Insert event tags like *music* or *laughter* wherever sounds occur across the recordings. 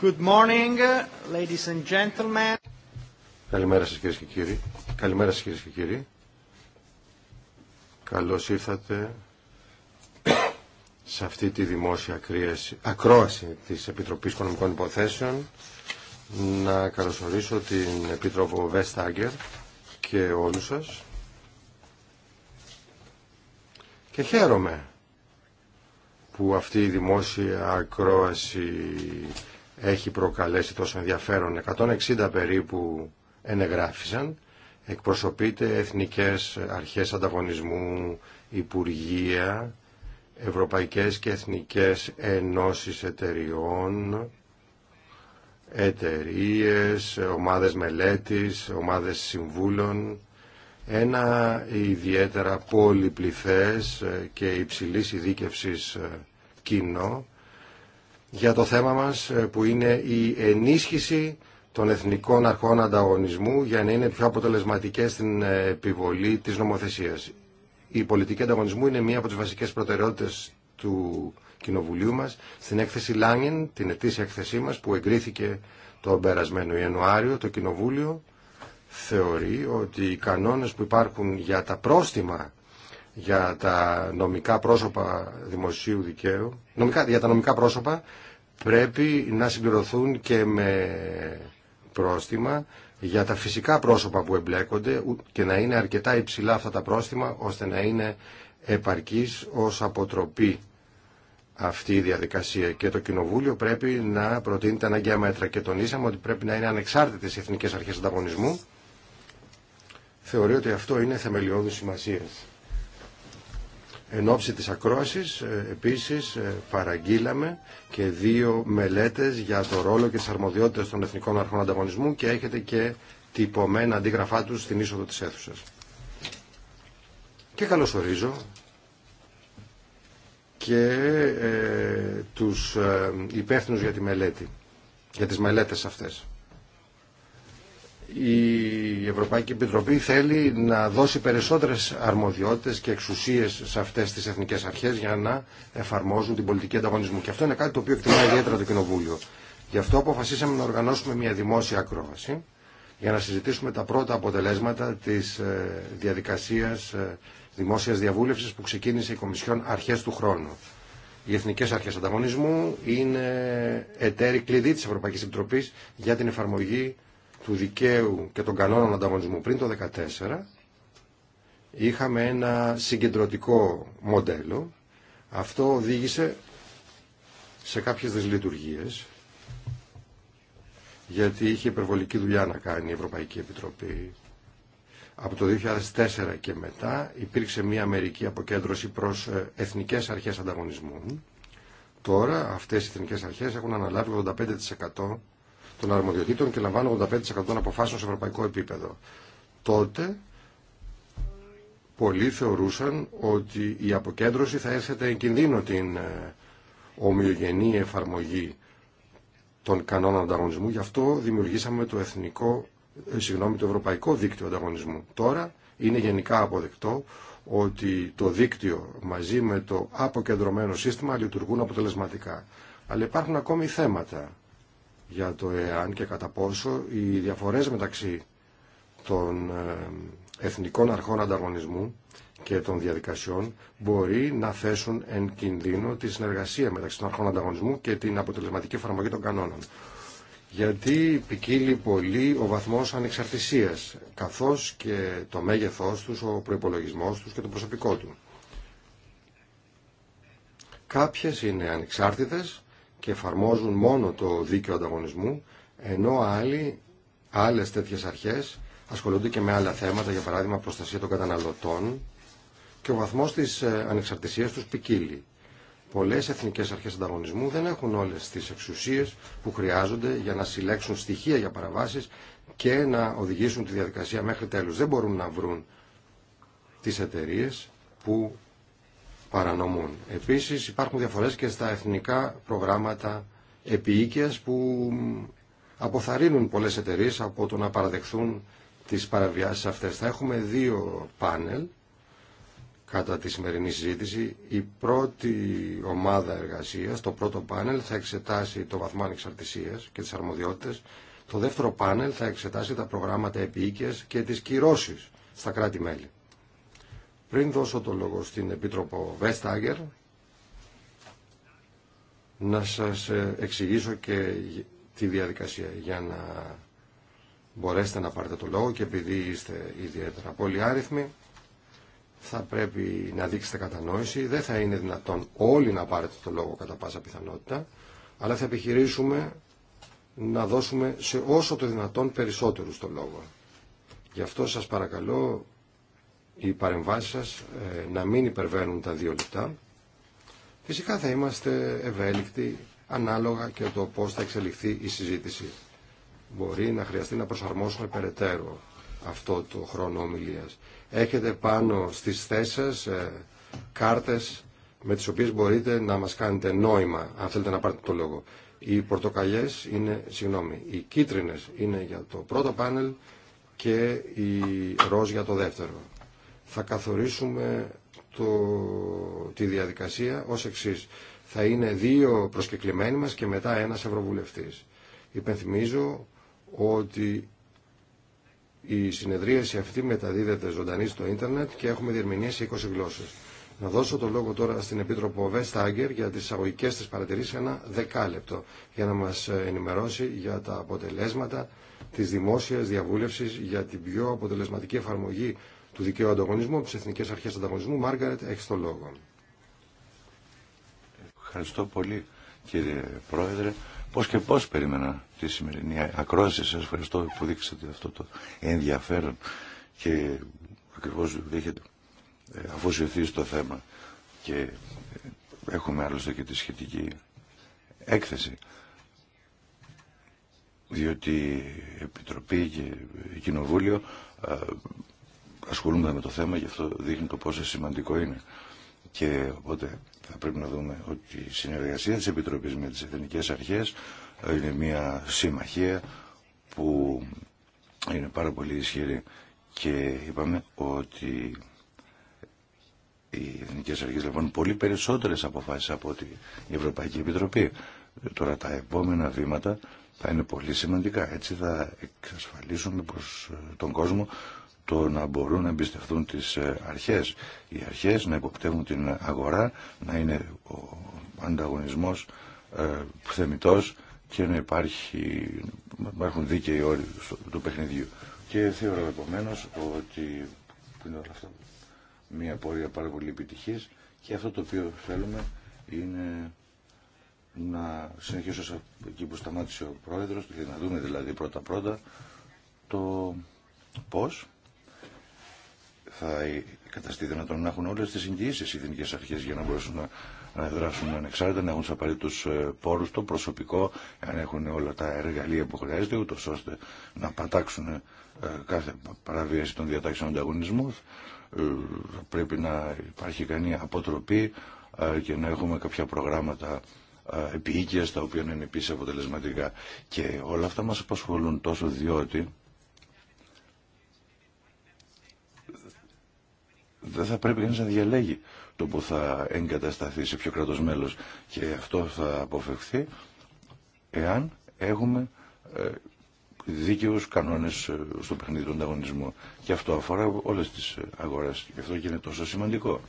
Καλημέρα σας κυρίες και κύριοι. Καλημέρα σας κυρίες και κύριοι. Καλώς ήρθατε σε αυτή τη δημόσια ακρόαση της Επιτροπής Οικονομικών Υποθέσεων. Να καλωσορίσω την Επίτροπο Βέσταγκερ και όλους σας. Και χαίρομαι που αυτή η δημόσια ακρόαση έχει προκαλέσει τόσο ενδιαφέρον. 160 περίπου ενεγράφησαν. Εκπροσωπείται εθνικές αρχές ανταγωνισμού, υπουργεία, ευρωπαϊκές και εθνικές ενώσεις εταιριών, εταιρείες, ομάδες μελέτης, ομάδες συμβούλων. Ένα ιδιαίτερα πολυπληθές και υψηλής ειδίκευσης ε, κοινό για το θέμα μας ε, που είναι η ενίσχυση των εθνικών αρχών ανταγωνισμού για να είναι πιο αποτελεσματικές στην ε, επιβολή της νομοθεσίας. Η πολιτική ανταγωνισμού είναι μία από τις βασικές προτεραιότητες του Κοινοβουλίου μας. Στην έκθεση Λάγεν, την ετήσια έκθεσή μας που εγκρίθηκε τον περασμένο Ιανουάριο, το Κοινοβούλιο θεωρεί ότι οι κανόνες που υπάρχουν για τα πρόστιμα για τα νομικά πρόσωπα δημοσίου δικαίου, νομικά, για τα νομικά πρόσωπα πρέπει να συμπληρωθούν και με πρόστιμα για τα φυσικά πρόσωπα που εμπλέκονται και να είναι αρκετά υψηλά αυτά τα πρόστιμα ώστε να είναι επαρκής ως αποτροπή αυτή η διαδικασία και το Κοινοβούλιο πρέπει να προτείνει τα αναγκαία μέτρα και τονίσαμε ότι πρέπει να είναι ανεξάρτητες οι εθνικές αρχές ανταγωνισμού. Θεωρεί ότι αυτό είναι θεμελιώδης σημασίας. Εν ώψη της ακρόασης ε, επίσης ε, παραγγείλαμε και δύο μελέτες για το ρόλο και τις αρμοδιότητες των Εθνικών Αρχών Ανταγωνισμού και έχετε και τυπωμένα αντίγραφά τους στην είσοδο της αίθουσας. Και καλωσορίζω και ε, τους ε, υπεύθυνους για τη μελέτη, για τις μελέτες αυτές η Ευρωπαϊκή Επιτροπή θέλει να δώσει περισσότερες αρμοδιότητες και εξουσίες σε αυτές τις εθνικές αρχές για να εφαρμόζουν την πολιτική ανταγωνισμού. Και αυτό είναι κάτι το οποίο εκτιμά ιδιαίτερα το Κοινοβούλιο. Γι' αυτό αποφασίσαμε να οργανώσουμε μια δημόσια ακρόαση για να συζητήσουμε τα πρώτα αποτελέσματα της ε, διαδικασίας ε, δημόσιας διαβούλευσης που ξεκίνησε η Κομισιόν αρχές του χρόνου. Οι Εθνικέ Αρχέ Ανταγωνισμού είναι εταίροι κλειδί τη Ευρωπαϊκή Επιτροπή για την εφαρμογή του δικαίου και των κανόνων ανταγωνισμού πριν το 2014 είχαμε ένα συγκεντρωτικό μοντέλο. Αυτό οδήγησε σε κάποιες δυσλειτουργίες γιατί είχε υπερβολική δουλειά να κάνει η Ευρωπαϊκή Επιτροπή. Από το 2004 και μετά υπήρξε μια μερική αποκέντρωση προς ε, εθνικές αρχές ανταγωνισμού. Τώρα αυτές οι εθνικές αρχές έχουν αναλάβει 85% των αρμοδιοτήτων και λαμβάνω 85% των αποφάσεων σε ευρωπαϊκό επίπεδο. Τότε πολλοί θεωρούσαν ότι η αποκέντρωση θα έρθετε εν κινδύνο την ε, ομοιογενή εφαρμογή των κανόνων ανταγωνισμού. Γι' αυτό δημιουργήσαμε το, εθνικό, ε, συγγνώμη, το Ευρωπαϊκό Δίκτυο Ανταγωνισμού. Τώρα είναι γενικά αποδεκτό ότι το δίκτυο μαζί με το αποκεντρωμένο σύστημα λειτουργούν αποτελεσματικά. Αλλά υπάρχουν ακόμη θέματα για το εάν και κατά πόσο οι διαφορές μεταξύ των ε, εθνικών αρχών ανταγωνισμού και των διαδικασιών μπορεί να θέσουν εν κινδύνο τη συνεργασία μεταξύ των αρχών ανταγωνισμού και την αποτελεσματική εφαρμογή των κανόνων. Γιατί ποικίλει πολύ ο βαθμός ανεξαρτησίας, καθώς και το μέγεθός τους, ο προϋπολογισμός τους και το προσωπικό του. Κάποιες είναι ανεξάρτητες και εφαρμόζουν μόνο το δίκαιο ανταγωνισμού, ενώ άλλοι, άλλες τέτοιες αρχές ασχολούνται και με άλλα θέματα, για παράδειγμα προστασία των καταναλωτών και ο βαθμός της ε, ανεξαρτησίας τους ποικίλει. Πολλές εθνικές αρχές ανταγωνισμού δεν έχουν όλες τις εξουσίες που χρειάζονται για να συλλέξουν στοιχεία για παραβάσεις και να οδηγήσουν τη διαδικασία μέχρι τέλους. Δεν μπορούν να βρουν τις εταιρείε που παρανομούν. Επίσης υπάρχουν διαφορές και στα εθνικά προγράμματα επίοικιας που αποθαρρύνουν πολλές εταιρείε από το να παραδεχθούν τις παραβιάσεις αυτές. Θα έχουμε δύο πάνελ κατά τη σημερινή συζήτηση. Η πρώτη ομάδα εργασίας, το πρώτο πάνελ, θα εξετάσει το βαθμό ανεξαρτησίας και τις αρμοδιότητες. Το δεύτερο πάνελ θα εξετάσει τα προγράμματα επίοικιας και τις κυρώσεις στα κράτη-μέλη. Πριν δώσω το λόγο στην Επίτροπο Βέσταγκερ, να σας ε, εξηγήσω και τη διαδικασία για να μπορέσετε να πάρετε το λόγο και επειδή είστε ιδιαίτερα πολύ άριθμοι, θα πρέπει να δείξετε κατανόηση. Δεν θα είναι δυνατόν όλοι να πάρετε το λόγο κατά πάσα πιθανότητα, αλλά θα επιχειρήσουμε να δώσουμε σε όσο το δυνατόν περισσότερους το λόγο. Γι' αυτό σας παρακαλώ οι παρεμβάσεις σας ε, να μην υπερβαίνουν τα δύο λεπτά. Φυσικά θα είμαστε ευέλικτοι ανάλογα και το πώς θα εξελιχθεί η συζήτηση. Μπορεί να χρειαστεί να προσαρμόσουμε περαιτέρω αυτό το χρόνο ομιλίας. Έχετε πάνω στις θέσεις ε, κάρτες με τις οποίες μπορείτε να μας κάνετε νόημα, αν θέλετε να πάρετε το λόγο. Οι πορτοκαλιές είναι, συγγνώμη, οι κίτρινες είναι για το πρώτο πάνελ και η ροζ για το δεύτερο θα καθορίσουμε το, τη διαδικασία ως εξής. Θα είναι δύο προσκεκλημένοι μας και μετά ένας ευρωβουλευτής. Υπενθυμίζω ότι η συνεδρίαση αυτή μεταδίδεται ζωντανή στο ίντερνετ και έχουμε διερμηνία σε 20 γλώσσες. Να δώσω το λόγο τώρα στην Επίτροπο Βεστάγκερ για τις αγωγικές της παρατηρήσεις ένα δεκάλεπτο για να μας ενημερώσει για τα αποτελέσματα της δημόσιας διαβούλευσης για την πιο αποτελεσματική εφαρμογή του δικαίου ανταγωνισμού από τι Εθνικέ Αρχέ Ανταγωνισμού. Μάργαρετ, έχει το λόγο. Ευχαριστώ πολύ κύριε Πρόεδρε. Πώ και πώ περίμενα τη σημερινή ακρόαση. σα ευχαριστώ που δείξατε αυτό το ενδιαφέρον και ακριβώ έχετε αφοσιωθεί στο θέμα και ε, έχουμε άλλωστε και τη σχετική έκθεση διότι η Επιτροπή και η Κοινοβούλιο ε, ασχολούμαι με το θέμα, γι' αυτό δείχνει το πόσο σημαντικό είναι. Και οπότε θα πρέπει να δούμε ότι η συνεργασία της Επιτροπής με τις Εθνικές Αρχές ε, είναι μια συμμαχία που είναι πάρα πολύ ισχυρή και είπαμε ότι οι Εθνικές Αρχές λαμβάνουν πολύ περισσότερες αποφάσεις από ότι η Ευρωπαϊκή Επιτροπή. Τώρα τα επόμενα βήματα θα είναι πολύ σημαντικά. Έτσι θα εξασφαλίσουμε προς ε, τον κόσμο το να μπορούν να εμπιστευτούν τις ε, αρχές. Οι αρχές να υποπτεύουν την αγορά, να είναι ο ανταγωνισμός ε, και να υπάρχει, υπάρχουν δίκαιοι όροι του παιχνιδιού. Και θεωρώ επομένω ότι είναι όλα αυτά μια πορεία πάρα πολύ επιτυχή και αυτό το οποίο θέλουμε είναι να συνεχίσω εκεί που σταμάτησε ο πρόεδρος, να δούμε δηλαδή πρώτα-πρώτα το πώς θα καταστεί δυνατόν να έχουν όλε τι εγγυήσει οι εθνικέ αρχέ για να μπορέσουν να, να δράσουν ανεξάρτητα, να έχουν του απαραίτητου ε, πόρου, το προσωπικό, αν έχουν όλα τα εργαλεία που χρειάζεται, ούτω ώστε να πατάξουν ε, κάθε παραβίαση των διατάξεων ανταγωνισμού. Ε, πρέπει να υπάρχει ικανή αποτροπή και να έχουμε κάποια προγράμματα επίοικια τα οποία είναι επίση αποτελεσματικά. Και όλα αυτά μα απασχολούν τόσο διότι δεν θα πρέπει να διαλέγει το που θα εγκατασταθεί σε ποιο κράτος μέλος και αυτό θα αποφευχθεί εάν έχουμε ε, δίκαιους κανόνες ε, στο παιχνίδι του ανταγωνισμού και αυτό αφορά όλες τις αγορές και αυτό και είναι τόσο σημαντικό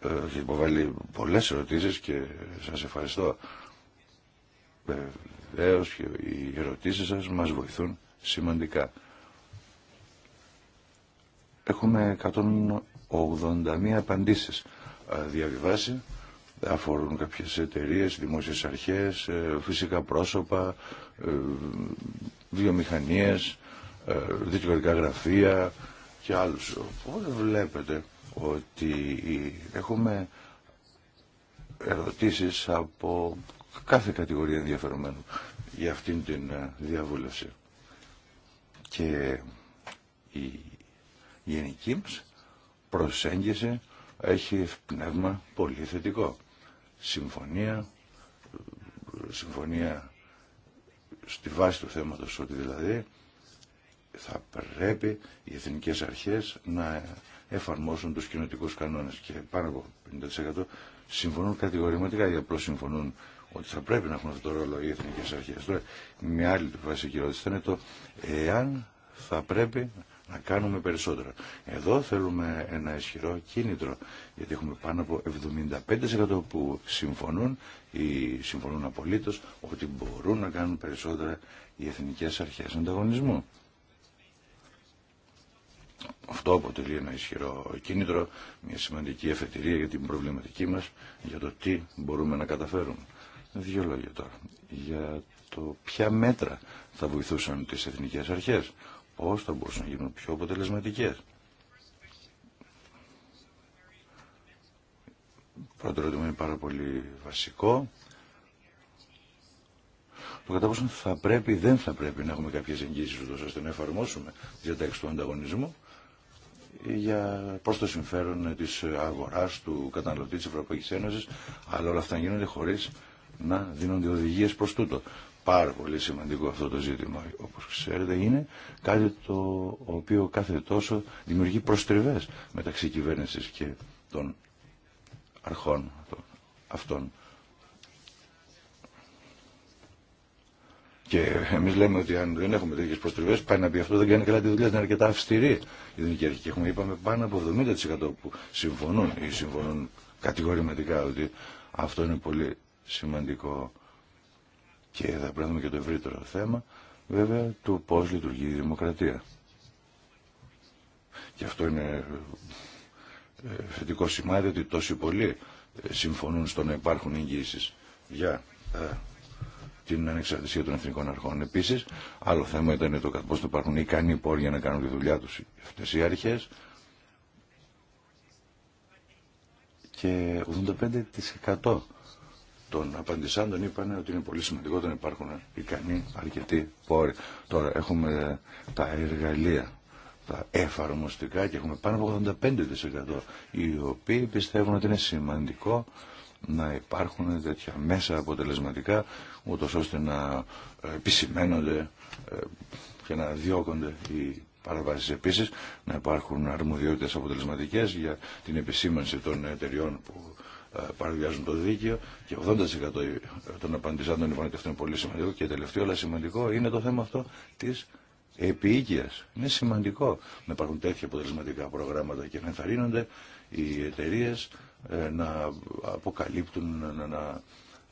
ε, έχει υποβάλει πολλές ερωτήσεις και σα ευχαριστώ βεβαίω και οι ερωτήσεις σας μας βοηθούν σημαντικά Έχουμε 181 απαντήσεις ε, διαβιβάσει. Αφορούν κάποιες εταιρείες, δημόσιες αρχές, ε, φυσικά πρόσωπα, ε, βιομηχανίες, δικαιωτικά γραφεία και άλλους. Οπότε βλέπετε ότι έχουμε ερωτήσεις από κάθε κατηγορία ενδιαφερομένου για αυτήν την διαβούλευση. Και η γενική μας προσέγγιση έχει πνεύμα πολύ θετικό. Συμφωνία, συμφωνία στη βάση του θέματος ότι δηλαδή θα πρέπει οι εθνικές αρχές να εφαρμόσουν τους κοινωτικούς κανόνες και πάνω από 50% συμφωνούν κατηγορηματικά ή απλώς συμφωνούν ότι θα πρέπει να έχουν αυτό το ρόλο οι εθνικές αρχές. Τώρα, μια άλλη βασική ερώτηση θα είναι το εάν θα πρέπει να κάνουμε περισσότερα. Εδώ θέλουμε ένα ισχυρό κίνητρο, γιατί έχουμε πάνω από 75% που συμφωνούν ή συμφωνούν απολύτω, ότι μπορούν να κάνουν περισσότερα οι εθνικές αρχές ανταγωνισμού. Αυτό αποτελεί ένα ισχυρό κίνητρο, μια σημαντική εφετηρία για την προβληματική μα για το τι μπορούμε να καταφέρουμε. Δύο λόγια τώρα. Για το ποια μέτρα θα βοηθούσαν τις εθνικές αρχές πώς θα μπορούσαν να γίνουν πιο αποτελεσματικές. Πρώτο ερώτημα είναι πάρα πολύ βασικό. Το κατά πόσο θα πρέπει ή δεν θα πρέπει να έχουμε κάποιες εγγύσεις ώστε να εφαρμόσουμε τις διατάξεις του ανταγωνισμού για προς το συμφέρον της αγοράς του καταναλωτή της Ευρωπαϊκής Ένωσης αλλά όλα αυτά γίνονται χωρίς να δίνονται οδηγίες προς τούτο πάρα πολύ σημαντικό αυτό το ζήτημα. Όπως ξέρετε είναι κάτι το οποίο κάθε τόσο δημιουργεί προστριβές μεταξύ κυβέρνησης και των αρχών των αυτών. Και εμείς λέμε ότι αν δεν έχουμε τέτοιε προστριβέ, πάει να πει αυτό δεν κάνει καλά τη δουλειά, είναι αρκετά αυστηρή η δική αρχή. Και έχουμε, είπαμε, πάνω από 70% που συμφωνούν ή συμφωνούν κατηγορηματικά ότι αυτό είναι πολύ σημαντικό. Και θα πρέπει να και το ευρύτερο θέμα, βέβαια, του πώς λειτουργεί η δημοκρατία. Και αυτό είναι ε, θετικό σημάδι ότι τόσοι πολλοί ε, συμφωνούν στο να υπάρχουν εγγύησεις για ε, την ανεξαρτησία των εθνικών αρχών. Επίση, άλλο θέμα ήταν το πώς θα υπάρχουν ικανοί πόροι για να κάνουν τη δουλειά του αυτέ οι αρχέ. Και 85% των απαντησάντων είπαν ότι είναι πολύ σημαντικό να υπάρχουν ικανοί αρκετοί πόροι. Τώρα έχουμε τα εργαλεία, τα εφαρμοστικά και έχουμε πάνω από 85% οι οποίοι πιστεύουν ότι είναι σημαντικό να υπάρχουν τέτοια μέσα αποτελεσματικά ούτως ώστε να ε, επισημένονται ε, και να διώκονται οι παραβάσεις. Επίσης να υπάρχουν αρμοδιότητες αποτελεσματικές για την επισήμανση των εταιριών που ε, παραβιάζουν το δίκαιο και 80% των απαντησάντων είπαν λοιπόν ότι αυτό είναι πολύ σημαντικό και τελευταίο αλλά σημαντικό είναι το θέμα αυτό της επίοικειας. Είναι σημαντικό να υπάρχουν τέτοια αποτελεσματικά προγράμματα και να ενθαρρύνονται οι εταιρείε ε, να αποκαλύπτουν, να, να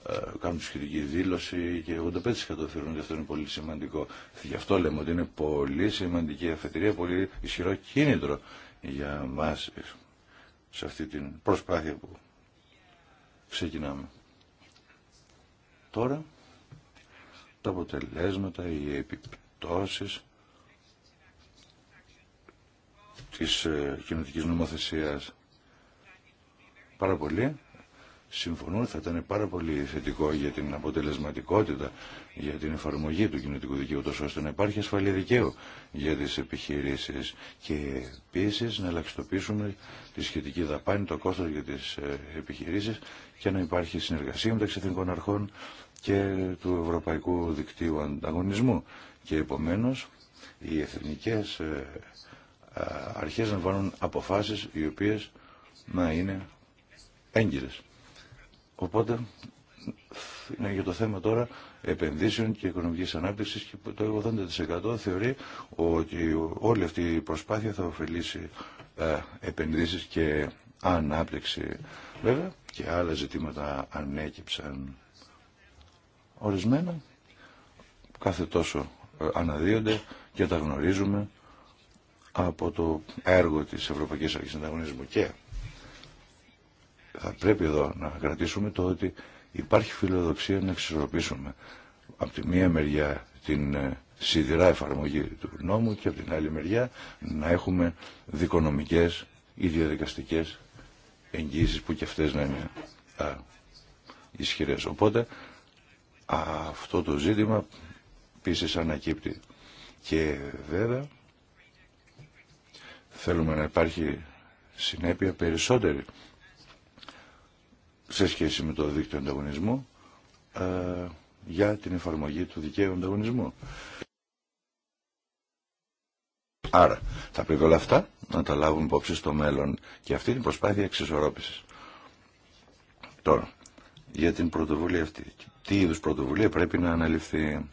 ε, κάνουν σχετική δήλωση και 85% θεωρούν ότι αυτό είναι πολύ σημαντικό. Γι' αυτό λέμε ότι είναι πολύ σημαντική αφετηρία, πολύ ισχυρό κίνητρο για μας σε αυτή την προσπάθεια που ξεκινάμε. Τώρα τα αποτελέσματα, οι επιπτώσεις της ε, κοινωτικής νομοθεσίας πάρα πολύ συμφωνούν θα ήταν πάρα πολύ θετικό για την αποτελεσματικότητα, για την εφαρμογή του κοινωτικού δικαίου, τόσο ώστε να υπάρχει ασφαλή δικαίου για τις επιχειρήσεις και επίση να ελαχιστοποιήσουμε τη σχετική δαπάνη, το κόστος για τις ε, επιχειρήσεις και να υπάρχει συνεργασία μεταξύ εθνικών αρχών και του Ευρωπαϊκού Δικτύου Ανταγωνισμού. Και επομένως οι εθνικές ε, ε, αρχές να βάλουν αποφάσεις οι οποίες να είναι έγκυρες. Οπότε είναι για το θέμα τώρα επενδύσεων και οικονομικής ανάπτυξης και το 80% θεωρεί ότι όλη αυτή η προσπάθεια θα ωφελήσει ε, επενδύσεις και ανάπτυξη. Βέβαια και άλλα ζητήματα ανέκυψαν ορισμένα, κάθε τόσο ε, αναδύονται και τα γνωρίζουμε από το έργο της Ευρωπαϊκής Αρχής Ανταγωνισμού και θα πρέπει εδώ να κρατήσουμε το ότι υπάρχει φιλοδοξία να εξισορροπήσουμε από τη μία μεριά την ε, σιδηρά εφαρμογή του νόμου και από την άλλη μεριά να έχουμε δικονομικές ή διαδικαστικές εγγύησεις που και αυτές να είναι α, ισχυρές. Οπότε αυτό το ζήτημα επίση ανακύπτει. Και βέβαια θέλουμε να υπάρχει συνέπεια περισσότερη σε σχέση με το δίκτυο ανταγωνισμού ε, για την εφαρμογή του δικαίου ανταγωνισμού. Άρα θα πρέπει όλα αυτά να τα λάβουν υπόψη στο μέλλον και αυτή είναι η προσπάθεια εξισορρόπησης. Τώρα, για την πρωτοβουλία αυτή. Τι είδους πρωτοβουλία πρέπει να αναλυφθεί.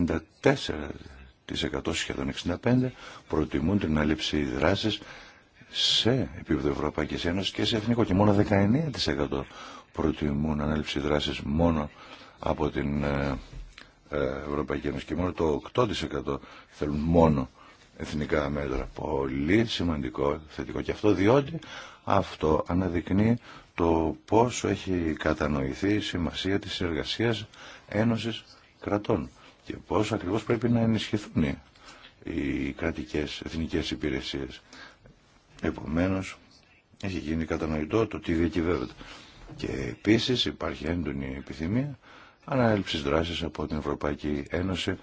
64% σχεδόν 65% προτιμούν την αλήψη δράσης σε επίπεδο Ευρωπαϊκή Ένωση και σε εθνικό και μόνο 19% προτιμούν ανάληψη δράσης μόνο από την ε, ε, Ευρωπαϊκή Ένωση και μόνο το 8% θέλουν μόνο εθνικά μέτρα. Πολύ σημαντικό θετικό και αυτό διότι αυτό αναδεικνύει το πόσο έχει κατανοηθεί η σημασία της εργασίας Ένωσης Κρατών και πόσο ακριβώς πρέπει να ενισχυθούν οι κρατικές εθνικές υπηρεσίες. Επομένως, έχει γίνει κατανοητό το τι διακυβεύεται. Και επίσης υπάρχει έντονη επιθυμία ανάληψης δράσης από την Ευρωπαϊκή Ένωση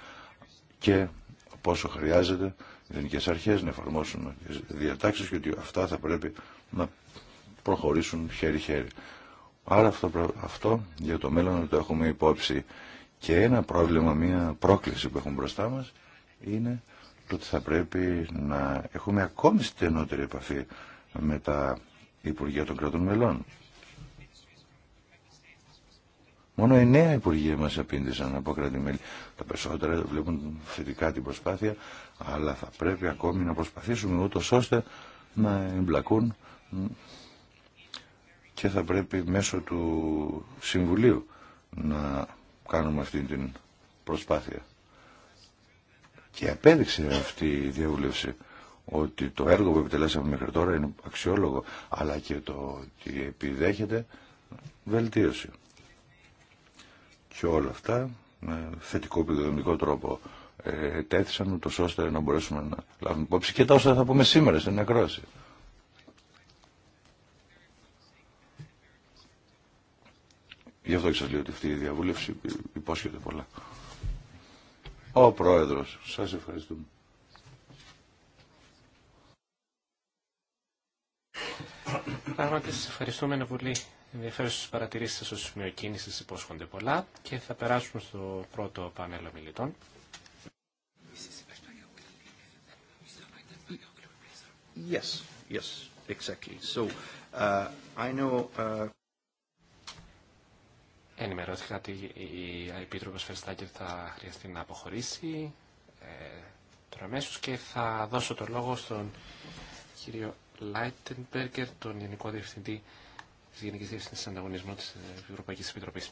και πόσο χρειάζεται οι ελληνικέ αρχές να εφαρμόσουν διατάξεις και ότι αυτά θα πρέπει να προχωρήσουν χέρι-χέρι. Άρα αυτό, αυτό για το μέλλον το έχουμε υπόψη. Και ένα πρόβλημα, μια πρόκληση που έχουμε μπροστά μας είναι τότε θα πρέπει να έχουμε ακόμη στενότερη επαφή με τα Υπουργεία των Κρατών Μελών. Μόνο εννέα Υπουργεία μας απήντησαν από κράτη-μέλη. Τα περισσότερα βλέπουν θετικά την προσπάθεια, αλλά θα πρέπει ακόμη να προσπαθήσουμε ούτως ώστε να εμπλακούν και θα πρέπει μέσω του Συμβουλίου να κάνουμε αυτή την προσπάθεια. Και απέδειξε αυτή η διαβούλευση ότι το έργο που επιτελέσαμε μέχρι τώρα είναι αξιόλογο, αλλά και το ότι επιδέχεται βελτίωση. Και όλα αυτά με θετικό πιδοδομικό τρόπο ε, τέθησαν ούτως ώστε να μπορέσουμε να λάβουμε υπόψη και τα όσα θα πούμε σήμερα στην ακρόαση. Γι' αυτό και σας λέω ότι αυτή η διαβούλευση υπόσχεται πολλά. Ο Πρόεδρος. Σας ευχαριστούμε. Πράγματι, σας ευχαριστούμε πολύ ενδιαφέρουσες παρατηρήσεις σας ως σημειοκίνησης υπόσχονται πολλά και θα περάσουμε στο πρώτο πανέλ ομιλητών. Yes, yes, exactly. So, uh, I know, uh... Ενημερώθηκα ότι η Επίτροπος Φερστάγκερ θα χρειαστεί να αποχωρήσει ε, τώρα και θα δώσω το λόγο στον κύριο Λάιτενμπεργκερ, τον Γενικό Διευθυντή της Γενικής Διευθυντής Ανταγωνισμού της Ευρωπαϊκής Επιτροπής.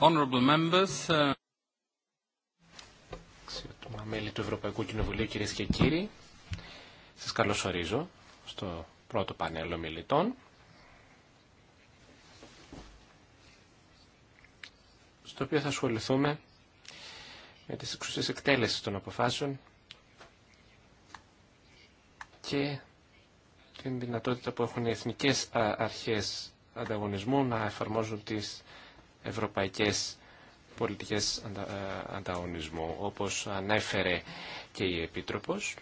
Honorable members. Uh, μέλη του Ευρωπαϊκού Κοινοβουλίου, κυρίε και κύριοι. Σας καλωσορίζω στο πρώτο πανέλ ομιλητών. Στο οποίο θα ασχοληθούμε με τις εξουσίες εκτέλεση των αποφάσεων και την δυνατότητα που έχουν οι αρχές ανταγωνισμού να εφαρμόζουν τις ευρωπαϊκές πολιτικές ε, ανταγωνισμού, όπως ανέφερε και η Επίτροπος.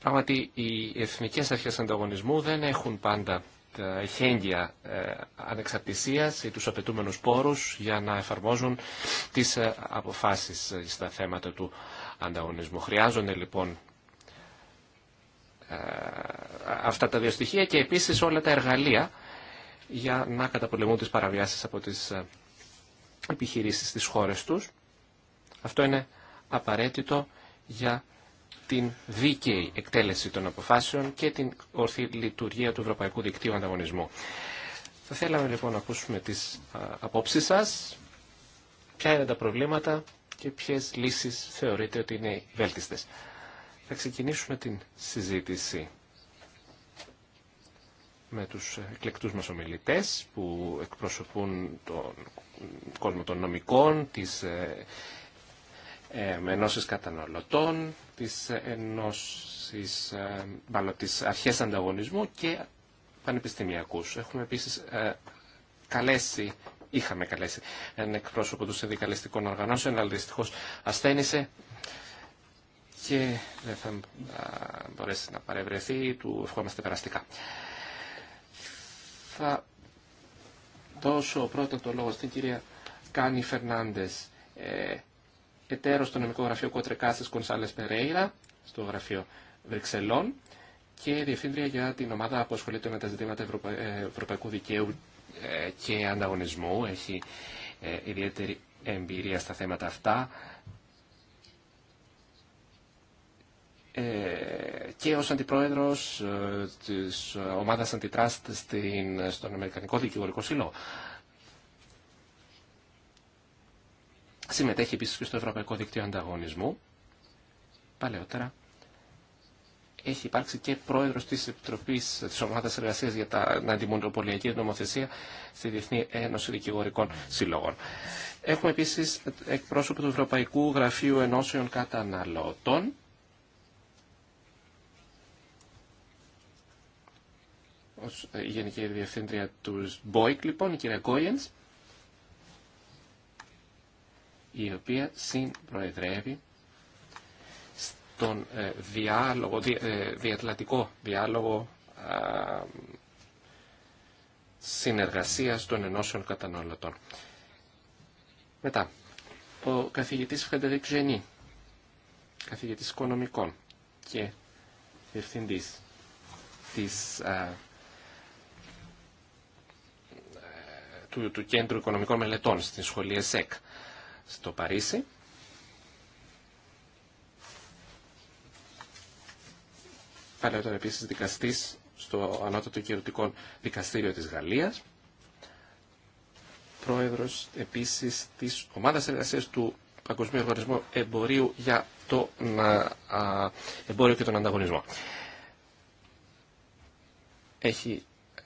Πράγματι, οι εθνικές αρχές ανταγωνισμού δεν έχουν πάντα τα εχέγγυα ε, ανεξαρτησίας ή τους απαιτούμενους πόρους για να εφαρμόζουν τις ε, αποφάσεις στα θέματα του ανταγωνισμού. Χρειάζονται λοιπόν αυτά τα δύο στοιχεία και επίσης όλα τα εργαλεία για να καταπολεμούν τις παραβιάσεις από τις ε, επιχειρήσεις στις χώρες τους. Αυτό είναι απαραίτητο για την δίκαιη εκτέλεση των αποφάσεων και την ορθή λειτουργία του Ευρωπαϊκού Δικτύου Ανταγωνισμού. Θα θέλαμε λοιπόν να ακούσουμε τις ε, απόψεις σας, ποια είναι τα προβλήματα και ποιες λύσεις θεωρείτε ότι είναι βέλτιστες. Θα ξεκινήσουμε την συζήτηση με τους εκλεκτούς μας ομιλητές που εκπροσωπούν τον κόσμο των νομικών, της ε, ε, ενώσεις καταναλωτών, της ενώσεις, ε, τις αρχές ανταγωνισμού και πανεπιστημιακούς. Έχουμε επίσης καλέσει, είχαμε καλέσει έναν εκπρόσωπο του συνδικαλιστικών οργανώσεων, αλλά δυστυχώ ασθένησε και δεν θα μπορέσει να παρευρεθεί, του ευχόμαστε περαστικά θα δώσω πρώτα το λόγο στην κυρία Κάνι Φερνάντε, ε, εταίρος στο νομικό γραφείο Κοτρεκάσης Κονσάλες Περέιρα, στο γραφείο Βρυξελών και διευθύντρια για την ομάδα που ασχολείται με τα ζητήματα ε, ευρωπαϊκού δικαίου ε, και ανταγωνισμού. Έχει ε, ιδιαίτερη εμπειρία στα θέματα αυτά. Ε, και ως αντιπρόεδρος ε, της ομάδας αντιτράστ στην, στον Αμερικανικό Δικηγορικό Σύλλογο. Συμμετέχει επίσης και στο Ευρωπαϊκό Δίκτυο Ανταγωνισμού. Παλαιότερα έχει υπάρξει και πρόεδρος της Επιτροπής της Ομάδας Εργασίας για τα Αντιμονοπολιακή Νομοθεσία στη Διεθνή Ένωση Δικηγορικών Συλλόγων. Έχουμε επίσης εκπρόσωπο του Ευρωπαϊκού Γραφείου Ενώσεων Καταναλωτών ως ε, Γενική Διευθύντρια του ΜΠΟΙΚ, λοιπόν, η κυρία Κόιενς, η οποία συμπροεδρεύει στον ε, διάλογο, δι, ε, διατλατικό διάλογο συνεργασία συνεργασίας των ενώσεων καταναλωτών. Μετά, ο καθηγητής Φρεντερικ Ζενή, καθηγητής οικονομικών και διευθυντής της του, του Κέντρου Οικονομικών Μελετών στην σχολή ΕΣΕΚ στο Παρίσι. Παλαιότερα επίσης δικαστής στο Ανώτατο Κυρωτικό Δικαστήριο της Γαλλίας. Πρόεδρος επίσης της Ομάδας Εργασίας του Παγκοσμίου Οργανισμού Εμπορίου για το εμπόριο και τον ανταγωνισμό. Έχει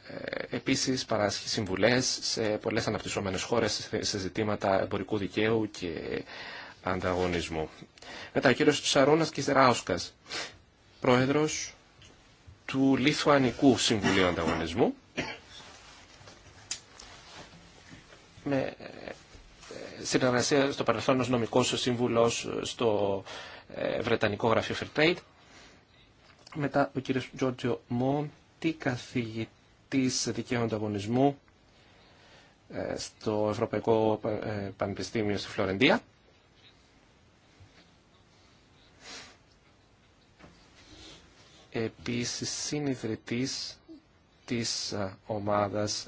ε, επίσης παράσχει συμβουλές σε πολλές αναπτυσσόμενες χώρες σε ζητήματα εμπορικού δικαίου και ανταγωνισμού. Μετά ο κύριος Σαρούνας Κιζεράουσκας, πρόεδρος του Λιθουανικού Συμβουλίου Ανταγωνισμού, με ε, συνεργασία στο παρελθόν ως νομικός σύμβουλος στο ε, Βρετανικό Γραφείο Fair Μετά ο κύριος Μόν, τι καθηγητή της δικαίου ανταγωνισμού ε, στο Ευρωπαϊκό ε, Πανεπιστήμιο στη Φλωρεντία. Επίσης, συνειδητής της ε, ομάδας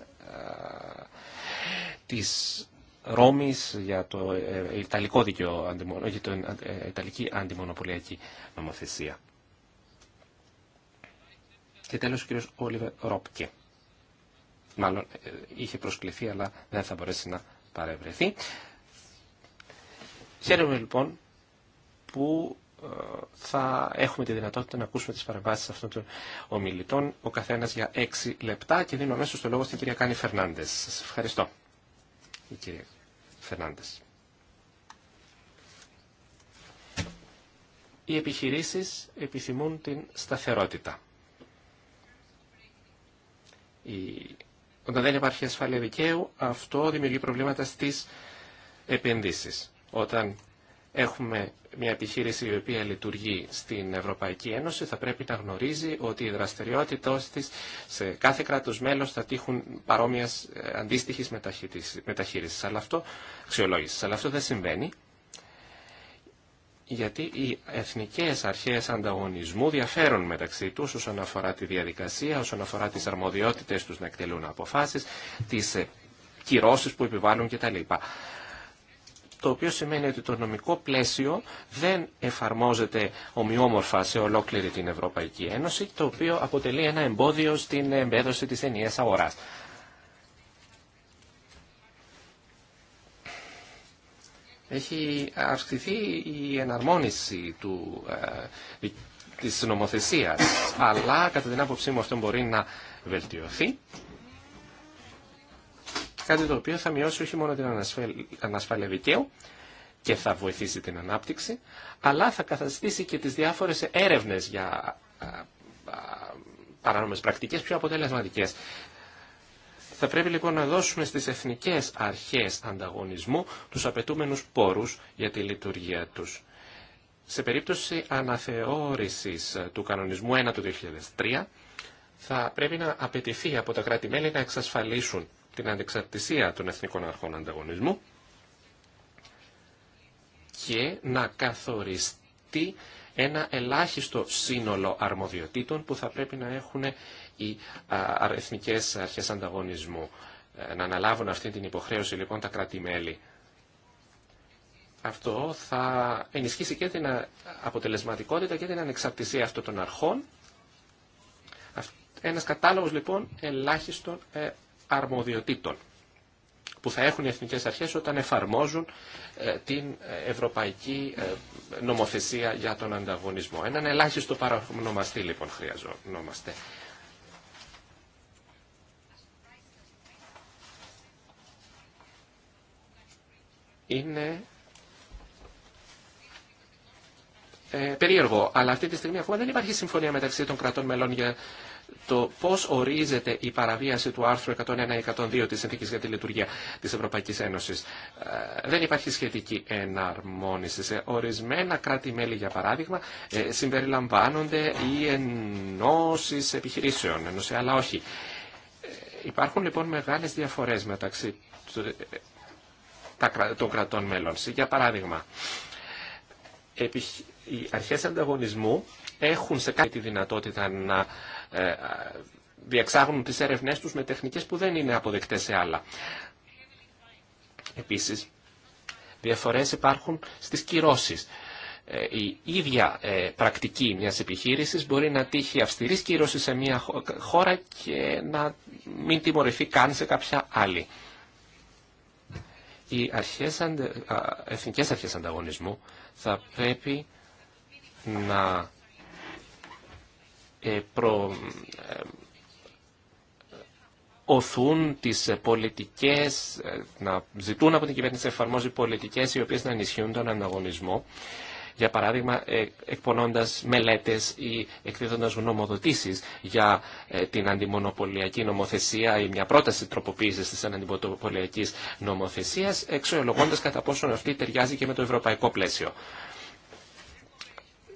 της Ρώμης για το Ιταλικό δίκαιο, για την Ιταλική αντιμονοπολιακή νομοθεσία. Και τέλος ο κύριος Όλιβε Ρόπκε μάλλον ε, είχε προσκληθεί αλλά δεν θα μπορέσει να παρευρεθεί. Χαίρομαι λοιπόν που ε, θα έχουμε τη δυνατότητα να ακούσουμε τις παρεμβάσεις αυτών των ομιλητών, ο καθένας για έξι λεπτά και δίνω αμέσως το λόγο στην κυρία Κάνη Φερνάντες. Σας ευχαριστώ, η κυρία Φερνάντες. Οι επιχειρήσεις επιθυμούν την σταθερότητα όταν δεν υπάρχει ασφάλεια δικαίου, αυτό δημιουργεί προβλήματα στις επενδύσεις. Όταν έχουμε μια επιχείρηση η οποία λειτουργεί στην Ευρωπαϊκή Ένωση, θα πρέπει να γνωρίζει ότι οι δραστηριότητε τη σε κάθε κράτο μέλο θα τύχουν παρόμοια ε, αντίστοιχη μεταχείριση. Αλλά αυτό, αξιολόγηση. Αλλά αυτό δεν συμβαίνει γιατί οι εθνικές αρχές ανταγωνισμού διαφέρουν μεταξύ τους όσον αφορά τη διαδικασία, όσον αφορά τις αρμοδιότητες τους να εκτελούν αποφάσεις, τις ε, κυρώσεις που επιβάλλουν κτλ. Το οποίο σημαίνει ότι το νομικό πλαίσιο δεν εφαρμόζεται ομοιόμορφα σε ολόκληρη την Ευρωπαϊκή Ένωση, το οποίο αποτελεί ένα εμπόδιο στην εμπέδωση της ενιαίας αγοράς. έχει αυξηθεί η εναρμόνιση του, ε, της αλλά κατά την άποψή μου αυτό μπορεί να βελτιωθεί. Κάτι το οποίο θα μειώσει όχι μόνο την ανασφάλεια δικαίου και θα βοηθήσει την ανάπτυξη, αλλά θα καθαστήσει και τις διάφορες έρευνες για ε, ε, παράνομες πρακτικές πιο αποτελεσματικές. Θα πρέπει λοιπόν να δώσουμε στις εθνικές αρχές ανταγωνισμού τους απαιτούμενους πόρους για τη λειτουργία τους. Σε περίπτωση αναθεώρησης του κανονισμού 1 του 2003, θα πρέπει να απαιτηθεί από τα κράτη-μέλη να εξασφαλίσουν την ανεξαρτησία των εθνικών αρχών ανταγωνισμού και να καθοριστεί ένα ελάχιστο σύνολο αρμοδιοτήτων που θα πρέπει να έχουν οι εθνικέ αρχές ανταγωνισμού. Ε, να αναλάβουν αυτή την υποχρέωση λοιπόν τα κράτη-μέλη. Αυτό θα ενισχύσει και την αποτελεσματικότητα και την ανεξαρτησία αυτών των αρχών. Ένας κατάλογος λοιπόν ελάχιστων ε, αρμοδιοτήτων που θα έχουν οι εθνικές αρχές όταν εφαρμόζουν ε, την ευρωπαϊκή νομοθεσία για τον ανταγωνισμό. Έναν ελάχιστο παρανομαστή λοιπόν χρειαζόμαστε. είναι ε, περίεργο, αλλά αυτή τη στιγμή ακόμα δεν υπάρχει συμφωνία μεταξύ των κρατών μελών για το πώ ορίζεται η παραβίαση του άρθρου 101-102 τη Συνθήκη για τη Λειτουργία τη Ευρωπαϊκή Ένωση. Ε, δεν υπάρχει σχετική εναρμόνιση. Σε ορισμένα κράτη-μέλη, για παράδειγμα, ε, συμπεριλαμβάνονται οι ενώσει επιχειρήσεων, άλλα όχι. Υπάρχουν λοιπόν μεγάλες διαφορές μεταξύ των κρατών μέλων. Για παράδειγμα, οι αρχές ανταγωνισμού έχουν σε κάτι τη δυνατότητα να ε, διεξάγουν τις έρευνές τους με τεχνικές που δεν είναι αποδεκτές σε άλλα. Επίσης, διαφορές υπάρχουν στις κυρώσεις. Ε, η ίδια ε, πρακτική μιας επιχείρησης μπορεί να τύχει αυστηρής κύρωση σε μια χώρα και να μην τιμωρηθεί καν σε κάποια άλλη οι αρχές, εθνικές αρχές ανταγωνισμού θα πρέπει να ε, προ, ε, οθούν τις ε, πολιτικές, να ζητούν από την κυβέρνηση να εφαρμόζει πολιτικές οι οποίες να ενισχύουν τον ανταγωνισμό για παράδειγμα ε, εκπονώντας μελέτες ή εκδίδοντας γνωμοδοτήσεις για ε, την αντιμονοπολιακή νομοθεσία ή μια πρόταση τροποποίησης της αντιμονοπολιακής νομοθεσίας, εξολογώντας κατά πόσον αυτή ταιριάζει και με το ευρωπαϊκό πλαίσιο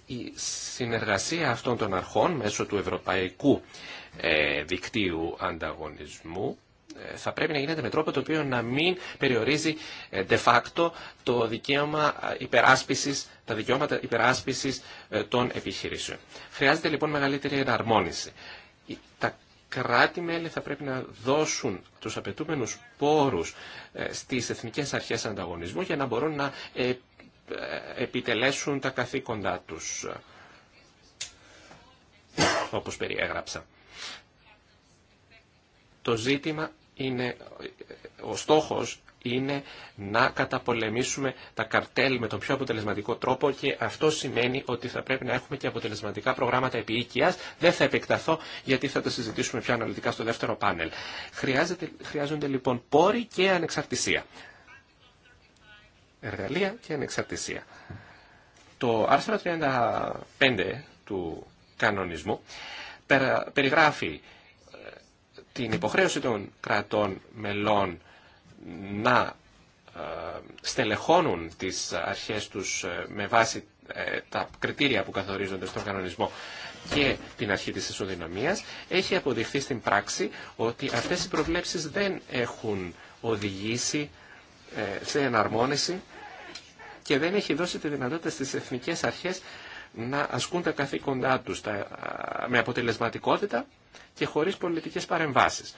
η συνεργασία αυτών των αρχών μέσω του Ευρωπαϊκού ε, Δικτύου Ανταγωνισμού θα πρέπει να γίνεται με τρόπο το οποίο να μην περιορίζει ε, de facto το δικαίωμα ε, υπεράσπισης, τα δικαιώματα υπεράσπισης ε, των επιχειρήσεων. Χρειάζεται λοιπόν μεγαλύτερη εναρμόνιση. Τα κράτη-μέλη θα πρέπει να δώσουν τους απαιτούμενους πόρους στις εθνικές αρχές ανταγωνισμού για να μπορούν να επιτελέσουν τα καθήκοντά τους, όπως περιέγραψα. Το ζήτημα είναι, ο στόχος είναι να καταπολεμήσουμε τα καρτέλ με τον πιο αποτελεσματικό τρόπο και αυτό σημαίνει ότι θα πρέπει να έχουμε και αποτελεσματικά προγράμματα επί Δεν θα επεκταθώ γιατί θα τα συζητήσουμε πιο αναλυτικά στο δεύτερο πάνελ. Χρειάζεται, χρειάζονται λοιπόν πόροι και ανεξαρτησία. Εργαλεία και ανεξαρτησία. Το άρθρο 35 του κανονισμού περιγράφει την υποχρέωση των κρατών μελών να ε, στελεχώνουν τις αρχές τους ε, με βάση ε, τα κριτήρια που καθορίζονται στον κανονισμό και την αρχή της ισοδυναμίας, έχει αποδειχθεί στην πράξη ότι αυτές οι προβλέψεις δεν έχουν οδηγήσει σε εναρμόνιση και δεν έχει δώσει τη δυνατότητα στις εθνικές αρχές να ασκούν τα καθήκοντά τους με αποτελεσματικότητα και χωρίς πολιτικές παρεμβάσεις.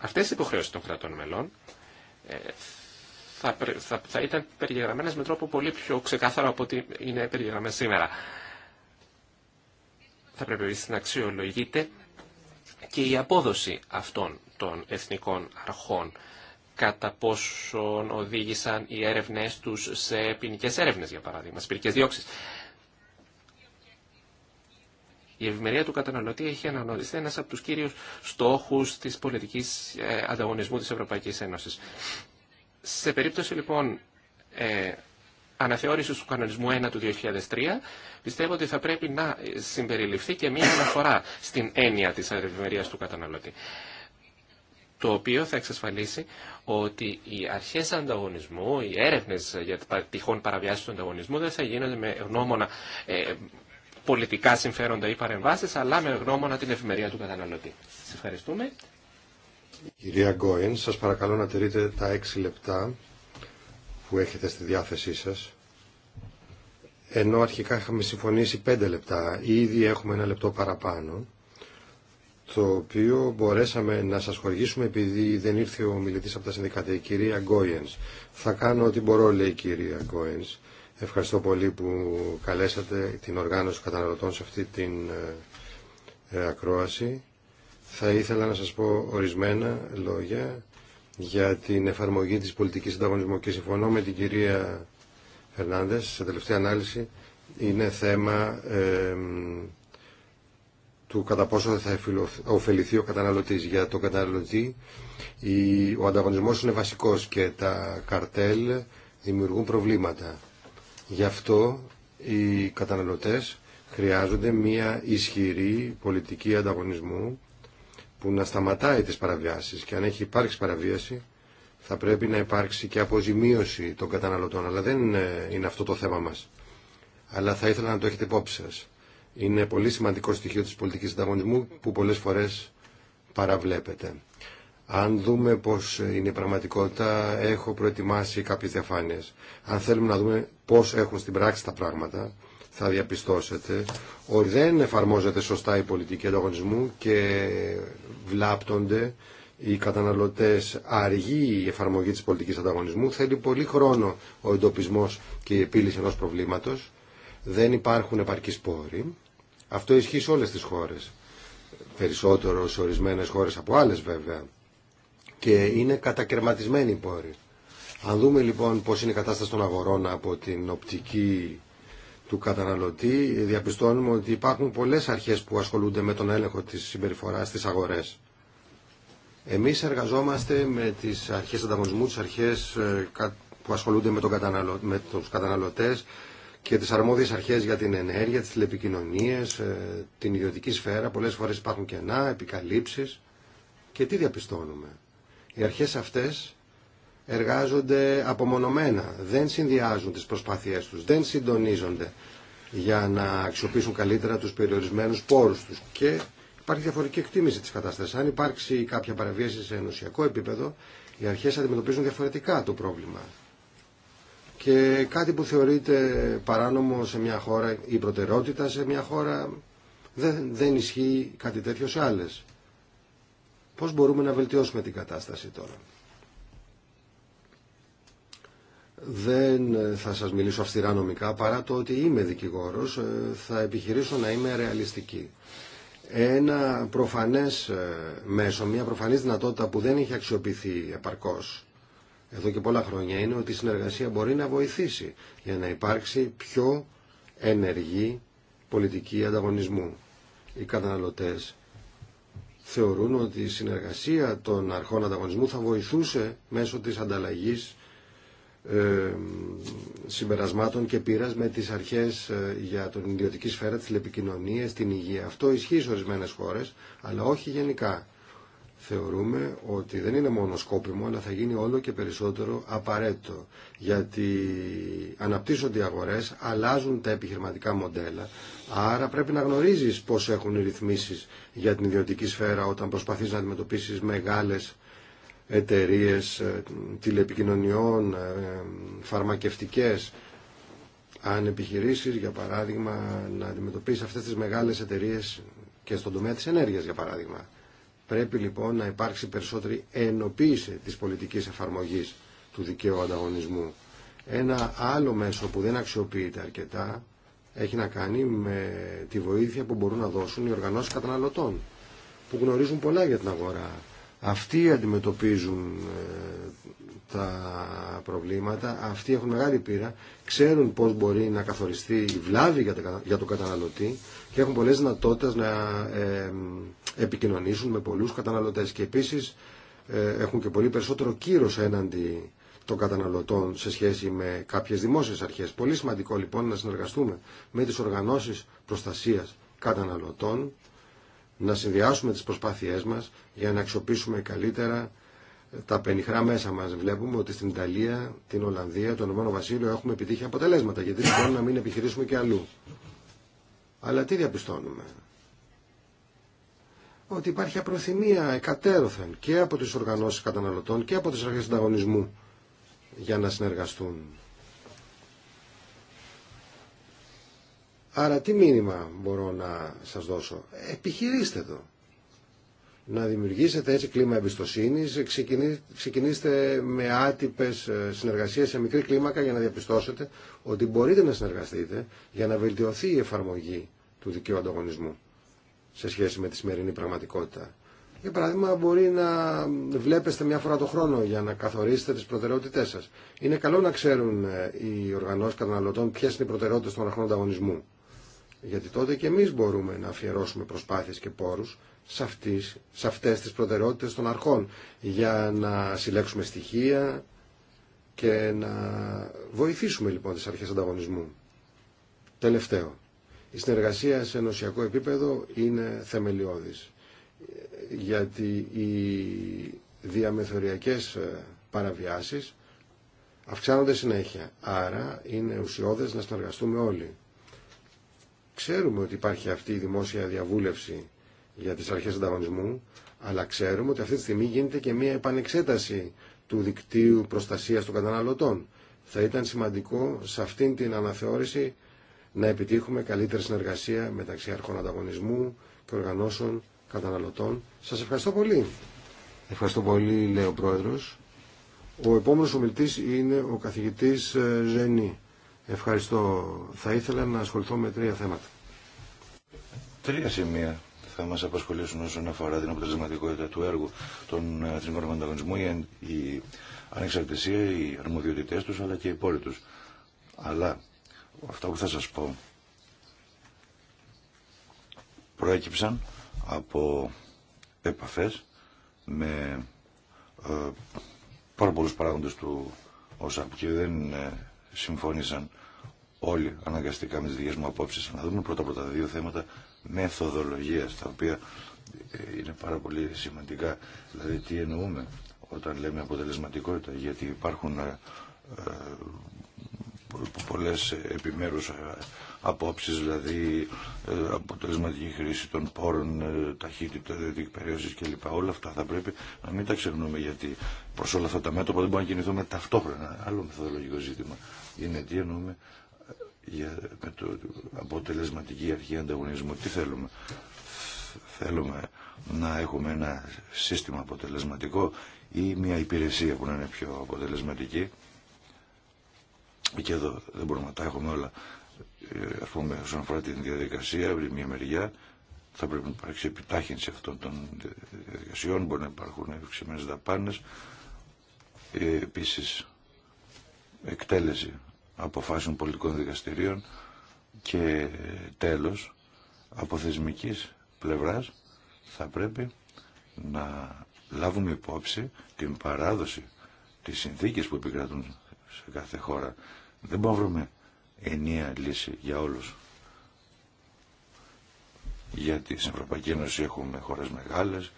Αυτές οι υποχρεώσεις των κρατών μελών ε, θα, θα, θα ήταν περιγραμμένες με τρόπο πολύ πιο ξεκάθαρο από ό,τι είναι περιγραμμένες σήμερα. Θα πρέπει επίσης να αξιολογείται και η απόδοση αυτών των εθνικών αρχών κατά πόσον οδήγησαν οι έρευνές τους σε ποινικέ έρευνες, για παράδειγμα, σε ποινικές διώξεις. Η ευημερία του καταναλωτή έχει αναγνωριστεί ένας από τους κύριους στόχους της πολιτικής ε, ανταγωνισμού της Ευρωπαϊκής Ένωσης. Σε περίπτωση λοιπόν ε, του κανονισμού 1 του 2003, πιστεύω ότι θα πρέπει να συμπεριληφθεί και μία αναφορά στην έννοια της ευημερία του καταναλωτή το οποίο θα εξασφαλίσει ότι οι αρχές ανταγωνισμού, οι έρευνες για τυχόν παραβιάσει του ανταγωνισμού δεν θα γίνονται με γνώμονα ε, πολιτικά συμφέροντα ή παρεμβάσει, αλλά με γνώμονα την ευημερία του καταναλωτή. Σα ευχαριστούμε. Κυρία Γκόιν, σας παρακαλώ να τηρείτε τα έξι λεπτά που έχετε στη διάθεσή σα, Ενώ αρχικά είχαμε συμφωνήσει πέντε λεπτά, ήδη έχουμε ένα λεπτό παραπάνω το οποίο μπορέσαμε να σας χορηγήσουμε επειδή δεν ήρθε ο μιλητής από τα συνδικάτα, η κυρία Γκόιενς. Θα κάνω ό,τι μπορώ, λέει η κυρία Γκόιενς. Ευχαριστώ πολύ που καλέσατε την οργάνωση καταναλωτών σε αυτή την ε, ε, ακρόαση. Θα ήθελα να σας πω ορισμένα λόγια για την εφαρμογή της πολιτικής συνταγωνισμού και συμφωνώ με την κυρία Φερνάνδες, σε τελευταία ανάλυση είναι θέμα ε, του κατά πόσο θα ωφεληθεί ο καταναλωτής. Για τον καταναλωτή ο ανταγωνισμός είναι βασικός και τα καρτέλ δημιουργούν προβλήματα. Γι' αυτό οι καταναλωτές χρειάζονται μια ισχυρή πολιτική ανταγωνισμού που να σταματάει τις παραβιάσεις και αν έχει υπάρξει παραβίαση θα πρέπει να υπάρξει και αποζημίωση των καταναλωτών αλλά δεν ε, είναι αυτό το θέμα μας αλλά θα ήθελα να το έχετε υπόψη σας είναι πολύ σημαντικό στοιχείο της πολιτικής ανταγωνισμού που πολλές φορές παραβλέπεται. Αν δούμε πώς είναι η πραγματικότητα, έχω προετοιμάσει κάποιες διαφάνειες. Αν θέλουμε να δούμε πώς έχουν στην πράξη τα πράγματα, θα διαπιστώσετε ότι δεν εφαρμόζεται σωστά η πολιτική ανταγωνισμού και βλάπτονται οι καταναλωτές αργή η εφαρμογή της πολιτικής ανταγωνισμού. Θέλει πολύ χρόνο ο εντοπισμός και η επίλυση ενός προβλήματος. Δεν υπάρχουν επαρκείς πόροι αυτό ισχύει σε όλες τις χώρες. Περισσότερο σε ορισμένες χώρες από άλλες βέβαια. Και είναι κατακαιρματισμένοι οι πόροι. Αν δούμε λοιπόν πώς είναι η κατάσταση των αγορών από την οπτική του καταναλωτή, διαπιστώνουμε ότι υπάρχουν πολλές αρχές που ασχολούνται με τον έλεγχο της συμπεριφοράς στις αγορές. Εμείς εργαζόμαστε με τις αρχές ανταγωνισμού, τις αρχές ε, που ασχολούνται με, τον καταναλω... με τους καταναλωτές, και τις αρμόδιες αρχές για την ενέργεια, τις τηλεπικοινωνίες, ε, την ιδιωτική σφαίρα. Πολλές φορές υπάρχουν κενά, επικαλύψεις. Και τι διαπιστώνουμε. Οι αρχές αυτές εργάζονται απομονωμένα, δεν συνδυάζουν τις προσπάθειές τους, δεν συντονίζονται για να αξιοποιήσουν καλύτερα τους περιορισμένους πόρους τους. Και υπάρχει διαφορετική εκτίμηση της κατάστασης. Αν υπάρξει κάποια παραβίαση σε ενωσιακό επίπεδο, οι αρχές αντιμετωπίζουν διαφορετικά το πρόβλημα. Και κάτι που θεωρείται παράνομο σε μια χώρα, η προτεραιότητα σε μια χώρα, δεν, δεν ισχύει κάτι τέτοιο σε άλλες. Πώς μπορούμε να βελτιώσουμε την κατάσταση τώρα. Δεν θα σας μιλήσω αυστηρά νομικά, παρά το ότι είμαι δικηγόρος, ε, θα επιχειρήσω να είμαι ρεαλιστική. Ένα προφανές ε, μέσο, μια προφανής δυνατότητα που δεν έχει αξιοποιηθεί επαρκώς, εδώ και πολλά χρόνια είναι ότι η συνεργασία μπορεί να βοηθήσει για να υπάρξει πιο ενεργή πολιτική ανταγωνισμού. Οι καταναλωτές θεωρούν ότι η συνεργασία των αρχών ανταγωνισμού θα βοηθούσε μέσω της ανταλλαγής ε, συμπερασμάτων και πείρας με τις αρχές ε, για την ιδιωτική σφαίρα, τις τηλεπικοινωνίες, την υγεία. Αυτό ισχύει σε ορισμένες χώρες, αλλά όχι γενικά θεωρούμε ότι δεν είναι μόνο σκόπιμο, αλλά θα γίνει όλο και περισσότερο απαραίτητο. Γιατί αναπτύσσονται οι αγορές, αλλάζουν τα επιχειρηματικά μοντέλα, άρα πρέπει να γνωρίζει πώ έχουν οι ρυθμίσεις για την ιδιωτική σφαίρα όταν προσπαθεί να αντιμετωπίσει μεγάλε εταιρείε ε, τηλεπικοινωνιών, ε, φαρμακευτικέ αν επιχειρήσει, για παράδειγμα, να αντιμετωπίσει αυτέ τι μεγάλε εταιρείε και στον τομέα τη ενέργεια, για παράδειγμα. Πρέπει λοιπόν να υπάρξει περισσότερη ενοποίηση της πολιτικής εφαρμογής του δικαίου ανταγωνισμού. Ένα άλλο μέσο που δεν αξιοποιείται αρκετά έχει να κάνει με τη βοήθεια που μπορούν να δώσουν οι οργανώσεις καταναλωτών που γνωρίζουν πολλά για την αγορά. Αυτοί αντιμετωπίζουν ε, τα προβλήματα. Αυτοί έχουν μεγάλη πείρα, ξέρουν πώς μπορεί να καθοριστεί η βλάβη για τον καταναλωτή και έχουν πολλές δυνατότητες να ε, επικοινωνήσουν με πολλούς καταναλωτές και επίσης ε, έχουν και πολύ περισσότερο κύρος έναντι των καταναλωτών σε σχέση με κάποιες δημόσιες αρχές. Πολύ σημαντικό λοιπόν να συνεργαστούμε με τις οργανώσεις προστασίας καταναλωτών, να συνδυάσουμε τις προσπάθειές μας για να αξιοποιήσουμε καλύτερα τα πενιχρά μέσα μας βλέπουμε ότι στην Ιταλία, την Ολλανδία, τον Ηνωμένο Βασίλειο έχουμε επιτύχει αποτελέσματα. Γιατί μπορούμε να μην επιχειρήσουμε και αλλού. Αλλά τι διαπιστώνουμε. Ότι υπάρχει απροθυμία εκατέρωθεν και από τις οργανώσεις καταναλωτών και από τις αρχές ανταγωνισμού για να συνεργαστούν. Άρα τι μήνυμα μπορώ να σας δώσω. Επιχειρήστε το να δημιουργήσετε έτσι κλίμα εμπιστοσύνη. ξεκινήστε με άτυπε ε, συνεργασίες σε μικρή κλίμακα για να διαπιστώσετε ότι μπορείτε να συνεργαστείτε για να βελτιωθεί η εφαρμογή του δικαίου ανταγωνισμού σε σχέση με τη σημερινή πραγματικότητα. Για παράδειγμα, μπορεί να βλέπεστε μια φορά το χρόνο για να καθορίσετε τι προτεραιότητέ σα. Είναι καλό να ξέρουν ε, οι οργανώσει καταναλωτών ποιε είναι οι προτεραιότητε των αρχών ανταγωνισμού. Γιατί τότε και εμεί μπορούμε να αφιερώσουμε προσπάθειε και πόρου σε, αυτές, σε αυτές τις προτεραιότητες των αρχών για να συλλέξουμε στοιχεία και να βοηθήσουμε λοιπόν τις αρχές ανταγωνισμού. Τελευταίο. Η συνεργασία σε ενωσιακό επίπεδο είναι θεμελιώδης γιατί οι διαμεθοριακές ε, παραβιάσεις αυξάνονται συνέχεια. Άρα είναι ουσιώδες να συνεργαστούμε όλοι. Ξέρουμε ότι υπάρχει αυτή η δημόσια διαβούλευση για τις αρχές ανταγωνισμού, αλλά ξέρουμε ότι αυτή τη στιγμή γίνεται και μια επανεξέταση του δικτύου προστασίας των καταναλωτών. Θα ήταν σημαντικό σε αυτήν την αναθεώρηση να επιτύχουμε καλύτερη συνεργασία μεταξύ αρχών ανταγωνισμού και οργανώσεων καταναλωτών. Σας ευχαριστώ πολύ. Ευχαριστώ πολύ, λέει ο Πρόεδρος. Ο επόμενος ομιλητής είναι ο καθηγητής ε, Ζένη. Ευχαριστώ. Θα ήθελα να ασχοληθώ με τρία θέματα. Τρία σημεία θα μας απασχολήσουν όσον αφορά την αποτελεσματικότητα του έργου των εθνικών ανταγωνισμού, η, ανεξαρτησία, οι αρμοδιότητές τους, αλλά και οι πόροι τους. Αλλά αυτά που θα σας πω προέκυψαν από επαφές με ε, πάρα πολλούς παράγοντες του ΩΣΑΠ και δεν ε, συμφώνησαν όλοι αναγκαστικά με τις δικές μου απόψεις. Να δούμε πρώτα πρώτα δύο θέματα μεθοδολογίας τα οποία ε, είναι πάρα πολύ σημαντικά. Δηλαδή τι εννοούμε όταν λέμε αποτελεσματικότητα γιατί υπάρχουν ε, ε, πολλές επιμέρους απόψεις, δηλαδή αποτελεσματική χρήση των πόρων, ταχύτητα, διεκπαιρέωσης κλπ. Όλα αυτά θα πρέπει να μην τα ξεχνούμε γιατί προς όλα αυτά τα μέτωπα δεν μπορούμε να κινηθούμε ταυτόχρονα. Άλλο μεθοδολογικό ζήτημα είναι τι εννοούμε για, με το αποτελεσματική αρχή ανταγωνισμού. Τι θέλουμε. Θέλουμε να έχουμε ένα σύστημα αποτελεσματικό ή μια υπηρεσία που να είναι πιο αποτελεσματική. Και εδώ δεν μπορούμε να τα έχουμε όλα. Ε, ας πούμε, όσον αφορά την διαδικασία, από μια μεριά θα πρέπει να υπάρξει επιτάχυνση αυτών των διαδικασιών, μπορεί να υπάρχουν ευξημένες δαπάνες, ε, επίσης εκτέλεση αποφάσεων πολιτικών δικαστηρίων και τέλος από θεσμικής πλευράς θα πρέπει να λάβουμε υπόψη την παράδοση της συνθήκες που επικρατούν σε κάθε χώρα. Δεν μπορούμε να βρούμε ενιαία λύση για όλους. Γιατί στην Ευρωπαϊκή Ένωση έχουμε χώρες μεγάλες,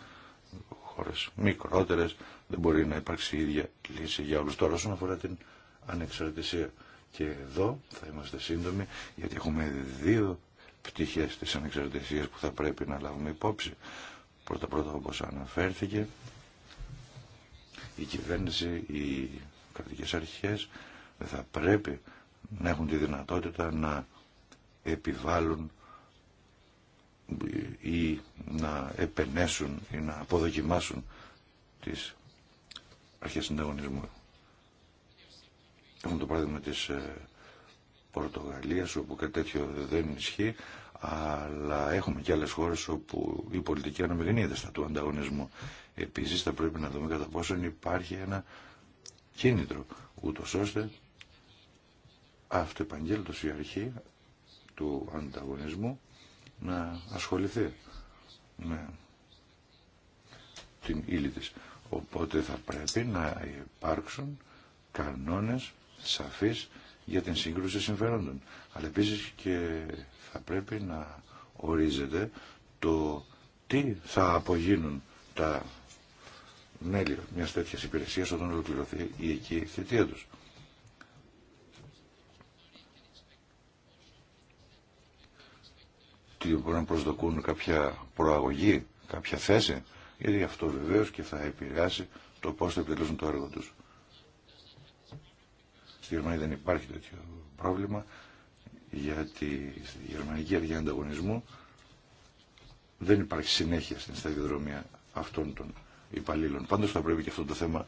χώρες μικρότερες, δεν μπορεί να υπάρξει η ίδια λύση για όλους. Τώρα όσον αφορά την ανεξαρτησία και εδώ θα είμαστε σύντομοι γιατί έχουμε δύο πτυχές της ανεξαρτησίας που θα πρέπει να λάβουμε υπόψη. Πρώτα-πρώτα όπως αναφέρθηκε η κυβέρνηση, οι κρατικές αρχές θα πρέπει να έχουν τη δυνατότητα να επιβάλλουν ή να επενέσουν ή να αποδοκιμάσουν τις αρχές συνταγωνισμού. Έχουμε το παράδειγμα της ε, Πορτογαλίας όπου κάτι τέτοιο δεν ισχύει αλλά έχουμε και άλλες χώρες όπου η πολιτική αναμεγνύεται στα του ανταγωνισμού. Επίσης θα πρέπει να δούμε κατά πόσον υπάρχει ένα κίνητρο ούτω ώστε αυτοεπαγγέλτος η αρχή του ανταγωνισμού να ασχοληθεί με την ύλη της. Οπότε θα πρέπει να υπάρξουν κανόνες σαφής για την σύγκρουση συμφερόντων. Αλλά επίσης και θα πρέπει να ορίζεται το τι θα απογίνουν τα μέλη μια τέτοια υπηρεσία όταν ολοκληρωθεί η εκεί θητεία του. Τι μπορούν να προσδοκούν κάποια προαγωγή, κάποια θέση, γιατί αυτό βεβαίω και θα επηρεάσει το πώ θα επιτελούν το έργο τους. Στη Γερμανία δεν υπάρχει τέτοιο πρόβλημα γιατί στη γερμανική αρχή ανταγωνισμού δεν υπάρχει συνέχεια στην σταδιοδρομία αυτών των υπαλλήλων. Πάντως θα πρέπει και αυτό το θέμα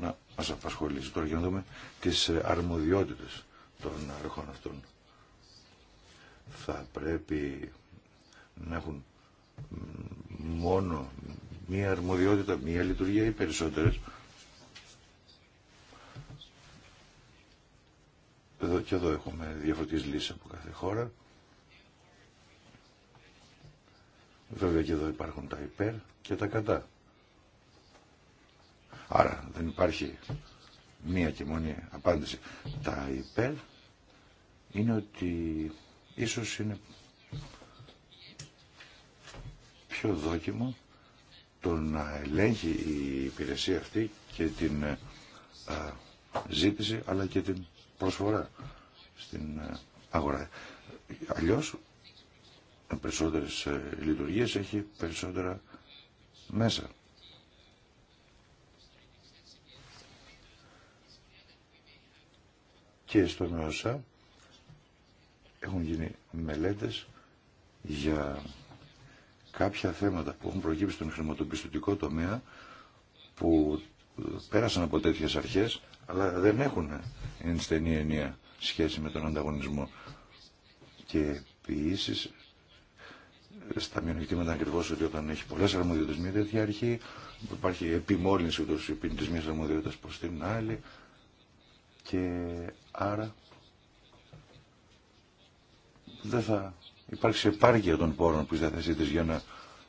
να μας απασχολήσει. Τώρα για να δούμε τις ε, αρμοδιότητες των αρχών αυτών. Θα πρέπει να έχουν μόνο μία αρμοδιότητα, μία λειτουργία ή περισσότερες Εδώ και εδώ έχουμε διαφορετικές λύσεις από κάθε χώρα. Βέβαια και εδώ υπάρχουν τα υπέρ και τα κατά. Άρα δεν υπάρχει μία και μόνη απάντηση. Τα υπέρ είναι ότι ίσως είναι πιο δόκιμο το να ελέγχει η υπηρεσία αυτή και την ε, ζήτηση αλλά και την προσφορά στην ε, αγορά. Αλλιώς, περισσότερε λειτουργίε έχει περισσότερα μέσα. Και στον ΜΕΟΣΑ έχουν γίνει μελέτες για κάποια θέματα που έχουν προκύψει στον χρηματοπιστωτικό τομέα που πέρασαν από τέτοιες αρχές αλλά δεν έχουν εν στενή ενία σχέση με τον ανταγωνισμό. Και επίση στα μειονεκτήματα ακριβώ ότι όταν έχει πολλέ αρμοδιότητε μια τέτοια αρχή, υπάρχει επιμόλυνση ούτω ή τη μια αρμοδιότητα προ την άλλη. Και άρα δεν θα υπάρξει επάρκεια των πόρων που διαθέσει για να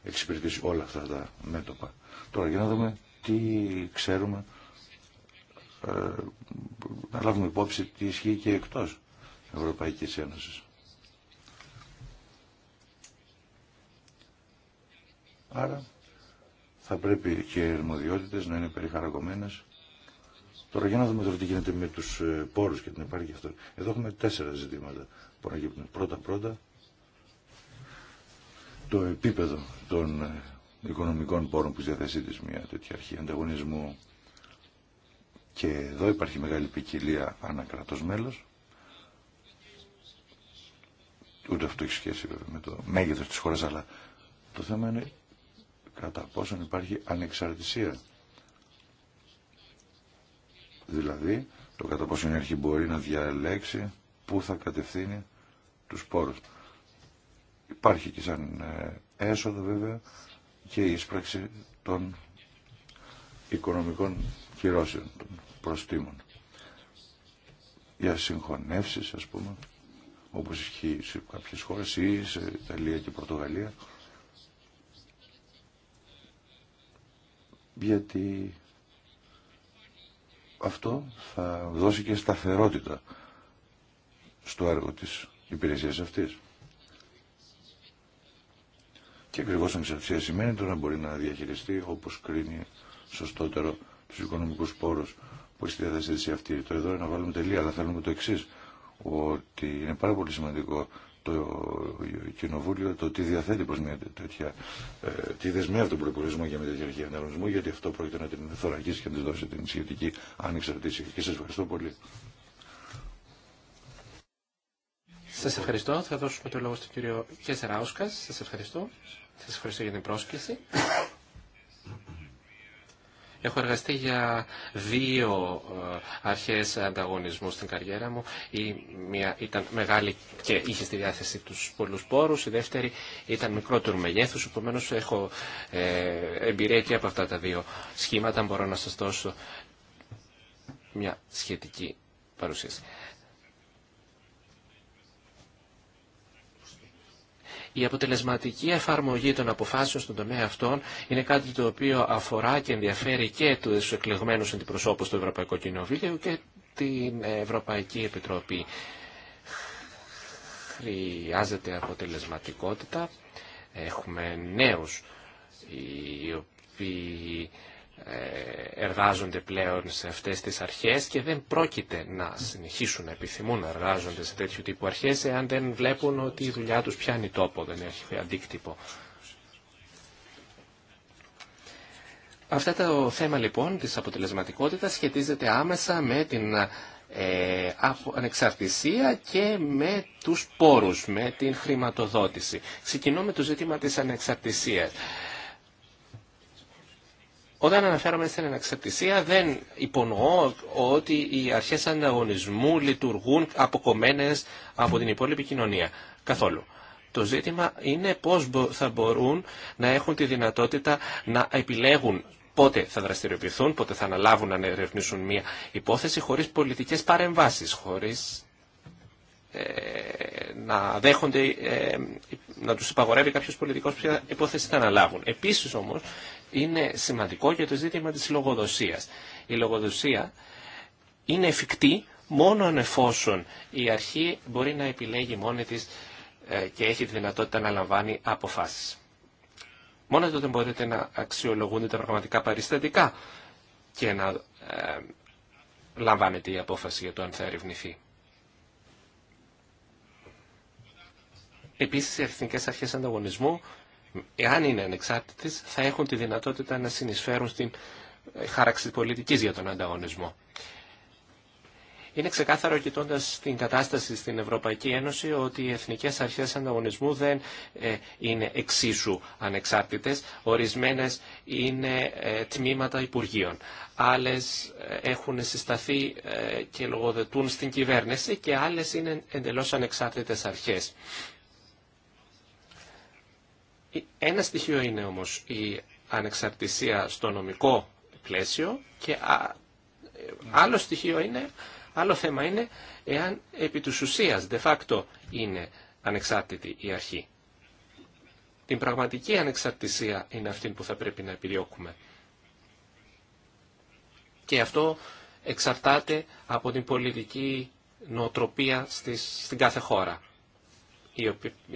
εξυπηρετήσει όλα αυτά τα μέτωπα. Τώρα για να δούμε τι ξέρουμε ε, να λάβουμε υπόψη τι ισχύει και εκτός Ευρωπαϊκής Ένωσης. Άρα θα πρέπει και οι αρμοδιότητες να είναι περιχαρακωμένε. Τώρα για να δούμε τώρα τι γίνεται με τους ε, πόρους και την επάρκεια αυτών. Εδώ έχουμε τέσσερα ζητήματα που αναγκυπτουν πρωτα Πρώτα-πρώτα το επίπεδο των ε, οικονομικών πόρων που διαθέσει τη μια τέτοια αρχή ανταγωνισμού και εδώ υπάρχει μεγάλη ποικιλία ανακρατός μέλος. Ούτε αυτό έχει σχέση βέβαια με το μέγεθος της χώρας, αλλά το θέμα είναι κατά πόσον υπάρχει ανεξαρτησία. Δηλαδή, το κατά πόσον η αρχή μπορεί να διαλέξει πού θα κατευθύνει τους πόρους. Υπάρχει και σαν ε, έσοδο βέβαια και η εισπράξη των οικονομικών κυρώσεων, των προστήμων. Για συγχωνεύσεις, ας πούμε, όπως ισχύει σε κάποιες χώρες ή σε Ιταλία και Πορτογαλία. Γιατί αυτό θα δώσει και σταθερότητα στο έργο της υπηρεσίας αυτής. Και ακριβώ ανεξαρτησία σημαίνει το να μπορεί να διαχειριστεί όπως κρίνει σωστότερο του οικονομικού πόρου που έχει στη διάθεσή αυτή. Το εδώ να βάλουμε τελεία, αλλά θέλουμε το εξή ότι είναι πάρα πολύ σημαντικό το κοινοβούλιο το τι διαθέτει προ μια τέτοια, ε, τη δεσμεύει τον προπολογισμό για μια τέτοια αρχή ανταγωνισμού, γιατί αυτό πρόκειται να την θωρακίσει και να τη δώσει την σχετική ανεξαρτησία. Και σα ευχαριστώ πολύ. Σα ευχαριστώ. Θα δώσουμε το λόγο στον κύριο Χέσσερα Σα Σας ευχαριστώ. Σα ευχαριστώ για την πρόσκληση. Έχω εργαστεί για δύο ε, αρχές ανταγωνισμού στην καριέρα μου. Η μία ήταν μεγάλη και είχε στη διάθεση τους πολλούς πόρους, η δεύτερη ήταν μικρότερου μεγέθους, επομένω έχω ε, εμπειρία και από αυτά τα δύο σχήματα, μπορώ να σας δώσω μια σχετική παρουσίαση. Η αποτελεσματική εφαρμογή των αποφάσεων στον τομέα αυτών είναι κάτι το οποίο αφορά και ενδιαφέρει και του εκλεγμένου αντιπροσώπου του Ευρωπαϊκού Κοινοβουλίου και την Ευρωπαϊκή Επιτροπή. Χρειάζεται αποτελεσματικότητα. Έχουμε νέους οι οποίοι ε, εργάζονται πλέον σε αυτές τις αρχές και δεν πρόκειται να συνεχίσουν να επιθυμούν να εργάζονται σε τέτοιου τύπου αρχές εάν δεν βλέπουν ότι η δουλειά τους πιάνει τόπο, δεν έχει αντίκτυπο. Αυτά το θέμα λοιπόν της αποτελεσματικότητας σχετίζεται άμεσα με την ε, ανεξαρτησία και με τους πόρους, με την χρηματοδότηση. Ξεκινώ με το ζήτημα της ανεξαρτησίας. Όταν αναφέρομαι στην αναξαρτησία δεν υπονοώ ότι οι αρχέ ανταγωνισμού λειτουργούν αποκομμένες από την υπόλοιπη κοινωνία. Καθόλου. Το ζήτημα είναι πώς θα μπορούν να έχουν τη δυνατότητα να επιλέγουν πότε θα δραστηριοποιηθούν, πότε θα αναλάβουν να ερευνήσουν μια υπόθεση χωρίς πολιτικές παρεμβάσεις, χωρίς ε, να δέχονται, ε, να τους υπαγορεύει κάποιος πολιτικός ποια υπόθεση θα αναλάβουν. Επίσης όμως είναι σημαντικό για το ζήτημα της λογοδοσίας. Η λογοδοσία είναι εφικτή μόνο εφόσον η αρχή μπορεί να επιλέγει μόνη της ε, και έχει τη δυνατότητα να λαμβάνει αποφάσεις. Μόνο τότε μπορείτε να αξιολογούνται τα πραγματικά παριστατικά και να λαμβάνετε η απόφαση για το αν θα ερευνηθεί Επίσης, οι εθνικές αρχές ανταγωνισμού, εάν είναι ανεξάρτητες, θα έχουν τη δυνατότητα να συνεισφέρουν στην ε, χάραξη πολιτικής για τον ανταγωνισμό. Είναι ξεκάθαρο κοιτώντα την κατάσταση στην Ευρωπαϊκή Ένωση ότι οι εθνικές αρχές ανταγωνισμού δεν ε, είναι εξίσου ανεξάρτητες. Ορισμένες είναι ε, τμήματα Υπουργείων. Άλλες έχουν συσταθεί και λογοδετούν στην κυβέρνηση και άλλες είναι εντελώς ανεξάρτητες αρχές. Ένα στοιχείο είναι όμως η ανεξαρτησία στο νομικό πλαίσιο και ε, άλλο στοιχείο είναι, άλλο θέμα είναι εάν επί του ουσίας de facto είναι ανεξάρτητη η αρχή. Την πραγματική ανεξαρτησία είναι αυτή που θα πρέπει να επιδιώκουμε. Και αυτό εξαρτάται από την πολιτική νοοτροπία στις, στην κάθε χώρα οι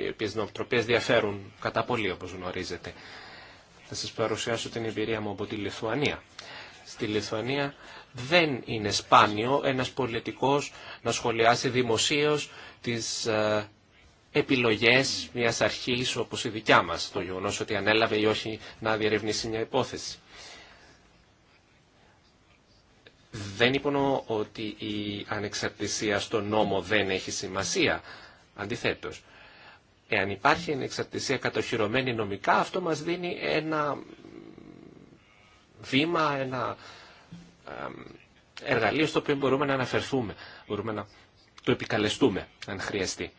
οποίες νοοτροπίες διαφέρουν κατά πολύ όπως γνωρίζετε. Θα σας παρουσιάσω την εμπειρία μου από τη Λιθουανία. Στη Λιθουανία δεν είναι σπάνιο ένας πολιτικός να σχολιάσει δημοσίως τις ε, επιλογές μιας αρχής όπως η δικιά μας, το γεγονό ότι ανέλαβε ή όχι να διερευνήσει μια υπόθεση. Δεν υπονοώ ότι η ανεξαρτησία στον νόμο δεν έχει σημασία, Αντιθέτω, εάν υπάρχει ανεξαρτησία κατοχυρωμένη νομικά, αυτό μας δίνει ένα βήμα, ένα εργαλείο στο οποίο μπορούμε να αναφερθούμε, μπορούμε να το επικαλεστούμε αν χρειαστεί.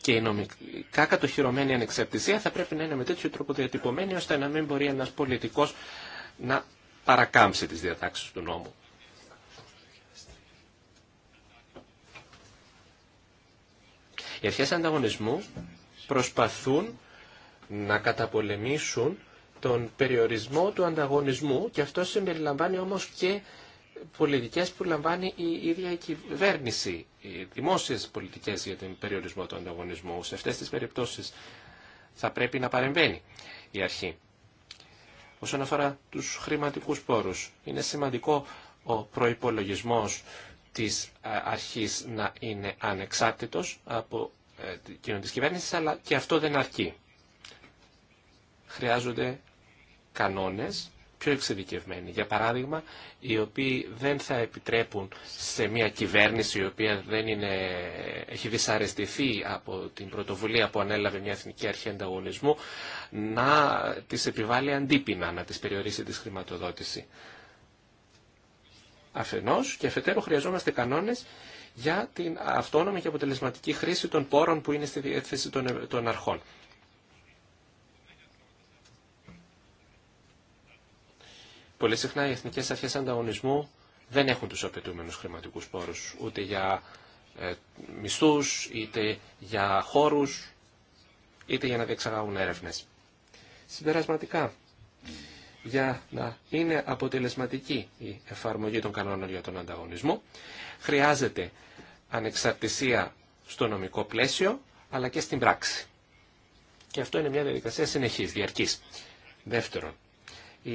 Και η νομικά κατοχυρωμένη ανεξαρτησία θα πρέπει να είναι με τέτοιο τρόπο διατυπωμένη ώστε να μην μπορεί ένας πολιτικός να παρακάμψει τις διατάξεις του νόμου. Οι αρχές ανταγωνισμού προσπαθούν να καταπολεμήσουν τον περιορισμό του ανταγωνισμού και αυτό συμπεριλαμβάνει όμως και πολιτικές που λαμβάνει η ίδια η κυβέρνηση, οι δημόσιες πολιτικές για τον περιορισμό του ανταγωνισμού. Σε αυτές τις περιπτώσεις θα πρέπει να παρεμβαίνει η αρχή. Όσον αφορά τους χρηματικούς πόρους, είναι σημαντικό ο προϋπολογισμός της ε, αρχής να είναι ανεξάρτητος από ε, την της κυβέρνησης, αλλά και αυτό δεν αρκεί. Χρειάζονται κανόνες πιο εξειδικευμένοι. Για παράδειγμα, οι οποίοι δεν θα επιτρέπουν σε μια κυβέρνηση η οποία δεν είναι, έχει δυσαρεστηθεί από την πρωτοβουλία που ανέλαβε μια εθνική αρχή ανταγωνισμού να τις επιβάλλει αντίπεινα, να τις περιορίσει τη χρηματοδότηση αφενός και αφετέρου χρειαζόμαστε κανόνες για την αυτόνομη και αποτελεσματική χρήση των πόρων που είναι στη διέθεση των ε, αρχών. Πολύ συχνά οι εθνικές αρχέ ανταγωνισμού δεν έχουν τους απαιτούμενους χρηματικούς πόρους, ούτε για ε, μισθούς, είτε για χώρους, είτε για να διεξαγάγουν έρευνες. Συμπερασματικά, για να είναι αποτελεσματική η εφαρμογή των κανόνων για τον ανταγωνισμό. Χρειάζεται ανεξαρτησία στο νομικό πλαίσιο, αλλά και στην πράξη. Και αυτό είναι μια διαδικασία συνεχής, διαρκής. Δεύτερον, οι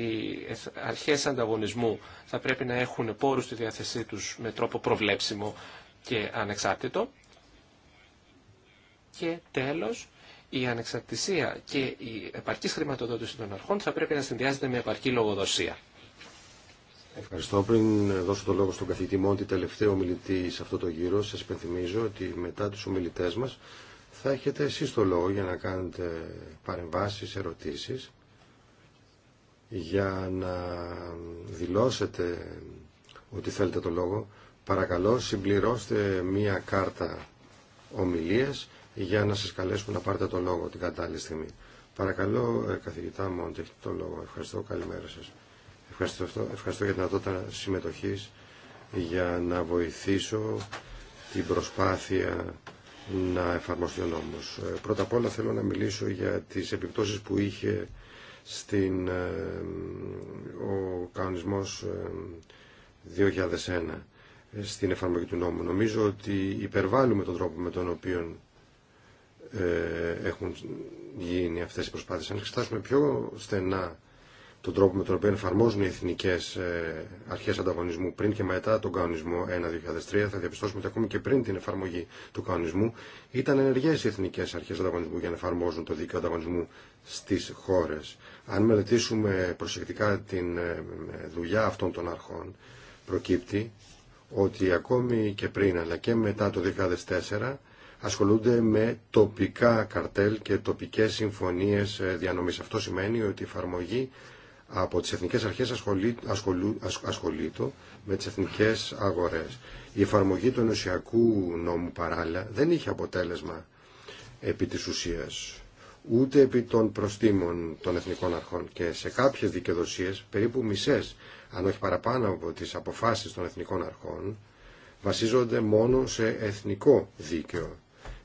αρχές ανταγωνισμού θα πρέπει να έχουν πόρους στη διάθεσή τους με τρόπο προβλέψιμο και ανεξάρτητο. Και τέλος, η ανεξαρτησία και η επαρκή χρηματοδότηση των αρχών θα πρέπει να συνδυάζεται με επαρκή λογοδοσία. Ευχαριστώ. Πριν δώσω το λόγο στον καθηγητή Μόντι, τελευταίο ομιλητή σε αυτό το γύρο, σας υπενθυμίζω ότι μετά του ομιλητέ μας θα έχετε εσείς το λόγο για να κάνετε παρεμβάσεις, ερωτήσεις, για να δηλώσετε ότι θέλετε το λόγο. Παρακαλώ συμπληρώστε μία κάρτα ομιλίας για να σας καλέσουμε να πάρετε το λόγο την κατάλληλη στιγμή. Παρακαλώ, ε, καθηγητά έχετε το λόγο. Ευχαριστώ. Καλημέρα σας. Ευχαριστώ, ευχαριστώ για την δυνατότητα συμμετοχής για να βοηθήσω την προσπάθεια να εφαρμοστεί ο νόμος. Ε, πρώτα απ' όλα θέλω να μιλήσω για τις επιπτώσεις που είχε στην, ε, ο κανονισμός 2001 στην εφαρμογή του νόμου. Νομίζω ότι υπερβάλλουμε τον τρόπο με τον οποίο ε, έχουν γίνει αυτές οι προσπάθειες. Αν εξετάσουμε πιο στενά τον τρόπο με τον οποίο εφαρμόζουν οι εθνικές ε, αρχές ανταγωνισμού πριν και μετά τον κανονισμό 1-2003, θα διαπιστώσουμε ότι ακόμη και πριν την εφαρμογή του κανονισμού ήταν ενεργές οι εθνικές αρχές ανταγωνισμού για να εφαρμόζουν το δίκαιο ανταγωνισμού στις χώρες. Αν μελετήσουμε προσεκτικά την ε, δουλειά αυτών των αρχών, προκύπτει ότι ακόμη και πριν αλλά και μετά το 2004 ασχολούνται με τοπικά καρτέλ και τοπικές συμφωνίες ε, διανομής. Αυτό σημαίνει ότι η εφαρμογή από τις εθνικές αρχές ασχολεί, ασχολείται με τις εθνικές αγορές. Η εφαρμογή του ενωσιακού νόμου παράλληλα δεν είχε αποτέλεσμα επί της ουσίας, ούτε επί των προστήμων των εθνικών αρχών και σε κάποιες δικαιοδοσίες, περίπου μισές, αν όχι παραπάνω από τις αποφάσεις των εθνικών αρχών, βασίζονται μόνο σε εθνικό δίκαιο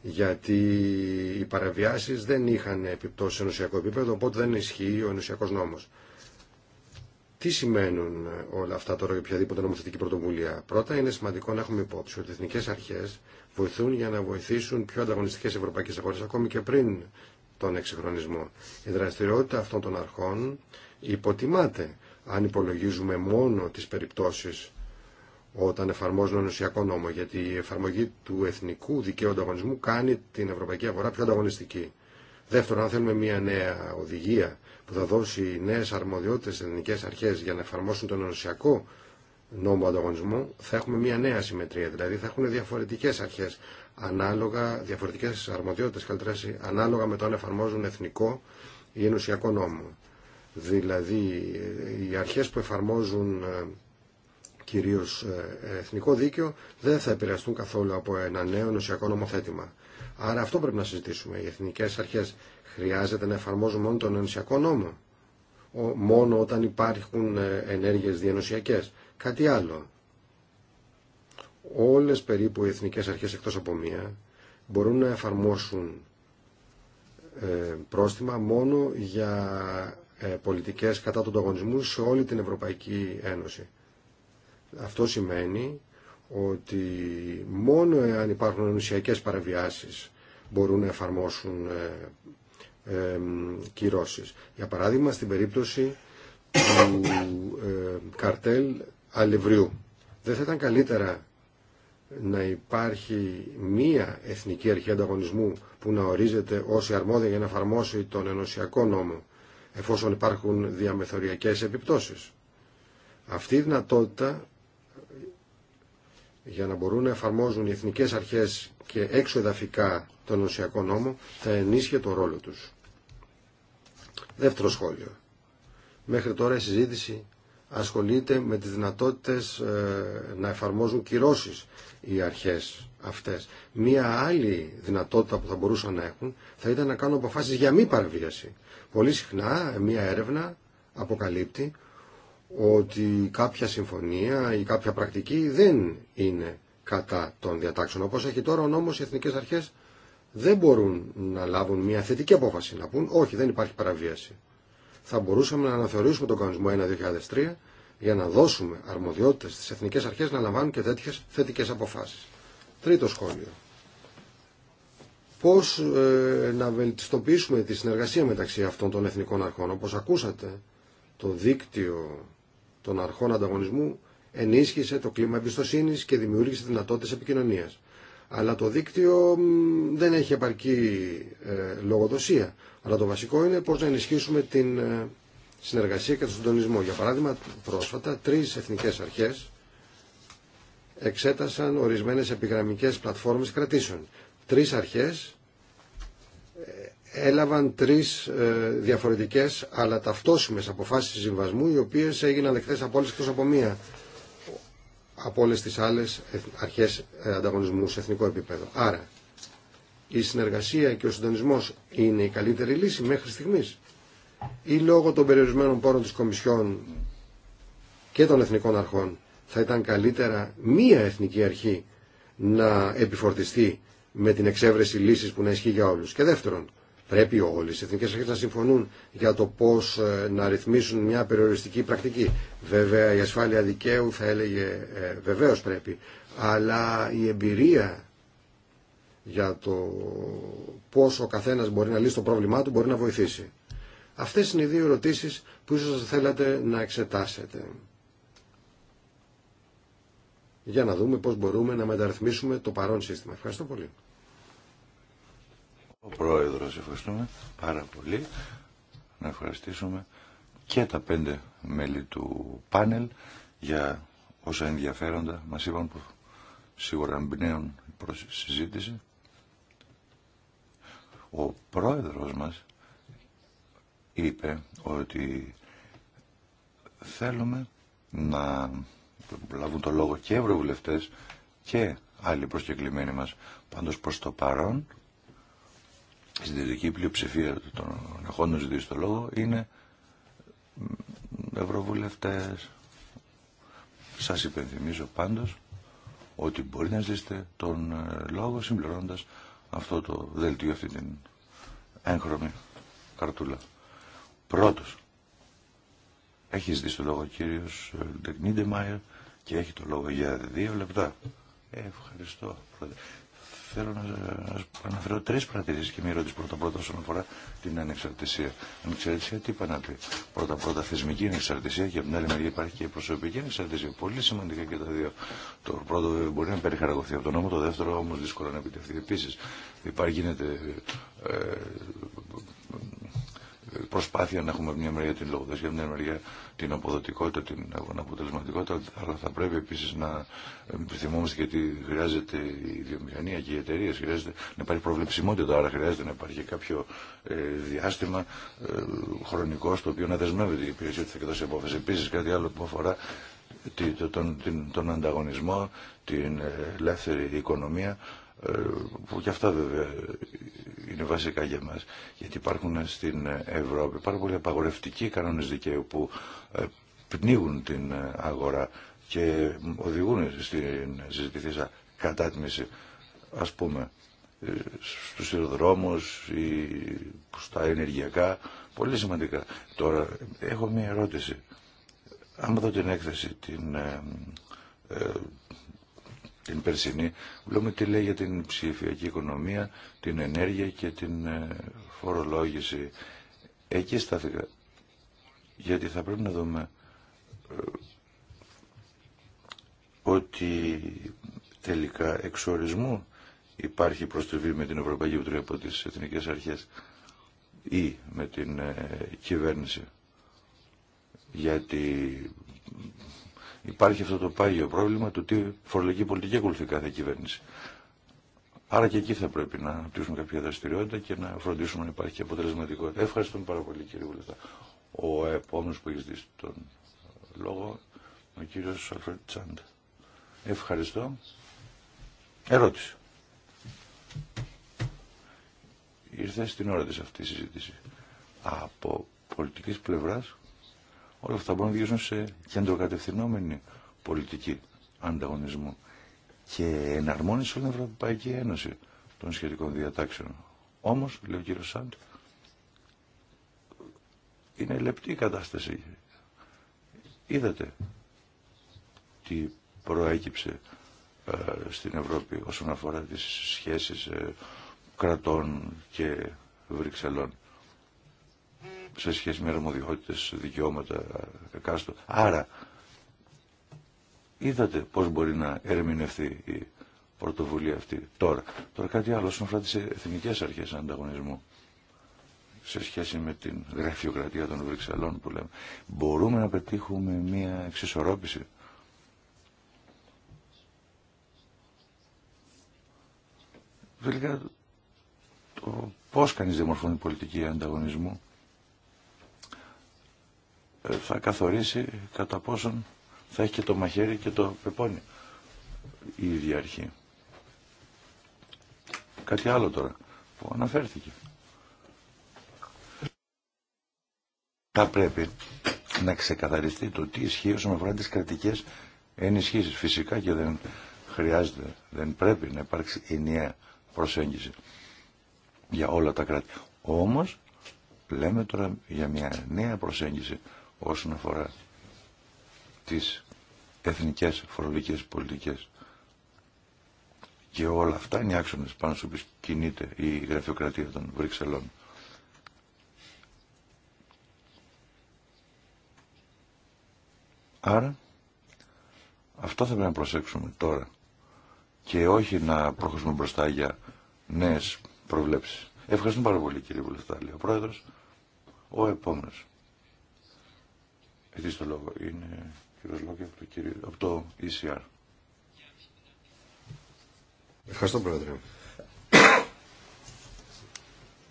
γιατί οι παραβιάσεις δεν είχαν επιπτώσει σε ενωσιακό επίπεδο, οπότε δεν ισχύει ο ενωσιακός νόμος. Τι σημαίνουν όλα αυτά τώρα για οποιαδήποτε νομοθετική πρωτοβουλία. Πρώτα είναι σημαντικό να έχουμε υπόψη ότι οι εθνικέ αρχέ βοηθούν για να βοηθήσουν πιο ανταγωνιστικέ ευρωπαϊκές αγορέ ακόμη και πριν τον εξυγχρονισμό. Η δραστηριότητα αυτών των αρχών υποτιμάται αν υπολογίζουμε μόνο τις περιπτώσεις όταν εφαρμόζουν ενωσιακό νόμο, γιατί η εφαρμογή του εθνικού δικαίου ανταγωνισμού κάνει την ευρωπαϊκή αγορά πιο ανταγωνιστική. Δεύτερον, αν θέλουμε μια νέα οδηγία που θα δώσει νέε αρμοδιότητε στι ελληνικέ αρχέ για να εφαρμόσουν τον ενωσιακό νόμο ανταγωνισμού, θα έχουμε μια νέα συμμετρία. Δηλαδή θα έχουν διαφορετικέ αρχέ, ανάλογα, διαφορετικέ αρμοδιότητε, καλύτερα, ανάλογα με το αν εφαρμόζουν εθνικό ή ενωσιακό νόμο. Δηλαδή, οι αρχές που εφαρμόζουν ε, κυρίως ε, εθνικό δίκαιο, δεν θα επηρεαστούν καθόλου από ένα νέο νοσιακό νομοθέτημα. Άρα αυτό πρέπει να συζητήσουμε. Οι εθνικές αρχές χρειάζεται να εφαρμόζουν μόνο τον ενωσιακό νόμο, μόνο όταν υπάρχουν ε, ενέργειες διενωσιακές. Κάτι άλλο. Όλες περίπου οι εθνικές αρχές εκτός από μία μπορούν να εφαρμόσουν ε, πρόστιμα μόνο για πολιτικές κατά του ανταγωνισμού σε όλη την Ευρωπαϊκή Ένωση. Αυτό σημαίνει ότι μόνο εάν υπάρχουν ενουσιακές παραβιάσεις μπορούν να εφαρμόσουν ε, ε κυρώσεις. Για παράδειγμα, στην περίπτωση του ε, καρτέλ αλευριού. Δεν θα ήταν καλύτερα να υπάρχει μία εθνική αρχή ανταγωνισμού που να ορίζεται ως η αρμόδια για να εφαρμόσει τον ενωσιακό νόμο εφόσον υπάρχουν διαμεθοριακές επιπτώσεις. Αυτή η δυνατότητα για να μπορούν να εφαρμόζουν οι εθνικές αρχές και έξω εδαφικά τον ουσιακό νόμο, θα ενίσχυε το ρόλο τους. Δεύτερο σχόλιο. Μέχρι τώρα η συζήτηση ασχολείται με τις δυνατότητες ε, να εφαρμόζουν κυρώσεις οι αρχές αυτές. Μία άλλη δυνατότητα που θα μπορούσαν να έχουν θα ήταν να κάνουν αποφάσεις για μη παραβίαση. Πολύ συχνά μία έρευνα αποκαλύπτει ότι κάποια συμφωνία ή κάποια πρακτική δεν είναι κατά των διατάξεων. Όπως έχει τώρα ο νόμος, οι εθνικές αρχές δεν μπορούν να λάβουν μια θετική απόφαση, να πούν όχι, δεν υπάρχει παραβίαση. Θα μπορούσαμε να αναθεωρήσουμε τον κανονισμό 1-2003 για να δώσουμε αρμοδιότητες στις εθνικές αρχές να λαμβάνουν και τέτοιες θετικές αποφάσεις. Τρίτο σχόλιο. Πώς ε, να βελτιστοποιήσουμε τη συνεργασία μεταξύ αυτών των εθνικών αρχών. Όπως ακούσατε, το δίκτυο των αρχών ανταγωνισμού ενίσχυσε το κλίμα εμπιστοσύνη και δημιούργησε δυνατότητε επικοινωνία. Αλλά το δίκτυο δεν έχει επαρκή ε, λογοδοσία. Αλλά το βασικό είναι πώ να ενισχύσουμε την ε, συνεργασία και τον συντονισμό. Για παράδειγμα, πρόσφατα τρει εθνικέ αρχέ εξέτασαν ορισμένε επιγραμμικέ πλατφόρμες κρατήσεων. Τρει αρχέ έλαβαν τρεις ε, διαφορετικές αλλά ταυτόσιμες αποφάσεις συμβασμού οι οποίες έγιναν δεκτές από όλες εκτός από μία από όλες τις άλλες αρχές ε, ανταγωνισμού σε εθνικό επίπεδο. Άρα η συνεργασία και ο συντονισμός είναι η καλύτερη λύση μέχρι στιγμής ή λόγω των περιορισμένων πόρων της Κομισιόν και των εθνικών αρχών θα ήταν καλύτερα μία εθνική αρχή να επιφορτιστεί με την εξέβρεση λύσης που να ισχύει για όλους. Και δεύτερον, Πρέπει όλε οι εθνικέ αρχέ να συμφωνούν για το πώ ε, να ρυθμίσουν μια περιοριστική πρακτική. Βέβαια η ασφάλεια δικαίου θα έλεγε ε, βεβαίω πρέπει. Αλλά η εμπειρία για το πώς ο καθένα μπορεί να λύσει το πρόβλημά του μπορεί να βοηθήσει. Αυτέ είναι οι δύο ερωτήσει που ίσω θέλατε να εξετάσετε. Για να δούμε πώ μπορούμε να μεταρρυθμίσουμε το παρόν σύστημα. Ευχαριστώ πολύ. Ο Πρόεδρος, ευχαριστούμε πάρα πολύ. Να ευχαριστήσουμε και τα πέντε μέλη του πάνελ για όσα ενδιαφέροντα μας είπαν που σίγουρα εμπνέουν προς συζήτηση. Ο πρόεδρος μας είπε ότι θέλουμε να λάβουν το λόγο και ευρωβουλευτές και άλλοι προσκεκλημένοι μας. Πάντως προς το παρόν η συντηρητική πλειοψηφία των εχόντων ζητήσει το λόγο είναι ευρωβουλευτές. Σας υπενθυμίζω πάντως ότι μπορεί να ζητήσετε τον ε, λόγο συμπληρώνοντας αυτό το δελτίο, αυτή την έγχρωμη καρτούλα. Πρώτος, έχει ζητήσει το λόγο ο κύριος ε, Μάιερ και έχει το λόγο για δύο λεπτά. Ευχαριστώ θέλω να αναφέρω τρεις παρατηρήσει και μία ερώτηση πρώτα-πρώτα όσον αφορά την ανεξαρτησία. Ανεξαρτησία τι είπα να πει. Πρώτα-πρώτα θεσμική ανεξαρτησία και από την άλλη μεριά υπάρχει και η προσωπική ανεξαρτησία. Πολύ σημαντικά και τα δύο. Το πρώτο μπορεί να περιχαραγωθεί από τον νόμο, το δεύτερο όμως δύσκολο να επιτευχθεί. Επίση, υπάρχει γίνεται ε, προσπάθεια να έχουμε μια μεριά την λογοδοσία, μια μεριά την αποδοτικότητα, την αποτελεσματικότητα, αλλά θα πρέπει επίση να θυμόμαστε γιατί χρειάζεται η βιομηχανία και οι εταιρείε, χρειάζεται να υπάρχει προβλεψιμότητα, άρα χρειάζεται να υπάρχει κάποιο ε, διάστημα ε, χρονικό στο οποίο να δεσμεύεται η υπηρεσία θα εκδώσει απόφαση. Επίση κάτι άλλο που αφορά τον, τον ανταγωνισμό, την ε, ελεύθερη οικονομία, που ε, και αυτά βέβαια είναι βασικά για μας, γιατί υπάρχουν στην Ευρώπη πάρα πολλοί απαγορευτικοί κανόνες δικαίου που ε, πνίγουν την ε, αγορά και οδηγούν στην συζητηθήσα κατάτμιση, ας πούμε, στους σειροδρόμους ή στα ενεργειακά, πολύ σημαντικά. Τώρα, έχω μια ερώτηση. Άμα δω την έκθεση, την την περσινή, βλέπουμε τι λέει για την ψηφιακή οικονομία, την ενέργεια και την ε, φορολόγηση. Εκεί στάθηκα. Γιατί θα πρέπει να δούμε ε, ότι τελικά εξορισμού υπάρχει προστιβή με την Ευρωπαϊκή Επιτροπή από τις Εθνικές Αρχές ή με την ε, κυβέρνηση. Γιατί υπάρχει αυτό το πάγιο πρόβλημα του τι φορολογική πολιτική ακολουθεί κάθε κυβέρνηση. Άρα και εκεί θα πρέπει να αναπτύξουμε κάποια δραστηριότητα και να φροντίσουμε να υπάρχει αποτελεσματικότητα. Ευχαριστούμε πάρα πολύ κύριε Βουλευτά. Ο επόμενο που έχει δει τον λόγο, ο κύριο Αλφρέντ Τσάντα. Ευχαριστώ. Ερώτηση. Ήρθε στην ώρα της αυτή η συζήτηση. Από πολιτικής πλευράς όλα αυτά μπορούν να οδηγήσουν σε κεντροκατευθυνόμενη πολιτική ανταγωνισμού και εναρμόνιση όλη την Ευρωπαϊκή Ένωση των σχετικών διατάξεων. Όμως, λέει ο κύριο Σάντ, είναι λεπτή η κατάσταση. Είδατε τι προέκυψε ε, στην Ευρώπη όσον αφορά τις σχέσεις ε, κρατών και Βρυξελών σε σχέση με αρμοδιότητες, δικαιώματα, κάστο. Άρα, είδατε πώς μπορεί να ερμηνευτεί η πρωτοβουλία αυτή τώρα. Τώρα κάτι άλλο, όσον αφορά τις εθνικές αρχές ανταγωνισμού σε σχέση με την γραφειοκρατία των Βρυξελών που λέμε. Μπορούμε να πετύχουμε μια εξισορρόπηση. Βελικά, το πώς κανείς διαμορφώνει πολιτική ανταγωνισμού ε, θα καθορίσει κατά πόσον θα έχει και το μαχαίρι και το πεπόνι η ίδια αρχή. Κάτι άλλο τώρα που αναφέρθηκε. Θα πρέπει να ξεκαθαριστεί το τι ισχύει όσον αφορά τις κρατικές ενισχύσεις. Φυσικά και δεν χρειάζεται, δεν πρέπει να υπάρξει ενιαία προσέγγιση για όλα τα κράτη. Όμως λέμε τώρα για μια νέα προσέγγιση όσον αφορά τις εθνικές φορολογικές πολιτικές. Και όλα αυτά είναι άξονε άξονες πάνω στους οποίους κινείται η γραφειοκρατία των Βρυξελών. Άρα, αυτό θα πρέπει να προσέξουμε τώρα και όχι να προχωρήσουμε μπροστά για νέες προβλέψεις. Ευχαριστούμε πάρα πολύ κύριε Βουλευτάλη, ο Πρόεδρος. Ο επόμενος. Έχετε το λόγο. Είναι κύριο Λόγκη από το, κύριο, από το ECR. Ευχαριστώ πρόεδρε.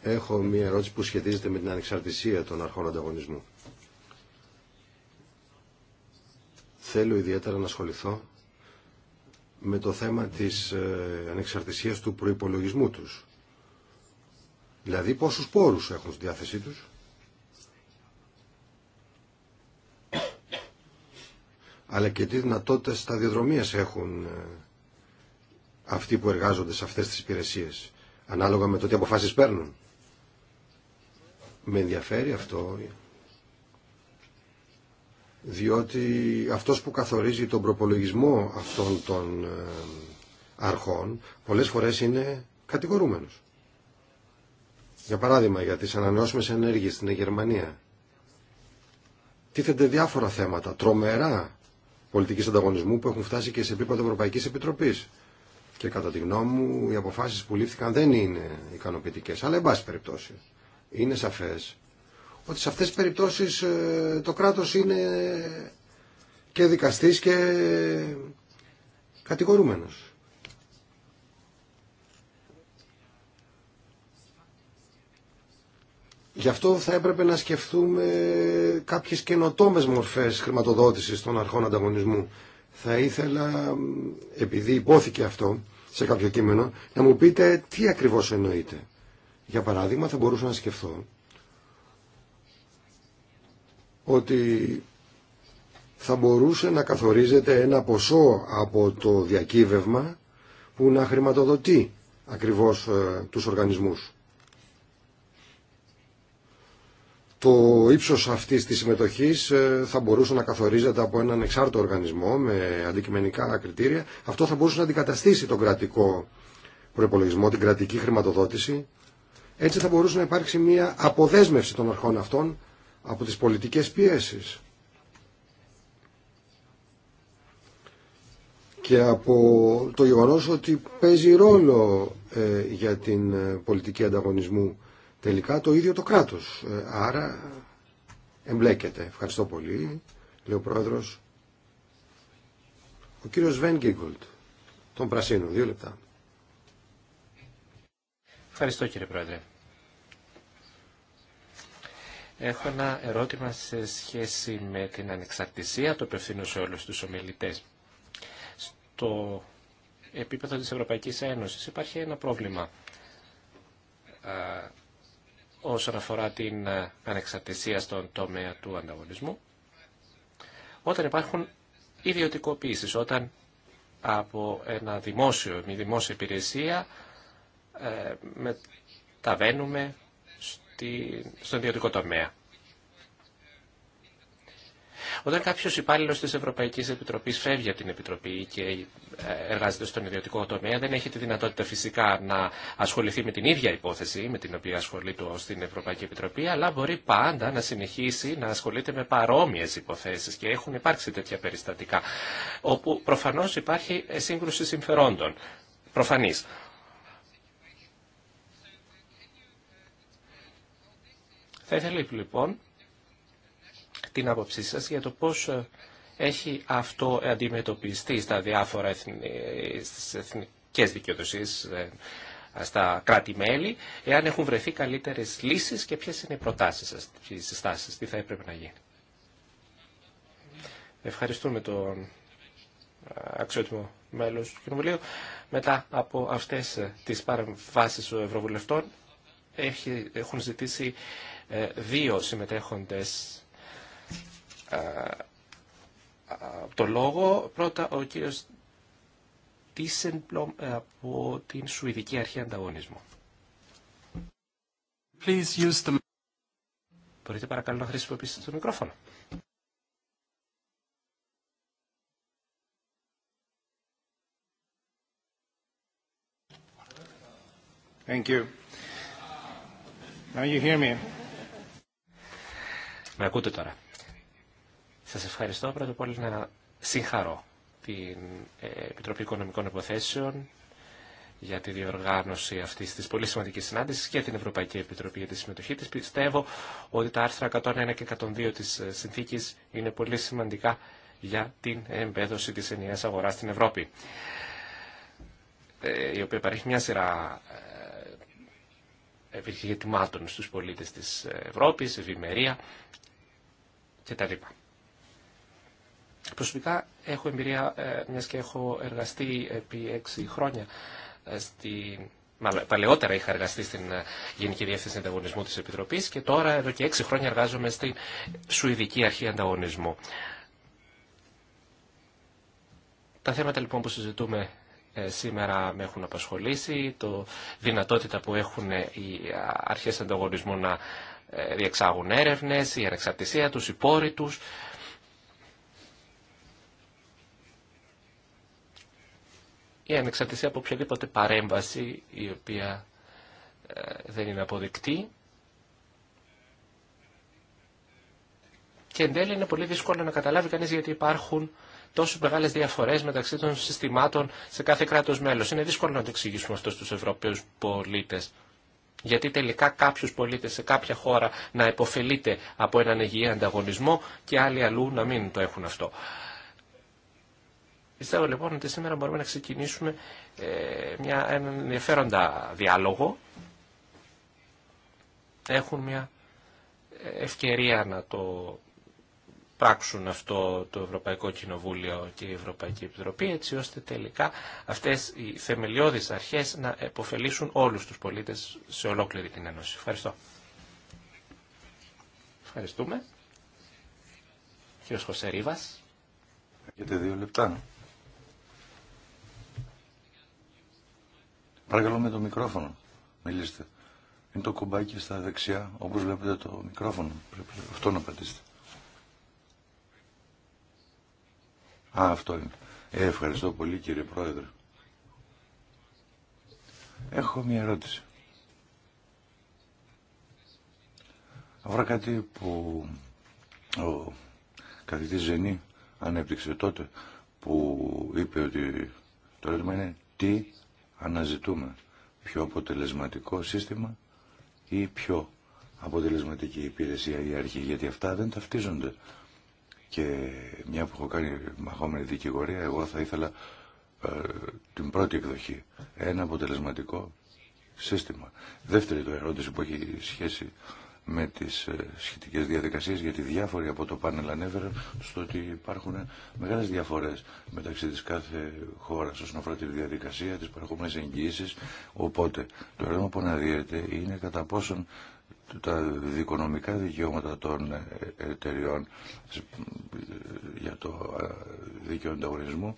Έχω μία ερώτηση που σχετίζεται με την ανεξαρτησία των αρχών ανταγωνισμού. Θέλω ιδιαίτερα να ασχοληθώ με το θέμα της ε, ανεξαρτησίας του προϋπολογισμού τους. Δηλαδή πόσους πόρους έχουν στη διάθεσή τους αλλά και τι στα σταδιοδρομίας έχουν ε, αυτοί που εργάζονται σε αυτές τις υπηρεσίες, ανάλογα με το τι αποφάσεις παίρνουν. Με ενδιαφέρει αυτό, διότι αυτός που καθορίζει τον προπολογισμό αυτών των ε, αρχών, πολλές φορές είναι κατηγορούμενος. Για παράδειγμα, για τις ανανεώσιμες ενέργειες στην Γερμανία. Τίθενται διάφορα θέματα, τρομερά πολιτικής ανταγωνισμού που έχουν φτάσει και σε επίπεδο Ευρωπαϊκής Επιτροπής. Και κατά τη γνώμη μου οι αποφάσεις που λήφθηκαν δεν είναι ικανοποιητικές, αλλά εν πάση περιπτώσει. Είναι σαφές ότι σε αυτές τις περιπτώσεις ε, το κράτος είναι και δικαστής και κατηγορούμενος. Γι' αυτό θα έπρεπε να σκεφτούμε κάποιες καινοτόμες μορφές χρηματοδότησης των αρχών ανταγωνισμού. Θα ήθελα, επειδή υπόθηκε αυτό σε κάποιο κείμενο, να μου πείτε τι ακριβώς εννοείτε. Για παράδειγμα, θα μπορούσα να σκεφτώ ότι θα μπορούσε να καθορίζεται ένα ποσό από το διακύβευμα που να χρηματοδοτεί ακριβώς ε, τους οργανισμούς. το ύψος αυτής της συμμετοχής ε, θα μπορούσε να καθορίζεται από έναν εξάρτητο οργανισμό με αντικειμενικά κριτήρια. Αυτό θα μπορούσε να αντικαταστήσει τον κρατικό προπολογισμό, την κρατική χρηματοδότηση. Έτσι θα μπορούσε να υπάρξει μια αποδέσμευση των αρχών αυτών από τις πολιτικές πιέσεις. και από το γεγονός ότι παίζει ρόλο ε, για την ε, πολιτική ανταγωνισμού τελικά το ίδιο το κράτος. Ε, άρα εμπλέκεται. Ευχαριστώ πολύ. Λέει ο Πρόεδρος. Ο κύριος Βεν Γκίγκολτ, Τον Δύο λεπτά. Ευχαριστώ κύριε Πρόεδρε. Έχω ένα ερώτημα σε σχέση με την ανεξαρτησία το απευθύνω σε όλους τους ομιλητές. Στο επίπεδο της Ευρωπαϊκής Ένωσης υπάρχει ένα πρόβλημα όσον αφορά την ε, ανεξαρτησία στον τομέα του ανταγωνισμού. Όταν υπάρχουν ιδιωτικοποίησεις, όταν από ένα δημόσιο, μη δημόσια υπηρεσία ε, μεταβαίνουμε στον ιδιωτικό τομέα. Όταν κάποιο υπάλληλο τη Ευρωπαϊκή Επιτροπή φεύγει από την Επιτροπή και ε, εργάζεται στον ιδιωτικό τομέα, δεν έχει τη δυνατότητα φυσικά να ασχοληθεί με την ίδια υπόθεση με την οποία ασχολείται την Ευρωπαϊκή Επιτροπή, αλλά μπορεί πάντα να συνεχίσει να ασχολείται με παρόμοιε υποθέσει και έχουν υπάρξει τέτοια περιστατικά, όπου προφανώ υπάρχει ε, σύγκρουση συμφερόντων. Προφανή. Θα ήθελα λοιπόν την άποψή σας για το πώς ε, έχει αυτό αντιμετωπιστεί στα διάφορα εθνικές δικαιοδοσίες, ε, στα κράτη-μέλη, εάν έχουν βρεθεί καλύτερες λύσεις και ποιες είναι οι προτάσεις σας, οι στάσεις, τι θα έπρεπε να γίνει. Ευχαριστούμε τον ε, αξιότιμο μέλος του Κοινοβουλίου. Μετά από αυτές τις παρεμβάσεις των Ευρωβουλευτών έχουν ζητήσει δύο συμμετέχοντες το λόγο. Πρώτα ο κύριος Τίσενπλομ ε, από την Σουηδική Αρχή Ανταγωνισμού. Please use the... Μπορείτε παρακαλώ να χρησιμοποιήσετε το μικρόφωνο. Thank you. Now you hear me. Με ακούτε τώρα. Σας ευχαριστώ. Πρώτα πολύ να συγχαρώ την ε, Επιτροπή Οικονομικών Υποθέσεων για τη διοργάνωση αυτή τη πολύ σημαντική συνάντηση και την Ευρωπαϊκή Επιτροπή για τη συμμετοχή τη. Πιστεύω ότι τα άρθρα 101 και 102 τη ε, συνθήκη είναι πολύ σημαντικά για την εμπέδωση τη ενιαία αγορά στην Ευρώπη, ε, η οποία παρέχει μια σειρά επιχειρηματών στου πολίτε τη Ευρώπη, ευημερία κτλ. Προσωπικά έχω εμπειρία, ε, μιας και έχω εργαστεί επί έξι χρόνια ε, στη παλαιότερα είχα εργαστεί στην ε, Γενική Διεύθυνση Ανταγωνισμού της Επιτροπής και τώρα εδώ και έξι χρόνια εργάζομαι στην Σουηδική Αρχή Ανταγωνισμού. Τα θέματα λοιπόν που συζητούμε σήμερα με έχουν απασχολήσει, το δυνατότητα που έχουν οι αρχές ανταγωνισμού να διεξάγουν έρευνες, η ανεξαρτησία τους, οι πόροι τους, η ανεξαρτησία από οποιαδήποτε παρέμβαση η οποία ε, δεν είναι αποδεκτή. Και εν τέλει είναι πολύ δύσκολο να καταλάβει κανείς γιατί υπάρχουν τόσο μεγάλες διαφορές μεταξύ των συστημάτων σε κάθε κράτος μέλος. Είναι δύσκολο να το εξηγήσουμε αυτό στους Ευρωπαίους πολίτες. Γιατί τελικά κάποιους πολίτες σε κάποια χώρα να υποφελείται από έναν υγιή ανταγωνισμό και άλλοι αλλού να μην το έχουν αυτό. Πιστεύω λοιπόν ότι σήμερα μπορούμε να ξεκινήσουμε ε, μια, ενδιαφέροντα διάλογο. Έχουν μια ευκαιρία να το πράξουν αυτό το Ευρωπαϊκό Κοινοβούλιο και η Ευρωπαϊκή Επιτροπή, έτσι ώστε τελικά αυτές οι θεμελιώδεις αρχές να επωφελήσουν όλους τους πολίτες σε ολόκληρη την Ένωση. Ευχαριστώ. Ευχαριστούμε. Κύριος Χωσερίβας. Έχετε δύο λεπτά. Παρακαλώ με το μικρόφωνο. Μιλήστε. Είναι το κουμπάκι στα δεξιά, όπως βλέπετε το μικρόφωνο. Πρέπει αυτό να πατήσετε. Α, αυτό είναι. Ε, ευχαριστώ πολύ κύριε Πρόεδρε. Έχω μια ερώτηση. Αφορά κάτι που ο καθηγητής Ζενή ανέπτυξε τότε που είπε ότι το ερώτημα είναι τι αναζητούμε πιο αποτελεσματικό σύστημα ή πιο αποτελεσματική υπηρεσία ή αρχή, γιατί αυτά δεν ταυτίζονται. Και μια που έχω κάνει μαχόμενη δικηγορία, εγώ θα ήθελα ε, την πρώτη εκδοχή, ένα αποτελεσματικό σύστημα. Δεύτερη το ερώτηση που έχει σχέση με τις ε, σχετικές διαδικασίες γιατί διάφοροι από το πάνελ ανέφεραν στο ότι υπάρχουν μεγάλες διαφορές μεταξύ της κάθε χώρας όσον αφορά τη διαδικασία, τις παρεχόμενες εγγυήσεις. Οπότε το ερώτημα που αναδύεται είναι κατά πόσον τα δικονομικά δικαιώματα των ε, εταιριών ε, για το δίκαιο ανταγωνισμού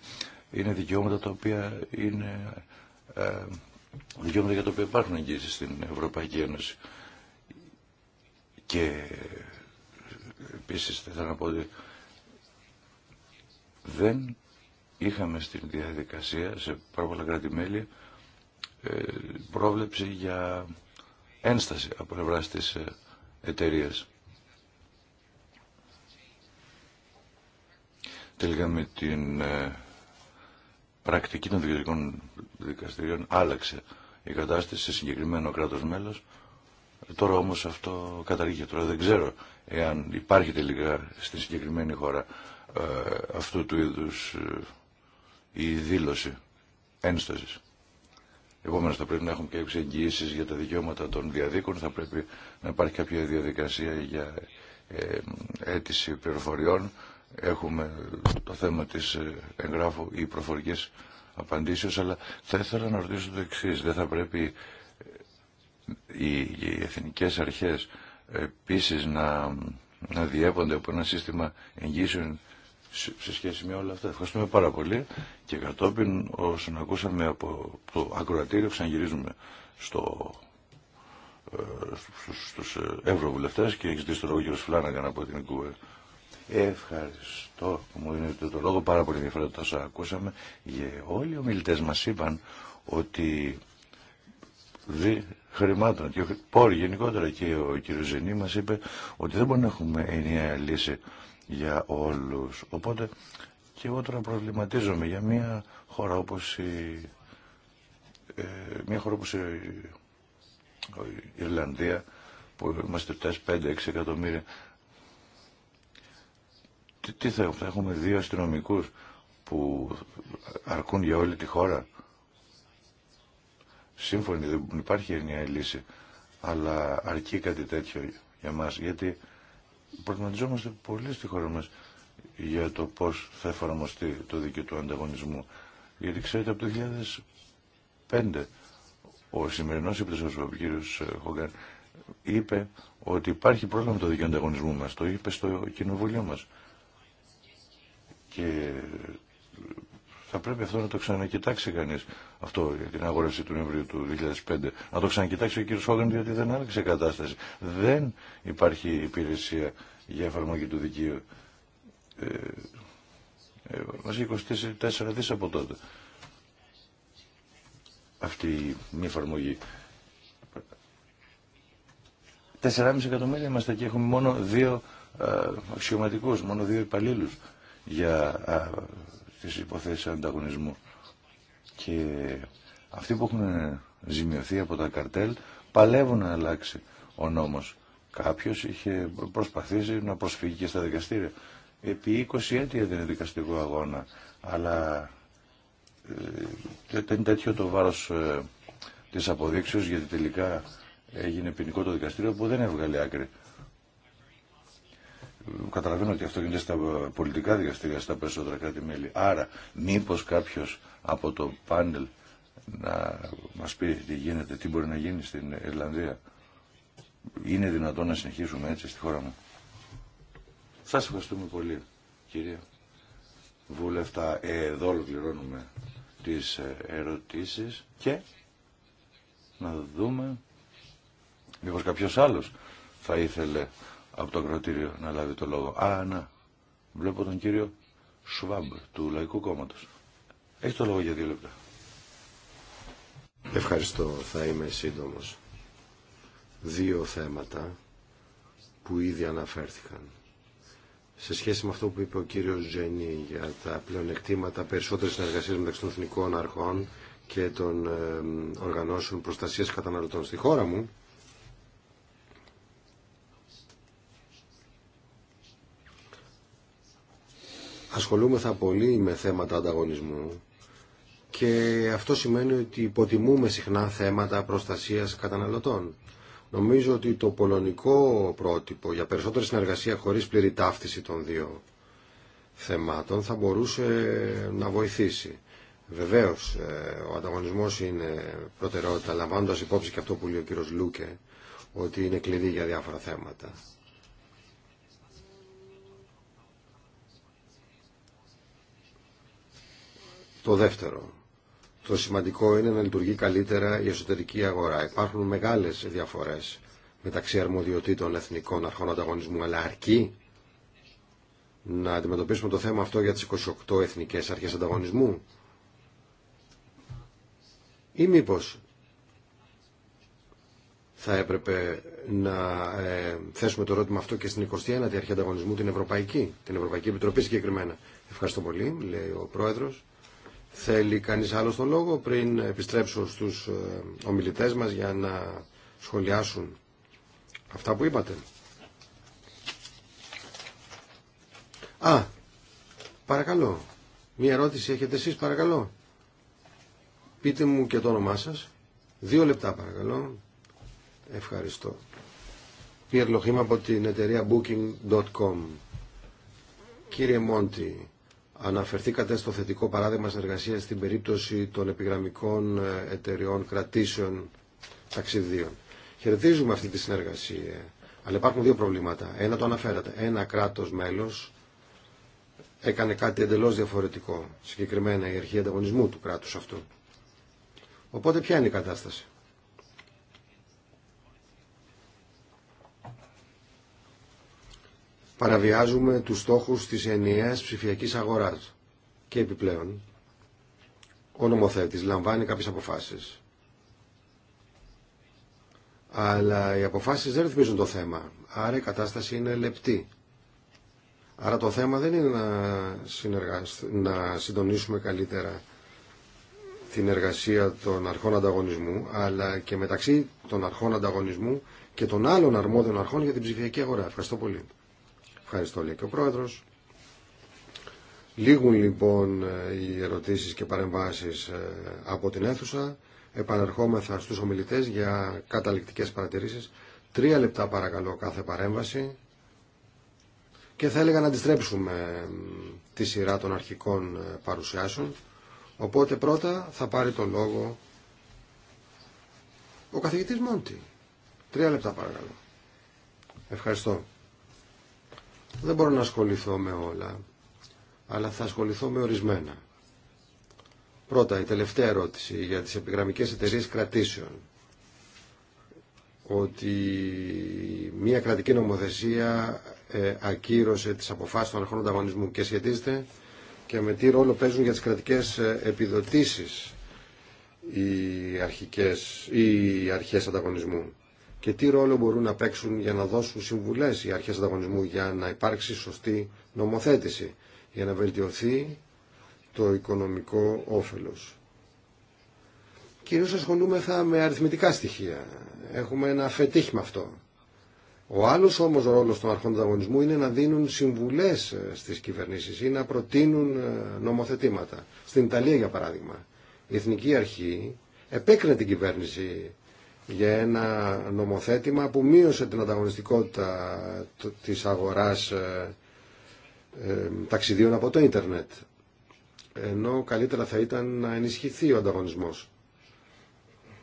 είναι δικαιώματα τα οποία είναι δικαιώματα για τα οποία υπάρχουν εγγύσεις στην Ευρωπαϊκή Ένωση. Και επίσης θέλω να πω ότι δεν είχαμε στην διαδικασία σε πάρα πολλά κράτη-μέλη ε, πρόβλεψη για ένσταση από πλευρά της ε, εταιρεία. Τελικά με την ε, πρακτική των δικαιωτικών δικαστηρίων άλλαξε η κατάσταση σε συγκεκριμένο κράτος μέλος Τώρα όμως αυτό καταργεί. Τώρα δεν ξέρω εάν υπάρχει τελικά στην συγκεκριμένη χώρα ε, αυτού του είδους ε, η δήλωση ένστασης. Επόμενος θα πρέπει να έχουμε και εξεγγυήσεις για τα δικαιώματα των διαδίκων, θα πρέπει να υπάρχει κάποια διαδικασία για ε, αίτηση πληροφοριών. Έχουμε το θέμα της ε, εγγράφου ή προφορικής απαντήσεως, αλλά θα ήθελα να ρωτήσω το εξή. Δεν θα πρέπει οι εθνικές αρχές επίσης να, να διέπονται από ένα σύστημα εγγύσεων σε σχέση με όλα αυτά. Ευχαριστούμε πάρα πολύ και κατόπιν όσον ακούσαμε από το ακροατήριο ξαναγυρίζουμε στο, ε, στους, ε, ευρωβουλευτές και έχεις δει στο λόγο ο κ. από την ΚΟΕ. Ευχαριστώ που μου δίνετε το λόγο. Πάρα πολύ ενδιαφέροντα όσα ακούσαμε. Και όλοι οι ομιλητές μας είπαν ότι χρημάτων και πόροι γενικότερα και ο κύριος Ζενή μας είπε ότι δεν μπορούμε να έχουμε ενιαία λύση για όλους. Οπότε και εγώ τώρα προβληματίζομαι για μια χώρα όπως η, ε, μια χώρα όπως η, η Ιρλανδία που είμαστε 4-5-6 εκατομμύρια. Τι, τι θα, θα έχουμε δύο αστυνομικού που αρκούν για όλη τη χώρα σύμφωνοι, δεν υπάρχει ενιαία λύση, αλλά αρκεί κάτι τέτοιο για μας, γιατί προβληματιζόμαστε πολύ στη χώρα μας για το πώς θα εφαρμοστεί το δίκαιο του ανταγωνισμού. Γιατί ξέρετε από το 2005 ο σημερινό επιτροπής ο κύριο Χογκάν είπε ότι υπάρχει πρόβλημα με το δίκαιο ανταγωνισμού μας. Το είπε στο κοινοβουλίο μα. Και θα πρέπει αυτό να το ξανακοιτάξει κανεί. Αυτό για την αγόρευση του νευρίου του 2005. Να το ξανακοιτάξει ο κ. Σόγκαν διότι δεν άλλαξε η κατάσταση. Δεν υπάρχει υπηρεσία για εφαρμογή του δικαίου. Ε, ε, μας 24 δις από τότε. Αυτή η μη εφαρμογή. 4,5 εκατομμύρια είμαστε και έχουμε μόνο δύο ε, αξιωματικού, μόνο δύο υπαλλήλους για ε, στις υποθέσει ανταγωνισμού. Και αυτοί που έχουν ζημιωθεί από τα καρτέλ παλεύουν να αλλάξει ο νόμος. Κάποιος είχε προσπαθήσει να προσφύγει και στα δικαστήρια. Επί 20 έτη έδινε δικαστικό αγώνα, αλλά ήταν ε, τέτοιο το βάρος ε, της αποδείξεως γιατί τελικά έγινε ποινικό το δικαστήριο που δεν έβγαλε άκρη. Καταλαβαίνω ότι αυτό γίνεται στα πολιτικά δικαστήρια στα περισσότερα κράτη-μέλη. Άρα, μήπως κάποιο από το πάνελ να μας πει τι γίνεται, τι μπορεί να γίνει στην Ιρλανδία. Είναι δυνατόν να συνεχίσουμε έτσι στη χώρα μου. Σας ευχαριστούμε πολύ, κύριε Βουλευτά. Εδώ ολοκληρώνουμε τις ερωτήσεις και να δούμε μήπω κάποιο άλλο θα ήθελε από το κρατήριο να λάβει το λόγο. Α, να. Βλέπω τον κύριο Σουβάμπ του Λαϊκού Κόμματος. Έχει το λόγο για δύο λεπτά. Ευχαριστώ. Θα είμαι σύντομο. Δύο θέματα που ήδη αναφέρθηκαν. Σε σχέση με αυτό που είπε ο κύριος Τζένι για τα πλεονεκτήματα περισσότερη συνεργασία μεταξύ των εθνικών αρχών και των οργανώσεων Προστασία καταναλωτών στη χώρα μου, ασχολούμεθα πολύ με θέματα ανταγωνισμού και αυτό σημαίνει ότι υποτιμούμε συχνά θέματα προστασίας καταναλωτών. Νομίζω ότι το πολωνικό πρότυπο για περισσότερη συνεργασία χωρίς πλήρη ταύτιση των δύο θεμάτων θα μπορούσε να βοηθήσει. Βεβαίως, ε, ο ανταγωνισμός είναι προτεραιότητα, λαμβάνοντας υπόψη και αυτό που λέει ο κύριος Λούκε, ότι είναι κλειδί για διάφορα θέματα. Το δεύτερο. Το σημαντικό είναι να λειτουργεί καλύτερα η εσωτερική αγορά. Υπάρχουν μεγάλες διαφορές μεταξύ αρμοδιοτήτων εθνικών αρχών ανταγωνισμού, αλλά αρκεί να αντιμετωπίσουμε το θέμα αυτό για τις 28 εθνικές αρχές ανταγωνισμού. Ή μήπω θα έπρεπε να ε, θέσουμε το ερώτημα αυτό και στην 21η αρχή ανταγωνισμού, την Ευρωπαϊκή, την Ευρωπαϊκή Επιτροπή συγκεκριμένα. Ευχαριστώ πολύ, λέει ο Πρόεδρος. Θέλει κανείς άλλο τον λόγο πριν επιστρέψω στους ε, ομιλητές μας για να σχολιάσουν αυτά που είπατε. Α, παρακαλώ. Μία ερώτηση έχετε εσείς παρακαλώ. Πείτε μου και το όνομά σας. Δύο λεπτά παρακαλώ. Ευχαριστώ. Πιερ από την εταιρεία booking.com. Κύριε Μόντι, Αναφερθήκατε στο θετικό παράδειγμα συνεργασία στην περίπτωση των επιγραμμικών ε, εταιρεών κρατήσεων ταξιδίων. Χαιρετίζουμε αυτή τη συνεργασία, αλλά υπάρχουν δύο προβλήματα. Ένα το αναφέρατε. Ένα κράτος μέλος έκανε κάτι εντελώς διαφορετικό, συγκεκριμένα η αρχή ανταγωνισμού του κράτου αυτού. Οπότε ποια είναι η κατάσταση. παραβιάζουμε τους στόχους της ενιαίας ψηφιακής αγοράς. Και επιπλέον, ο νομοθέτης λαμβάνει κάποιες αποφάσεις. Αλλά οι αποφάσεις δεν ρυθμίζουν το θέμα. Άρα η κατάσταση είναι λεπτή. Άρα το θέμα δεν είναι να, συνεργασ... να συντονίσουμε καλύτερα την εργασία των αρχών ανταγωνισμού, αλλά και μεταξύ των αρχών ανταγωνισμού και των άλλων αρμόδιων αρχών για την ψηφιακή αγορά. Ευχαριστώ πολύ. Ευχαριστώ, λέει και ο πρόεδρο. Λίγουν λοιπόν οι ερωτήσεις και παρεμβάσεις ε, από την αίθουσα. Επαναρχόμεθα στους ομιλητές για καταληκτικές παρατηρήσεις. Τρία λεπτά παρακαλώ κάθε παρέμβαση. Και θα έλεγα να αντιστρέψουμε τη σειρά των αρχικών ε, παρουσιάσεων. Οπότε πρώτα θα πάρει το λόγο ο καθηγητής Μόντι. Τρία λεπτά παρακαλώ. Ευχαριστώ. Δεν μπορώ να ασχοληθώ με όλα, αλλά θα ασχοληθώ με ορισμένα. Πρώτα, η τελευταία ερώτηση για τις επιγραμμικές εταιρείες κρατήσεων. Ότι μια κρατική νομοθεσία ε, ακύρωσε τις αποφάσεις των αρχών ανταγωνισμού και σχετίζεται και με τι ρόλο παίζουν για τις κρατικές ε, επιδοτήσεις οι, αρχικές, οι αρχές ανταγωνισμού και τι ρόλο μπορούν να παίξουν για να δώσουν συμβουλές οι αρχές ανταγωνισμού για να υπάρξει σωστή νομοθέτηση, για να βελτιωθεί το οικονομικό όφελος. Κυρίως ασχολούμεθα με αριθμητικά στοιχεία. Έχουμε ένα φετίχμα αυτό. Ο άλλος όμως ρόλος των αρχών ανταγωνισμού είναι να δίνουν συμβουλές ε, στις κυβερνήσεις ή να προτείνουν ε, νομοθετήματα. Στην Ιταλία για παράδειγμα, η Εθνική Αρχή επέκρινε την κυβέρνηση για ένα νομοθέτημα που μείωσε την ανταγωνιστικότητα της αγοράς ε, ε, ταξιδίων από το ίντερνετ. Ενώ καλύτερα θα ήταν να ενισχυθεί ο ανταγωνισμός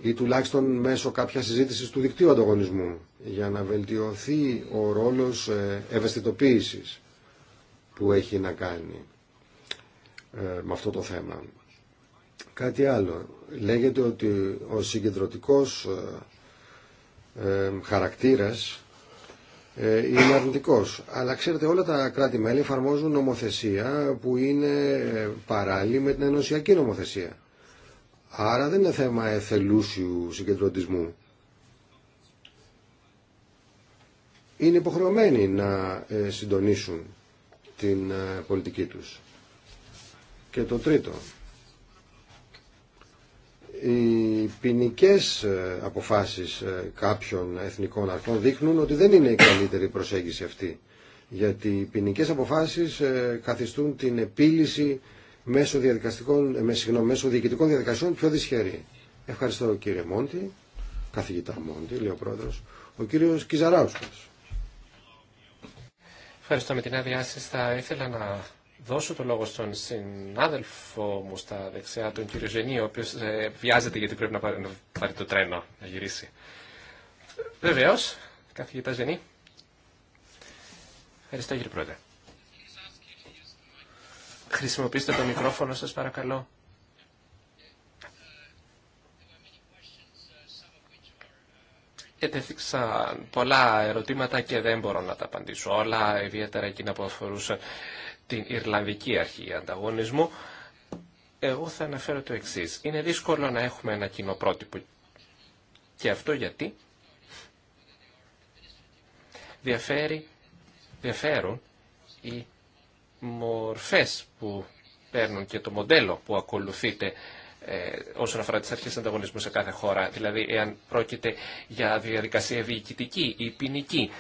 ή τουλάχιστον μέσω κάποια συζήτηση του δικτύου ανταγωνισμού για να βελτιωθεί ο ρόλος ε, ευαισθητοποίησης που έχει να κάνει με αυτό το θέμα. Κάτι άλλο. Λέγεται ότι ο συγκεντρωτικός ε, ε, χαρακτήρας ε, είναι αρνητικός. Αλλά ξέρετε όλα τα κράτη-μέλη εφαρμόζουν νομοθεσία που είναι ε, παράλληλη με την ενωσιακή νομοθεσία. Άρα δεν είναι θέμα εθελούσιου συγκεντρωτισμού. Είναι υποχρεωμένοι να ε, συντονίσουν την πολιτική τους. Και το τρίτο, οι ποινικέ ε, αποφάσεις ε, κάποιων εθνικών αρχών δείχνουν ότι δεν είναι η καλύτερη προσέγγιση αυτή. Γιατί οι ποινικέ αποφάσεις ε, καθιστούν την επίλυση μέσω, διαδικαστικών, με, μέσω διοικητικών διαδικασιών πιο δυσχερή. Ευχαριστώ κύριε Μόντι, καθηγητά Μόντι, λέει ο πρόεδρο, ο κύριος Κιζαράουσκας. Ευχαριστώ με την άδειά σα Θα ήθελα να δώσω το λόγο στον συνάδελφο μου στα δεξιά, τον κύριο Ζενή, ο οποίο ε, βιάζεται γιατί πρέπει να πάρει το τρένο να γυρίσει. Βεβαίω, καθηγητά Ζενή. Ευχαριστώ κύριε Πρόεδρε. Χρησιμοποιήστε το μικρόφωνο σας παρακαλώ. Ετέθηξαν πολλά ερωτήματα και δεν μπορώ να τα απαντήσω όλα, ιδιαίτερα εκείνα που αφορούσαν την Ιρλανδική Αρχή Ανταγωνισμού, εγώ θα αναφέρω το εξή. Είναι δύσκολο να έχουμε ένα κοινό πρότυπο. Και αυτό γιατί διαφέρει, διαφέρουν οι μορφές που παίρνουν και το μοντέλο που ακολουθείται ε, όσον αφορά τις αρχές ανταγωνισμού σε κάθε χώρα. Δηλαδή, εάν πρόκειται για διαδικασία διοικητική ή ποινική.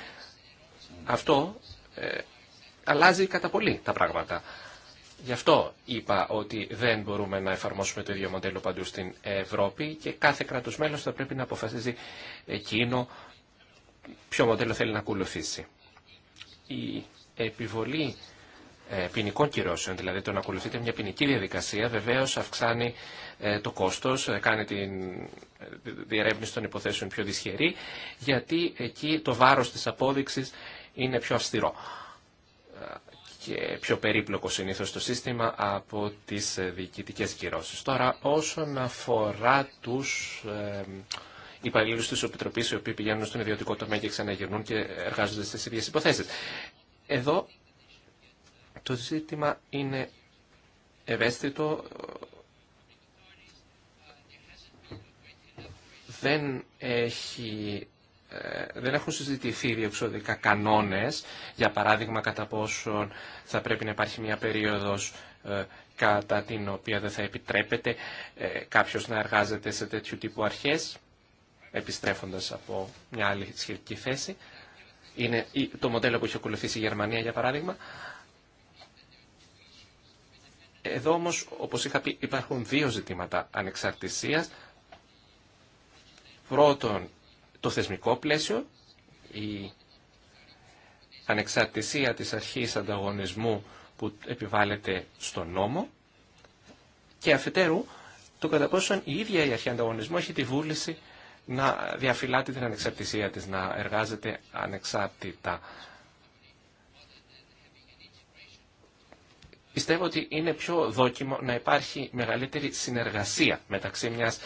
Αυτό ε, αλλάζει κατά πολύ τα πράγματα. Γι' αυτό είπα ότι δεν μπορούμε να εφαρμόσουμε το ίδιο μοντέλο παντού στην Ευρώπη και κάθε κράτος μέλος θα πρέπει να αποφασίζει εκείνο ποιο μοντέλο θέλει να ακολουθήσει. Η επιβολή ε, ποινικών κυρώσεων, δηλαδή το να ακολουθείτε μια ποινική διαδικασία, βεβαίω αυξάνει ε, το κόστο, ε, κάνει τη διερεύνηση των υποθέσεων πιο δυσχερή, γιατί εκεί το βάρο τη απόδειξη είναι πιο αυστηρό και πιο περίπλοκο συνήθω το σύστημα από τις ε, διοικητικέ κυρώσει. Τώρα όσον αφορά τους ε, υπαλλήλου τη Επιτροπή, οι οποίοι πηγαίνουν στον ιδιωτικό τομέα και ξαναγυρνούν και εργάζονται στι ίδιε υποθέσει. Εδώ το ζήτημα είναι ευαίσθητο. Δεν έχει ε, δεν έχουν συζητηθεί διεξοδικά κανόνες, για παράδειγμα κατά πόσον θα πρέπει να υπάρχει μια περίοδος ε, κατά την οποία δεν θα επιτρέπεται ε, κάποιος να εργάζεται σε τέτοιου τύπου αρχές, επιστρέφοντας από μια άλλη σχετική θέση. Είναι το μοντέλο που έχει ακολουθήσει η Γερμανία, για παράδειγμα. Εδώ όμως, όπως είχα πει, υπάρχουν δύο ζητήματα ανεξαρτησίας. Πρώτον, το θεσμικό πλαίσιο, η ανεξαρτησία της αρχής ανταγωνισμού που επιβάλλεται στον νόμο και αφετέρου το κατά πόσον η ίδια η αρχή ανταγωνισμού έχει τη βούληση να διαφυλάται την ανεξαρτησία της, να εργάζεται ανεξάρτητα. Πιστεύω ότι είναι πιο δόκιμο να υπάρχει μεγαλύτερη συνεργασία μεταξύ μιας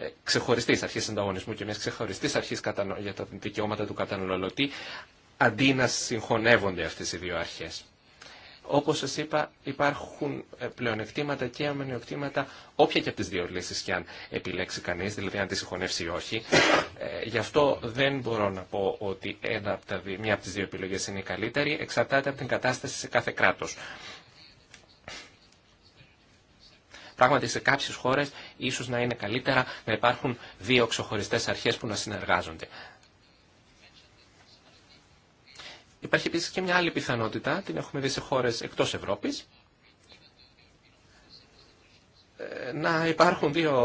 ε, ξεχωριστή αρχή ανταγωνισμού και μια ξεχωριστή αρχή για τα δικαιώματα του καταναλωτή, αντί να συγχωνεύονται αυτέ οι δύο αρχέ. Όπω σα είπα, υπάρχουν ε, πλεονεκτήματα και αμενιοκτήματα, όποια και από τι δύο λύσει και αν επιλέξει κανεί, δηλαδή αν τη συγχωνεύσει ή όχι. Ε, γι' αυτό δεν μπορώ να πω ότι ένα μία από τι δύο επιλογέ είναι η καλύτερη, εξαρτάται από την κατάσταση σε κάθε κράτο. Πράγματι σε κάποιες χώρες ίσως να είναι καλύτερα να υπάρχουν δύο ξεχωριστές αρχές που να συνεργάζονται. Υπάρχει επίσης και μια άλλη πιθανότητα, την έχουμε δει σε χώρες εκτός Ευρώπης, ε, να υπάρχουν δύο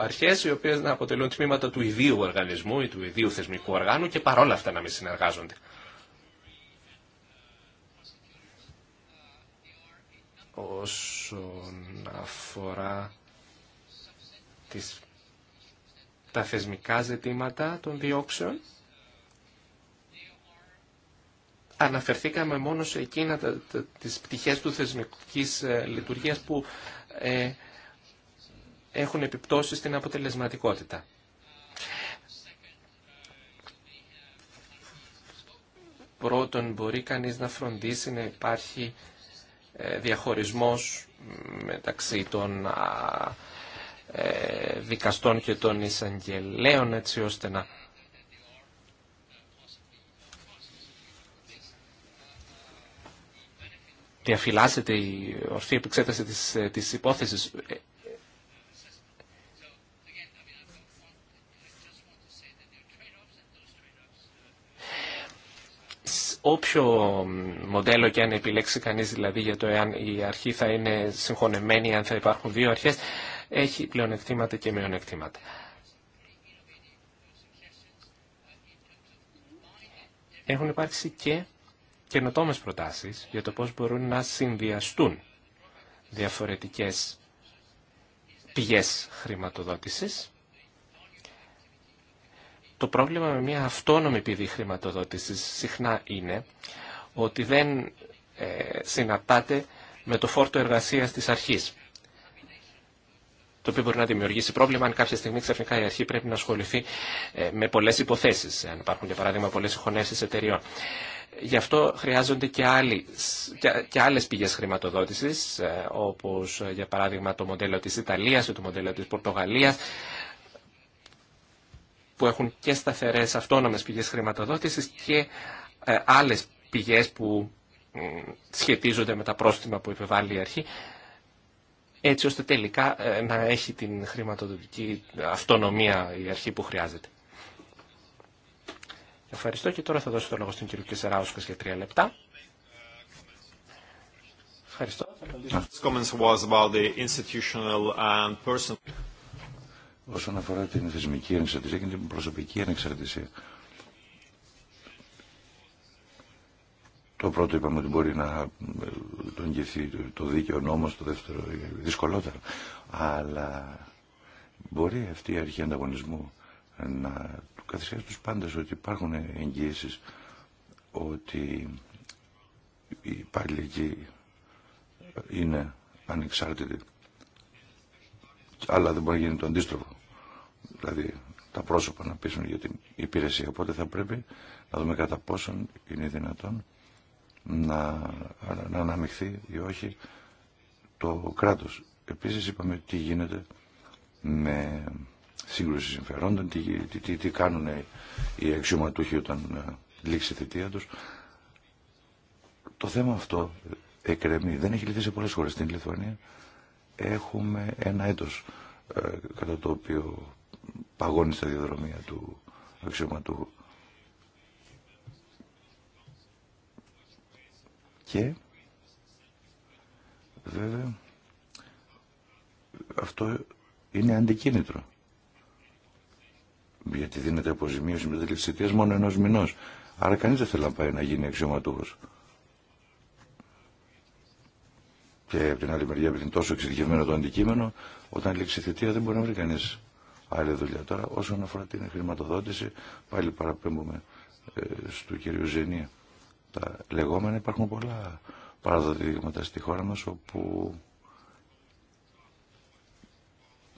αρχές οι οποίες να αποτελούν τμήματα του ιδίου οργανισμού ή του ιδίου θεσμικού οργάνου και παρόλα αυτά να μην συνεργάζονται. όσον αφορά τις, τα θεσμικά ζητήματα των διώξεων. Αναφερθήκαμε μόνο σε εκείνα τα, τα, τις πτυχές του θεσμικής ε, λειτουργίας που ε, έχουν επιπτώσει στην αποτελεσματικότητα. Πρώτον, μπορεί κανείς να φροντίσει να υπάρχει ε, διαχωρισμός μεταξύ των ε, δικαστών και των εισαγγελέων έτσι ώστε να διαφυλάσσεται η ορθή επεξέταση της, ε, της υπόθεσης. όποιο μοντέλο και αν επιλέξει κανείς δηλαδή για το εάν η αρχή θα είναι συγχωνεμένη, αν θα υπάρχουν δύο αρχές, έχει πλεονεκτήματα και μειονεκτήματα. Έχουν υπάρξει και καινοτόμες προτάσεις για το πώς μπορούν να συνδυαστούν διαφορετικές πηγές χρηματοδότησης το πρόβλημα με μια αυτόνομη πηγή χρηματοδότηση συχνά είναι ότι δεν ε, συναπάται με το φόρτο εργασία τη αρχή, Το οποίο μπορεί να δημιουργήσει πρόβλημα αν κάποια στιγμή ξαφνικά η αρχή πρέπει να ασχοληθεί ε, με πολλές υποθέσεις, αν υπάρχουν για παράδειγμα πολλέ συγχωνεύσεις εταιριών. Γι' αυτό χρειάζονται και, άλλε και άλλες πηγές χρηματοδότησης, ε, όπως για παράδειγμα το μοντέλο της Ιταλίας ή το μοντέλο της Πορτογαλίας, που έχουν και σταθερές αυτόνομες πηγές χρηματοδότησης και ε, άλλες πηγές που σχετίζονται με τα πρόστιμα που επιβάλλει η αρχή έτσι ώστε τελικά ε, να έχει την χρηματοδοτική αυτονομία η αρχή που χρειάζεται. Ευχαριστώ και τώρα θα δώσω το λόγο στον κύριο Κεσεράουσκος για τρία λεπτά. Ευχαριστώ όσον αφορά την θεσμική ανεξαρτησία και την προσωπική ανεξαρτησία. Το πρώτο είπαμε ότι μπορεί να ε, τον γεθεί το δίκαιο νόμος, το δεύτερο ε, δυσκολότερο. Αλλά μπορεί αυτή η αρχή ανταγωνισμού να του καθιστά τους πάντες ότι υπάρχουν εγγύησεις ότι η υπάλληλοι είναι ανεξαρτητή, Αλλά δεν μπορεί να γίνει το αντίστροφο δηλαδή τα πρόσωπα να πείσουν για την υπηρεσία. Οπότε θα πρέπει να δούμε κατά πόσον είναι δυνατόν να, να αναμειχθεί ή όχι το κράτος. Επίσης είπαμε τι γίνεται με σύγκρουση συμφερόντων, τι, τι, τι κάνουν οι αξιωματούχοι όταν ε, λήξει η θητεία τους. Το θέμα αυτό εκρεμεί. Δεν έχει λυθεί σε πολλές χώρες. Στην Λιθουανία έχουμε ένα έτος ε, κατά το οποίο παγώνει στα διαδρομία του αξιωματούχου. Και βέβαια αυτό είναι αντικίνητρο. Γιατί δίνεται αποζημίωση με τη μόνο ενό μηνό. Άρα κανεί δεν θέλει να πάει να γίνει αξιωματούχο. Και από την άλλη μεριά, επειδή είναι τόσο εξειδικευμένο το αντικείμενο, όταν λήξει η θητεία δεν μπορεί να βρει κανεί άλλη δουλειά. Τώρα όσον αφορά την χρηματοδότηση πάλι παραπέμπουμε ε, στο κύριο Ζενή. Τα λεγόμενα υπάρχουν πολλά παραδείγματα στη χώρα μας όπου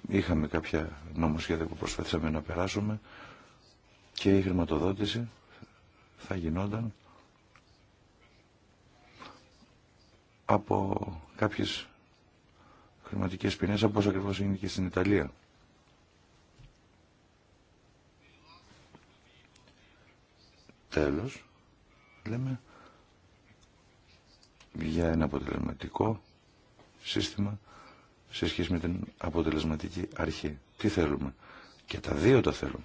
είχαμε κάποια νομοσχέδια που προσπαθήσαμε να περάσουμε και η χρηματοδότηση θα γινόταν από κάποιες χρηματικές ποινές, όπως ακριβώς είναι και στην Ιταλία. Τέλος, λέμε για ένα αποτελεσματικό σύστημα σε σχέση με την αποτελεσματική αρχή. Τι θέλουμε. Και τα δύο τα θέλουμε.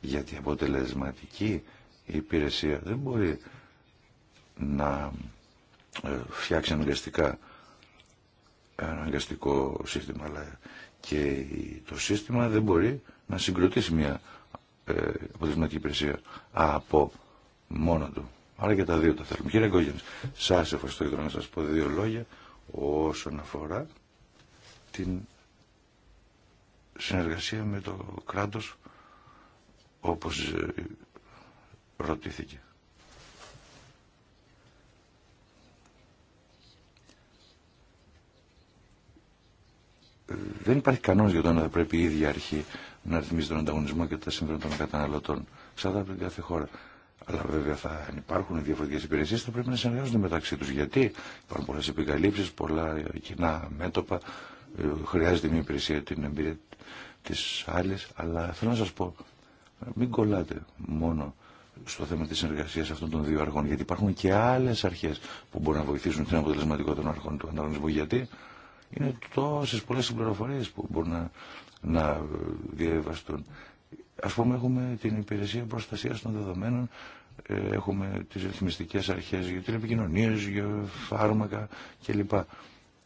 Γιατί η αποτελεσματική υπηρεσία δεν μπορεί να ε, φτιάξει αναγκαστικά αναγκαστικό σύστημα αλλά και το σύστημα δεν μπορεί να συγκροτήσει μια ε, αποτελεσματική υπηρεσία από μόνο του. Άρα και τα δύο τα θέλουμε. Κύριε Γκόγεν, σας ευχαριστώ για να σα πω δύο λόγια όσον αφορά την συνεργασία με το κράτος όπως ε, ρωτήθηκε. Δεν υπάρχει κανόνα για το να πρέπει η ίδια αρχή να ρυθμίζει τον ανταγωνισμό και τα σύμφωνα των καταναλωτών. Σαν να κάθε χώρα. Αλλά βέβαια θα υπάρχουν διαφορετικέ υπηρεσίε, θα πρέπει να συνεργάζονται μεταξύ του. Γιατί υπάρχουν πολλέ επικαλύψει, πολλά κοινά μέτωπα. Ε, χρειάζεται μια υπηρεσία την εμπειρία τη άλλη. Αλλά θέλω να σα πω, μην κολλάτε μόνο στο θέμα τη συνεργασία αυτών των δύο αρχών. Γιατί υπάρχουν και άλλε αρχέ που μπορούν να βοηθήσουν την αποτελεσματικότητα των αρχών του ανταγωνισμού. Γιατί είναι τόσε πολλέ πληροφορίε που μπορούν να, να ε, διαβαστούν. Ας πούμε έχουμε την υπηρεσία προστασίας των δεδομένων, ε, έχουμε τις ρυθμιστικές αρχές για επικοινωνία, για φάρμακα κλπ.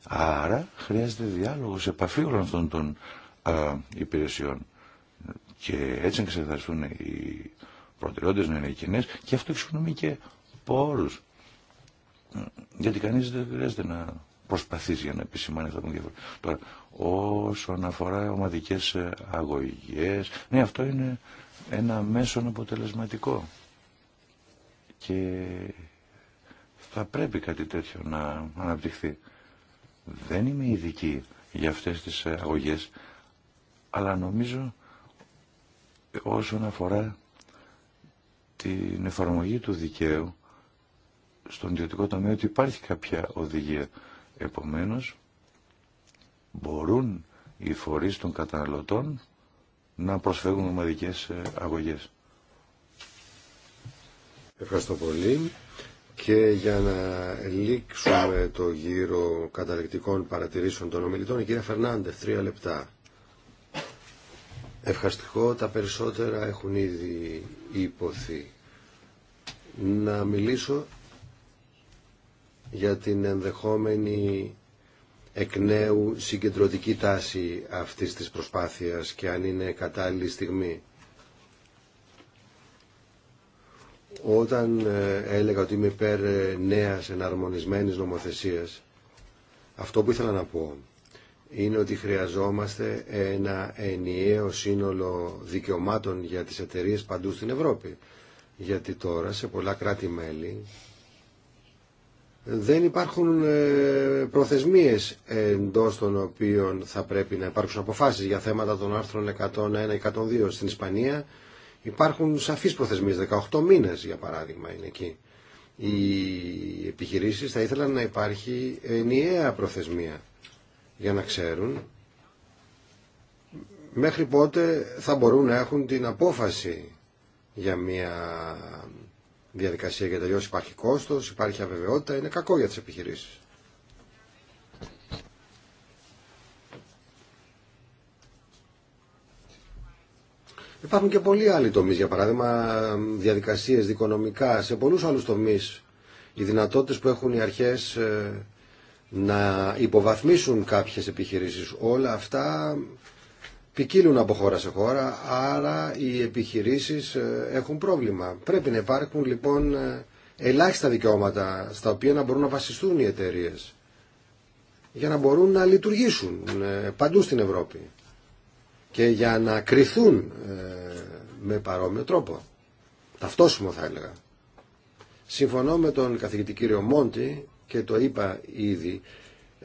Άρα χρειάζεται διάλογος, επαφή όλων αυτών των υπηρεσιών. Και έτσι να ξεδαστούν οι προτεραιότητες να είναι οι και αυτό εξοικονομεί και πόρους. Ε, γιατί κανείς δεν χρειάζεται να προσπαθείς για να επισημάνει αυτό που διαφορά. Τώρα, όσον αφορά ομαδικές ε, αγωγές, ναι, αυτό είναι ένα μέσον αποτελεσματικό. Και θα πρέπει κάτι τέτοιο να αναπτυχθεί. Δεν είμαι ειδική για αυτές τις ε, αγωγές, αλλά νομίζω όσον αφορά την εφαρμογή του δικαίου στον ιδιωτικό τομέα ότι υπάρχει κάποια οδηγία Επομένως, μπορούν οι φορείς των καταναλωτών να προσφέρουν ομαδικές ε, αγωγές. Ευχαριστώ πολύ. Και για να λήξουμε το γύρο καταληκτικών παρατηρήσεων των ομιλητών, η κυρία Φερνάντες, τρία λεπτά. Ευχαριστικό, τα περισσότερα έχουν ήδη υποθεί. Να μιλήσω για την ενδεχόμενη εκ νέου συγκεντρωτική τάση αυτής της προσπάθειας και αν είναι κατάλληλη στιγμή. Όταν ε, έλεγα ότι είμαι υπέρ ε, νέας εναρμονισμένης νομοθεσίας, αυτό που ήθελα να πω είναι ότι χρειαζόμαστε ένα ενιαίο σύνολο δικαιωμάτων για τις εταιρείες παντού στην Ευρώπη. Γιατί τώρα σε πολλά κράτη-μέλη δεν υπάρχουν ε, προθεσμίες εντός των οποίων θα πρέπει να υπάρξουν αποφάσεις για θέματα των άρθρων 101-102 στην Ισπανία. Υπάρχουν σαφείς προθεσμίες, 18 μήνες για παράδειγμα είναι εκεί. Οι επιχειρήσεις θα ήθελαν να υπάρχει ενιαία προθεσμία για να ξέρουν μέχρι πότε θα μπορούν να έχουν την απόφαση για μια διαδικασία για τελειώσει. Υπάρχει κόστος, υπάρχει αβεβαιότητα, είναι κακό για τις επιχειρήσεις. Υπάρχουν και πολλοί άλλοι τομεί, για παράδειγμα διαδικασίες δικονομικά, σε πολλού άλλους τομεί. οι δυνατότητε που έχουν οι αρχές ε, να υποβαθμίσουν κάποιες επιχειρήσεις. Όλα αυτά ποικίλουν από χώρα σε χώρα, άρα οι επιχειρήσεις ε, έχουν πρόβλημα. Πρέπει να υπάρχουν λοιπόν ε, ελάχιστα δικαιώματα στα οποία να μπορούν να βασιστούν οι εταιρείε για να μπορούν να λειτουργήσουν ε, παντού στην Ευρώπη και για να κρυθούν με παρόμοιο τρόπο. Ταυτόσιμο θα έλεγα. Συμφωνώ με τον καθηγητή κύριο Μόντι και το είπα ήδη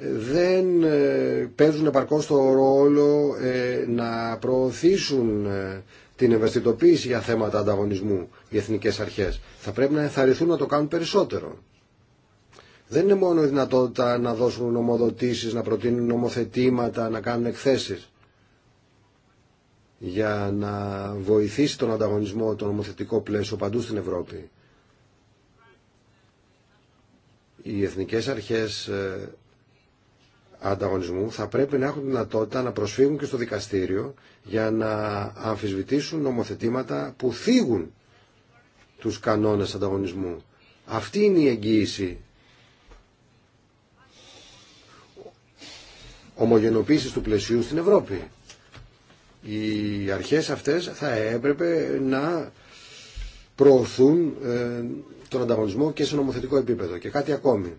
δεν ε, παίζουν επαρκώς το ρόλο ε, να προωθήσουν ε, την ευαισθητοποίηση για θέματα ανταγωνισμού οι εθνικές αρχές. Θα πρέπει να ενθαρρυνθούν να το κάνουν περισσότερο. Δεν είναι μόνο η δυνατότητα να δώσουν νομοδοτήσεις, να προτείνουν νομοθετήματα, να κάνουν εκθέσεις για να βοηθήσει τον ανταγωνισμό, το νομοθετικό πλαίσιο παντού στην Ευρώπη. Οι εθνικές αρχές ανταγωνισμού θα πρέπει να έχουν δυνατότητα να προσφύγουν και στο δικαστήριο για να αμφισβητήσουν νομοθετήματα που θίγουν τους κανόνες ανταγωνισμού. Αυτή είναι η εγγύηση ομογενοποίησης του πλαισίου στην Ευρώπη. Οι αρχές αυτές θα έπρεπε να προωθούν ε, τον ανταγωνισμό και σε νομοθετικό επίπεδο. Και κάτι ακόμη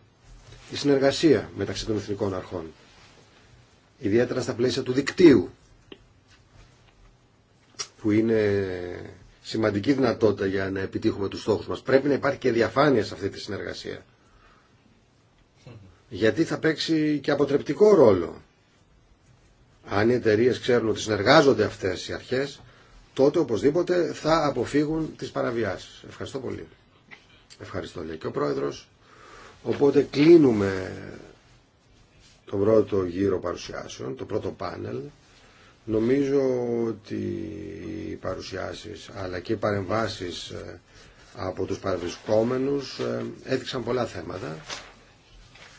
η συνεργασία μεταξύ των εθνικών αρχών, ιδιαίτερα στα πλαίσια του δικτύου, που είναι σημαντική δυνατότητα για να επιτύχουμε τους στόχους μας. Πρέπει να υπάρχει και διαφάνεια σε αυτή τη συνεργασία. Γιατί θα παίξει και αποτρεπτικό ρόλο. Αν οι εταιρείε ξέρουν ότι συνεργάζονται αυτές οι αρχές, τότε οπωσδήποτε θα αποφύγουν τις παραβιάσεις. Ευχαριστώ πολύ. Ευχαριστώ λέει και ο Πρόεδρος. Οπότε κλείνουμε το πρώτο γύρο παρουσιάσεων, το πρώτο πάνελ. Νομίζω ότι οι παρουσιάσεις αλλά και οι παρεμβάσεις ε, από τους παρευρισκόμενους ε, έδειξαν πολλά θέματα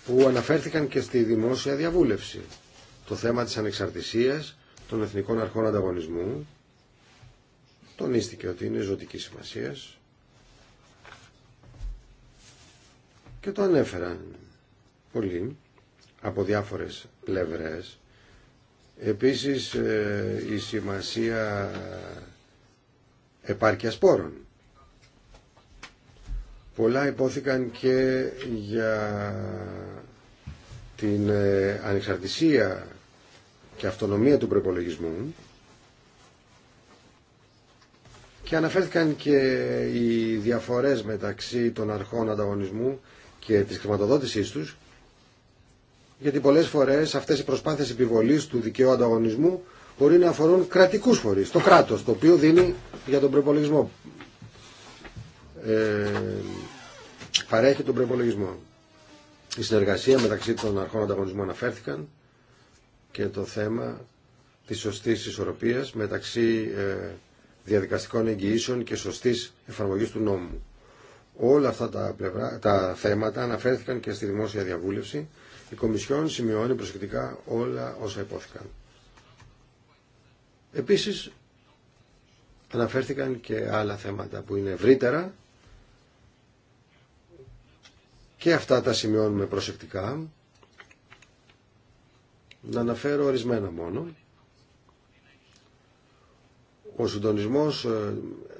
που αναφέρθηκαν και στη δημόσια διαβούλευση. Το θέμα της ανεξαρτησίας των εθνικών αρχών ανταγωνισμού τονίστηκε ότι είναι ζωτική σημασία. και το ανέφεραν πολλοί από διάφορες πλευρές. Επίσης ε, η σημασία επάρκεια σπόρων. Πολλά υπόθηκαν και για την ε, ανεξαρτησία και αυτονομία του προπολογισμού και αναφέρθηκαν και οι διαφορές μεταξύ των αρχών ανταγωνισμού και της χρηματοδότησής τους, γιατί πολλές φορές αυτές οι προσπάθειες επιβολής του δικαίου ανταγωνισμού μπορεί να αφορούν κρατικούς φορείς, το κράτος, το οποίο δίνει για τον προπολογισμό. Ε, παρέχει τον προπολογισμό. Η συνεργασία μεταξύ των αρχών ανταγωνισμού αναφέρθηκαν και το θέμα της σωστής ισορροπίας μεταξύ ε, διαδικαστικών εγγυήσεων και σωστής εφαρμογής του νόμου. Όλα αυτά τα, θέματα αναφέρθηκαν και στη δημόσια διαβούλευση. Η Κομισιόν σημειώνει προσεκτικά όλα όσα υπόθηκαν. Επίσης, αναφέρθηκαν και άλλα θέματα που είναι ευρύτερα και αυτά τα σημειώνουμε προσεκτικά. Να αναφέρω ορισμένα μόνο. Ο συντονισμός ε,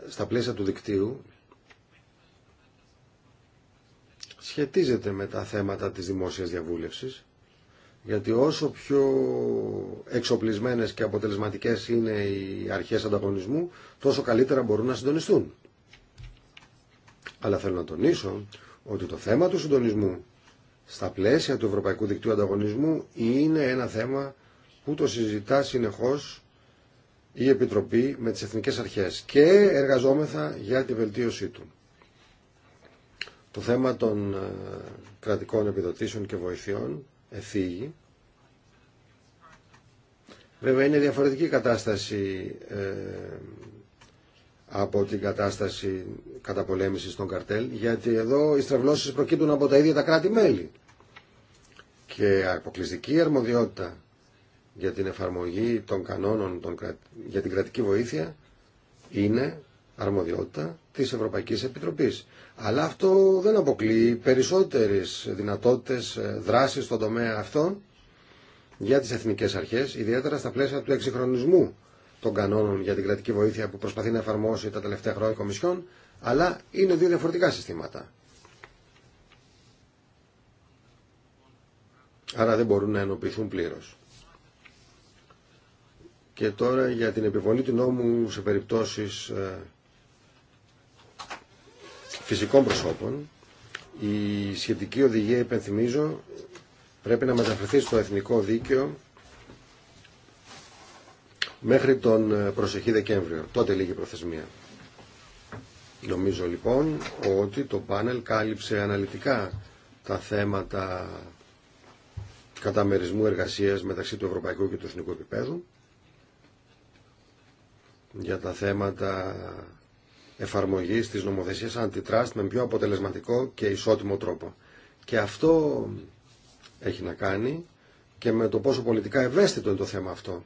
στα πλαίσια του δικτύου σχετίζεται με τα θέματα της δημόσιας διαβούλευσης γιατί όσο πιο εξοπλισμένες και αποτελεσματικές είναι οι αρχές ανταγωνισμού τόσο καλύτερα μπορούν να συντονιστούν. Αλλά θέλω να τονίσω ότι το θέμα του συντονισμού στα πλαίσια του Ευρωπαϊκού Δικτύου Ανταγωνισμού είναι ένα θέμα που το συζητά συνεχώς η Επιτροπή με τις Εθνικές Αρχές και εργαζόμεθα για τη βελτίωσή του. Το θέμα των ε, κρατικών επιδοτήσεων και βοηθειών εφήγει. Βέβαια είναι διαφορετική κατάσταση ε, από την κατάσταση καταπολέμησης των καρτέλ, γιατί εδώ οι στρεβλώσεις προκύπτουν από τα ίδια τα κράτη-μέλη. Και αποκλειστική αρμοδιότητα για την εφαρμογή των κανόνων των, για την κρατική βοήθεια είναι αρμοδιότητα της Ευρωπαϊκής Επιτροπής. Αλλά αυτό δεν αποκλείει περισσότερες δυνατότητες ε, δράσης στον τομέα αυτό για τις εθνικές αρχές, ιδιαίτερα στα πλαίσια του εξυγχρονισμού των κανόνων για την κρατική βοήθεια που προσπαθεί να εφαρμόσει τα τελευταία χρόνια η Κομισιόν, αλλά είναι δύο διαφορετικά συστήματα. Άρα δεν μπορούν να ενοποιηθούν πλήρως. Και τώρα για την επιβολή του νόμου σε περιπτώσεις ε, φυσικών προσώπων. Η σχετική οδηγία, υπενθυμίζω, πρέπει να μεταφερθεί στο εθνικό δίκαιο μέχρι τον ε, προσεχή Δεκέμβριο. Τότε λίγη προθεσμία. Νομίζω λοιπόν ότι το πάνελ κάλυψε αναλυτικά τα θέματα καταμερισμού εργασίας μεταξύ του ευρωπαϊκού και του εθνικού επίπεδου για τα θέματα εφαρμογής της νομοθεσίας αντιτράστ με πιο αποτελεσματικό και ισότιμο τρόπο. Και αυτό έχει να κάνει και με το πόσο πολιτικά ευαίσθητο είναι το θέμα αυτό.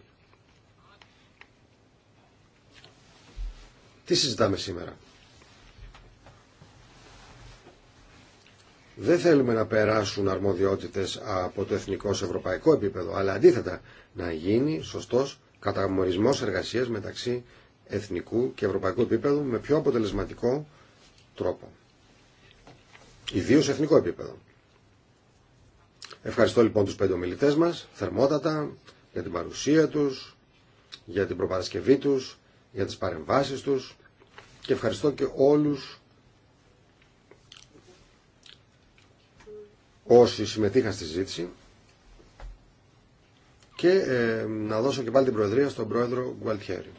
Τι συζητάμε σήμερα. Δεν θέλουμε να περάσουν αρμοδιότητες από το εθνικό σε ευρωπαϊκό επίπεδο, αλλά αντίθετα να γίνει σωστός καταμορισμός εργασίας μεταξύ εθνικού και ευρωπαϊκού επίπεδου με πιο αποτελεσματικό τρόπο. Ιδίω σε εθνικό επίπεδο. Ευχαριστώ λοιπόν τους πέντε ομιλητές μας, θερμότατα, για την παρουσία τους, για την προπαρασκευή τους, για τις παρεμβάσεις τους και ευχαριστώ και όλους όσοι συμμετείχαν στη συζήτηση και ε, να δώσω και πάλι την Προεδρία στον Πρόεδρο Γκουαλτιέρη.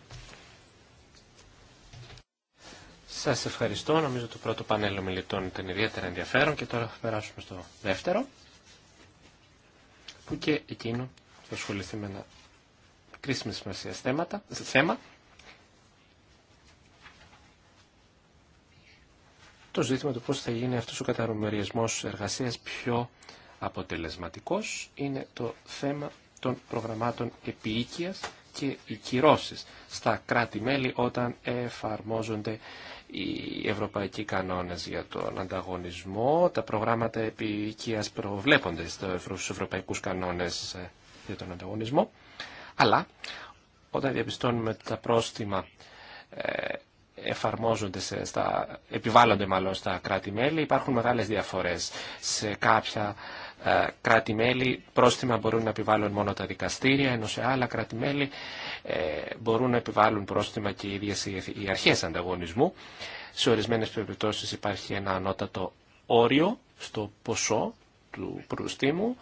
Σας ευχαριστώ. Νομίζω το πρώτο πανέλ ομιλητών ήταν ιδιαίτερα ενδιαφέρον και τώρα θα περάσουμε στο δεύτερο που και εκείνο θα ασχοληθεί με ένα κρίσιμη σημασία θέματα, θέμα το ζήτημα του πώς θα γίνει αυτός ο καταρρομεριασμός εργασίας πιο αποτελεσματικός είναι το θέμα των προγραμμάτων επίοικειας και οι κυρώσεις στα κράτη-μέλη όταν εφαρμόζονται οι ευρωπαϊκοί κανόνες για τον ανταγωνισμό. Τα προγράμματα επί προβλέπονται στους ευρωπαϊκούς κανόνες ε, για τον ανταγωνισμό. Αλλά όταν διαπιστώνουμε ότι τα πρόστιμα ε, εφαρμόζονται σε, στα, επιβάλλονται μάλλον στα κράτη-μέλη, υπάρχουν μεγάλες διαφορές σε κάποια ε, κράτη-μέλη πρόστιμα μπορούν να επιβάλλουν μόνο τα δικαστήρια, ενώ σε άλλα κράτη-μέλη ε, μπορούν να επιβάλλουν πρόστιμα και οι ίδιε οι αρχές ανταγωνισμού. Σε ορισμένες περιπτώσεις υπάρχει ένα ανώτατο όριο στο ποσό του προστίμου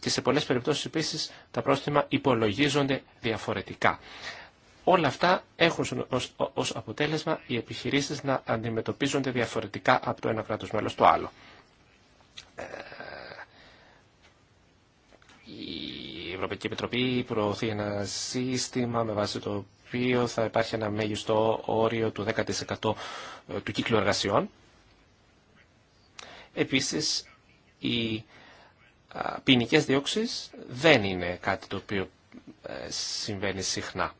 και σε πολλές περιπτώσεις επίσης τα πρόστιμα υπολογίζονται διαφορετικά. Όλα αυτά έχουν ως, αποτέλεσμα οι επιχειρήσεις να αντιμετωπίζονται διαφορετικά από το ένα κράτος μέλος στο άλλο. Ε, η Ευρωπαϊκή Επιτροπή προωθεί ένα σύστημα με βάση το οποίο θα υπάρχει ένα μέγιστο όριο του 10% ε, του κύκλου εργασιών. Επίσης, οι ποινικέ διώξεις δεν είναι κάτι το οποίο ε, συμβαίνει συχνά.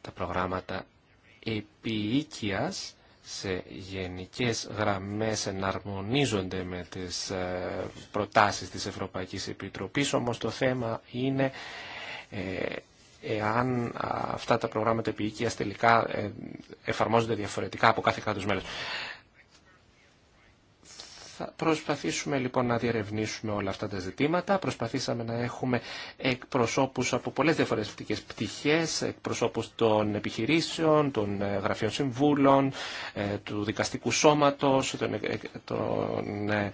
Τα προγράμματα επί σε γενικές γραμμές εναρμονίζονται με τις ε, προτάσεις της Ευρωπαϊκής Επιτροπής, όμως το θέμα είναι ε, εάν αυτά τα προγράμματα επί τελικά ε, εφαρμόζονται διαφορετικά από κάθε κράτος μέλος. Θα προσπαθήσουμε λοιπόν να διερευνήσουμε όλα αυτά τα ζητήματα. Προσπαθήσαμε να έχουμε εκπροσώπους από πολλές διαφορετικές πτυχές, εκπροσώπους των επιχειρήσεων, των ε, γραφείων συμβούλων, ε, του δικαστικού σώματος, των ε,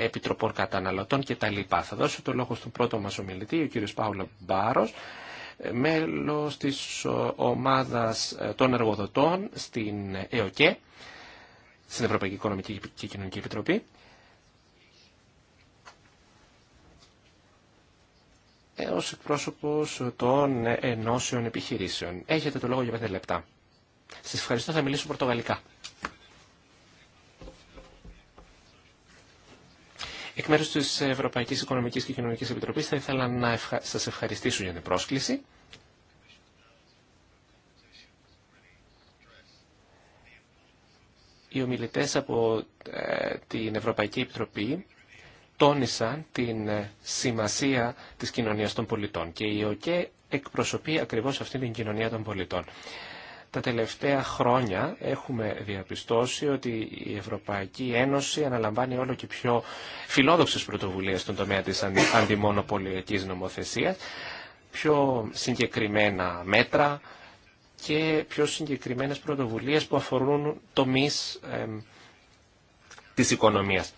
επιτροπών καταναλωτών κτλ. Θα δώσω το λόγο στον πρώτο μας ομιλητή, ο κύριος Παύλο Μπάρος, μέλος της ομάδας των εργοδοτών στην ΕΟΚΕ στην Ευρωπαϊκή Οικονομική και Κοινωνική Επιτροπή. Ε, ως εκπρόσωπος των ενώσεων επιχειρήσεων. Έχετε το λόγο για πέντε λεπτά. Σας ευχαριστώ, θα μιλήσω πορτογαλικά. Εκ μέρου τη Ευρωπαϊκής Οικονομικής και Κοινωνική Επιτροπής θα ήθελα να ευχα... σας ευχαριστήσω για την πρόσκληση οι ομιλητές από ε, την Ευρωπαϊκή Επιτροπή τόνισαν την ε, σημασία της κοινωνίας των πολιτών και η ΟΚΕ εκπροσωπεί ακριβώς αυτή την κοινωνία των πολιτών. Τα τελευταία χρόνια έχουμε διαπιστώσει ότι η Ευρωπαϊκή Ένωση αναλαμβάνει όλο και πιο φιλόδοξες πρωτοβουλίες στον τομέα της αντιμονοπολιακής νομοθεσίας, πιο συγκεκριμένα μέτρα, και πιο συγκεκριμένες πρωτοβουλίες που αφορούν τομείς ε, της οικονομίας.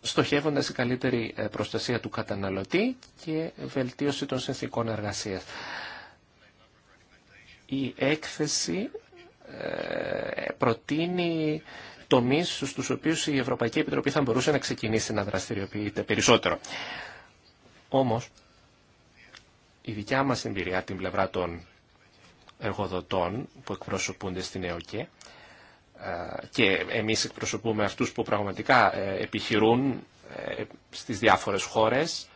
στοχεύοντας η καλύτερη ε, προστασία του καταναλωτή και βελτίωση των συνθήκων εργασίας. Η έκθεση ε, προτείνει τομείς στους οποίους η Ευρωπαϊκή Επιτροπή θα μπορούσε να ξεκινήσει να δραστηριοποιείται περισσότερο. Όμως, η δικιά μας εμπειρία την πλευρά των εργοδοτών που εκπροσωπούνται στην ΕΟΚΕ και εμείς εκπροσωπούμε αυτούς που πραγματικά ε, επιχειρούν ε, στις διάφορες χώρες.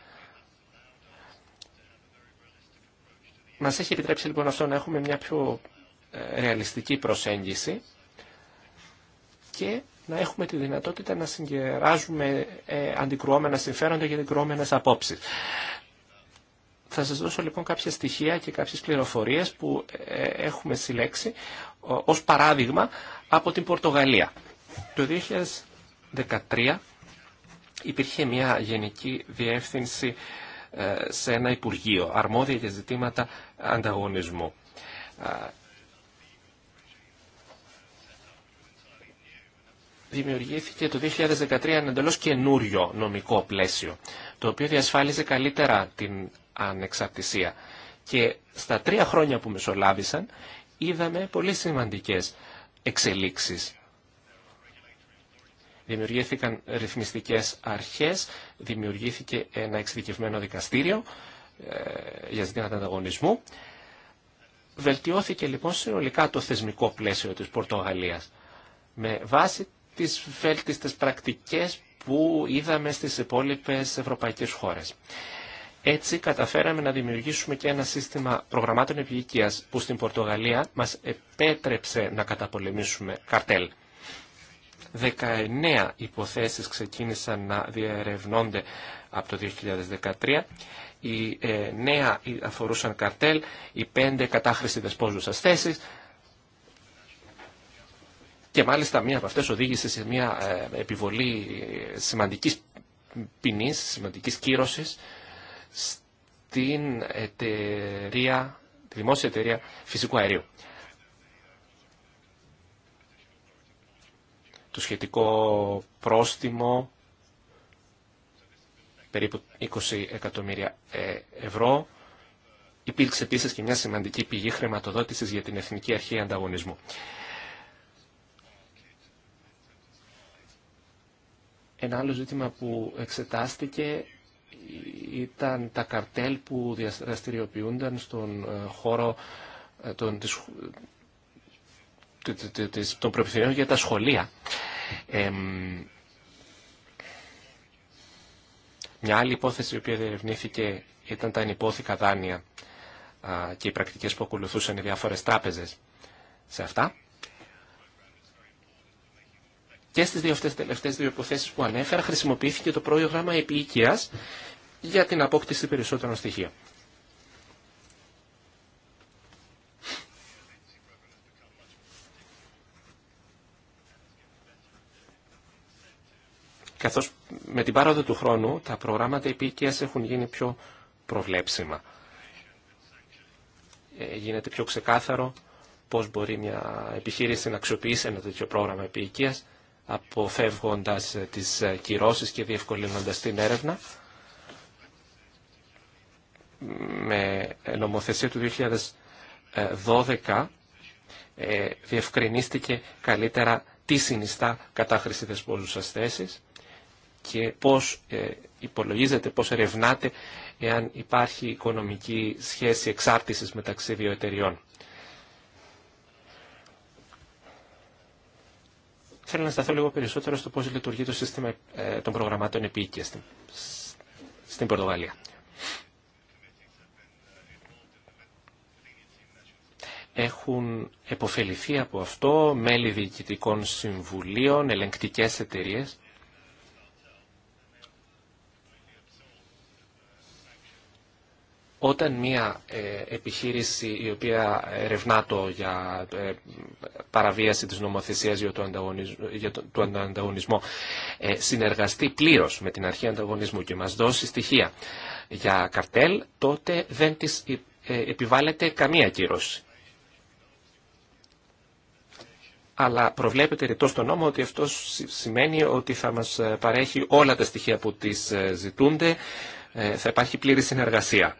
Μας έχει επιτρέψει λοιπόν αυτό να έχουμε μια πιο ε, ρεαλιστική προσέγγιση και να έχουμε τη δυνατότητα να συγκεράζουμε αντικρουόμενα συμφέροντα και αντικρουόμενες απόψεις. Θα σας δώσω λοιπόν κάποια στοιχεία και κάποιες πληροφορίες που ε, έχουμε συλλέξει ως παράδειγμα από την Πορτογαλία. Το 2013 υπήρχε μια γενική διεύθυνση ε, σε ένα Υπουργείο, αρμόδια για ζητήματα ανταγωνισμού. Ε, δημιουργήθηκε το 2013 ένα εντελώ καινούριο νομικό πλαίσιο, το οποίο διασφάλιζε καλύτερα την ανεξαρτησία. Και στα τρία χρόνια που μεσολάβησαν είδαμε πολύ σημαντικές εξελίξεις. Δημιουργήθηκαν ρυθμιστικές αρχές, δημιουργήθηκε ένα εξειδικευμένο δικαστήριο ε, για ζητήματα ανταγωνισμού. Βελτιώθηκε λοιπόν συνολικά το θεσμικό πλαίσιο της Πορτογαλίας με βάση τις βέλτιστες πρακτικές που είδαμε στις υπόλοιπες ευρωπαϊκές χώρες. Έτσι καταφέραμε να δημιουργήσουμε και ένα σύστημα προγραμμάτων ευηγικίας που στην Πορτογαλία μας επέτρεψε να καταπολεμήσουμε καρτέλ. 19 υποθέσεις ξεκίνησαν να διαρευνώνται από το 2013. Οι ε, νέα αφορούσαν καρτέλ, οι 5 κατάχρηση δεσπόζουσα θέσεις και μάλιστα μία από αυτές οδήγησε σε μία ε, επιβολή σημαντικής ποινής, σημαντικής κύρωσης στην εταιρεία, τη δημόσια εταιρεία φυσικού αερίου. Το σχετικό πρόστιμο περίπου 20 εκατομμύρια ε, ευρώ. Υπήρξε επίση και μια σημαντική πηγή χρηματοδότηση για την Εθνική Αρχή Ανταγωνισμού. Ένα άλλο ζήτημα που εξετάστηκε ήταν τα καρτέλ που δραστηριοποιούνταν στον ε, χώρο ε, των, της, της, των για τα σχολεία. μια άλλη υπόθεση η οποία διερευνήθηκε ήταν τα ενυπόθηκα δάνεια και οι πρακτικές που ακολουθούσαν οι διάφορες τράπεζες σε αυτά. Και στις δύο αυτές τελευταίες δύο υποθέσεις που ανέφερα χρησιμοποιήθηκε το πρόγραμμα επί για την απόκτηση περισσότερων στοιχείων. Καθώς με την πάροδο του χρόνου τα προγράμματα επίκαιας έχουν γίνει πιο προβλέψιμα. Ε, γίνεται πιο ξεκάθαρο πώς μπορεί μια επιχείρηση να αξιοποιήσει ένα τέτοιο πρόγραμμα επίκαιας αποφεύγοντας ε, τις ε, κυρώσεις και διευκολύνοντας την έρευνα με νομοθεσία του 2012 ε, διευκρινίστηκε καλύτερα τι συνιστά κατάχρηση δεσπόζουσας θέσης και πώς ε, υπολογίζεται, πώς ερευνάται εάν υπάρχει οικονομική σχέση εξάρτησης μεταξύ δύο εταιριών. Θέλω να σταθώ λίγο περισσότερο στο πώς λειτουργεί το σύστημα ε, των προγραμμάτων στην, στην Πορτογαλία. έχουν επωφεληθεί από αυτό μέλη διοικητικών συμβουλίων, ελεγκτικές εταιρείες. Όταν μια ε, επιχείρηση η οποία ερευνά το για ε, παραβίαση της νομοθεσίας για το ανταγωνισμό ε, συνεργαστεί πλήρως με την αρχή ανταγωνισμού και μας δώσει στοιχεία για καρτέλ, τότε δεν της επιβάλλεται καμία κύρωση. αλλά προβλέπεται ρητό στο νόμο ότι αυτό σημαίνει ότι θα μας ε, παρέχει όλα τα στοιχεία που τις ε, ζητούνται, ε, θα υπάρχει πλήρη συνεργασία.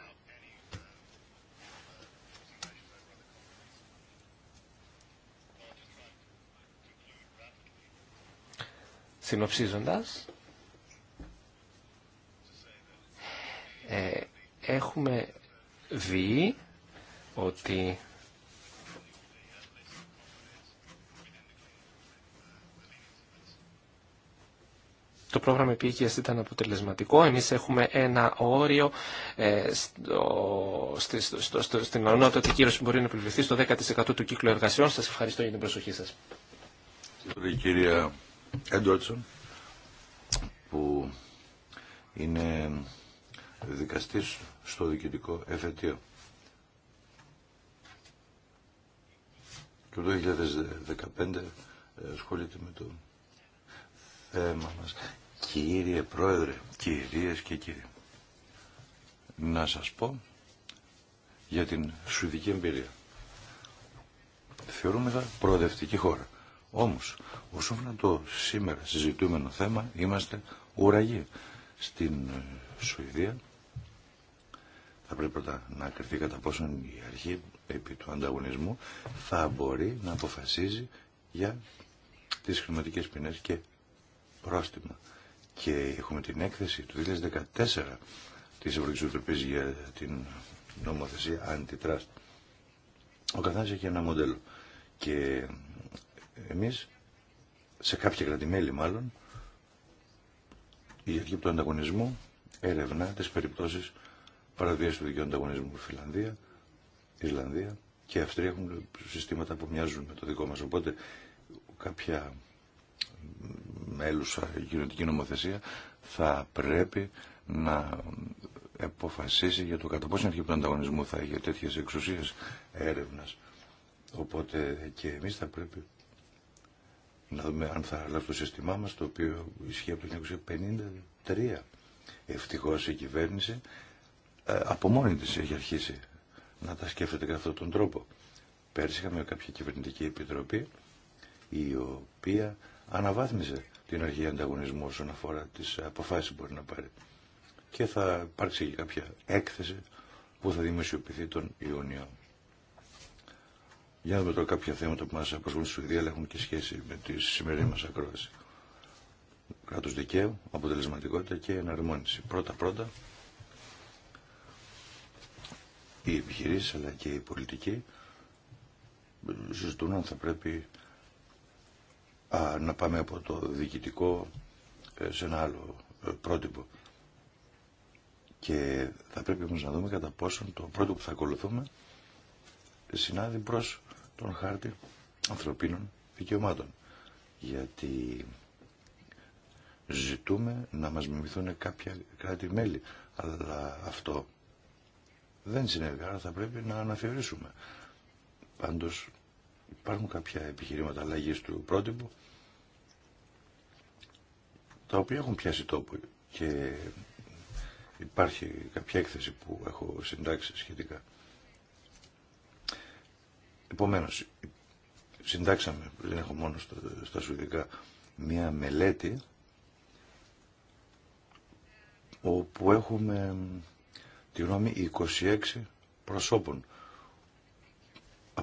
Συνοψίζοντας, έχουμε δει ότι το πρόγραμμα επίγειας ήταν αποτελεσματικό. Εμείς έχουμε ένα όριο ε, στο, στο, στο, στο στην ανώτατη κύρωση που μπορεί να επιβληθεί στο 10% του κύκλου εργασιών. Σας ευχαριστώ για την προσοχή σας. Η κυρία Έντοτσον που είναι δικαστής στο διοικητικό εφετείο. Και το 2015 ε, ασχολείται με το θέμα μας. Κύριε Πρόεδρε, κυρίες και κύριοι, να σας πω για την σουηδική εμπειρία. Θεωρούμε τα προοδευτική χώρα. Όμως, όσο αφορά το σήμερα συζητούμενο θέμα, είμαστε ουραγοί. Στην Σουηδία θα πρέπει πρώτα να κριθεί κατά πόσον η αρχή επί του ανταγωνισμού θα μπορεί να αποφασίζει για τις χρηματικές ποινές και πρόστιμα. Και έχουμε την έκθεση του 2014 της Ευρωπαϊκής Επιτροπής για την νομοθεσία αντιτράστη. Ο καθένας έχει ένα μοντέλο. Και εμείς, σε κάποια κρατημέλη μάλλον, η αρχή του ανταγωνισμού έρευνα τις περιπτώσεις παραβίαση του δικαίου ανταγωνισμού Φιλανδία, Ιρλανδία και Αυστρία έχουν συστήματα που μοιάζουν με το δικό μας. Οπότε κάποια μέλουσα ε, η κοινωνική νομοθεσία θα πρέπει να αποφασίσει για το κατά πόσο αρχή του ανταγωνισμού θα έχει τέτοιες εξουσίες έρευνας. Οπότε και εμείς θα πρέπει να δούμε αν θα αλλάξει το σύστημά μας, το οποίο ισχύει από το 1953. Ευτυχώς η κυβέρνηση ε, από μόνη της έχει αρχίσει να τα σκέφτεται κατά αυτόν τον τρόπο. Πέρσι είχαμε κάποια κυβερνητική επιτροπή η οποία αναβάθμισε την αρχή ανταγωνισμού όσον αφορά τις αποφάσεις που μπορεί να πάρει. Και θα υπάρξει και κάποια έκθεση που θα δημοσιοποιηθεί τον Ιούνιο. Για να δούμε τώρα κάποια θέματα που μας απασχολούν στη Σουηδία, αλλά έχουν και σχέση με τη σημερινή μας ακρόαση. Κράτος δικαίου, αποτελεσματικότητα και εναρμόνιση. Πρώτα-πρώτα, οι επιχειρήσεις αλλά και οι πολιτικοί συζητούν αν θα πρέπει α, να πάμε από το διοικητικό ε, σε ένα άλλο ε, πρότυπο. Και θα πρέπει όμως να δούμε κατά πόσον το πρώτο που θα ακολουθούμε συνάδει προς τον χάρτη ανθρωπίνων δικαιωμάτων. Γιατί ζητούμε να μας μιμηθούν κάποια κράτη-μέλη. Αλλά αυτό δεν συνέβη, άρα θα πρέπει να αναθεωρήσουμε. Πάντως Υπάρχουν κάποια επιχειρήματα αλλαγή του πρότυπου τα οποία έχουν πιάσει τόπο και υπάρχει κάποια έκθεση που έχω συντάξει σχετικά. Επομένως, συντάξαμε, δεν έχω μόνο στα, στα μία μελέτη όπου έχουμε τη γνώμη 26 προσώπων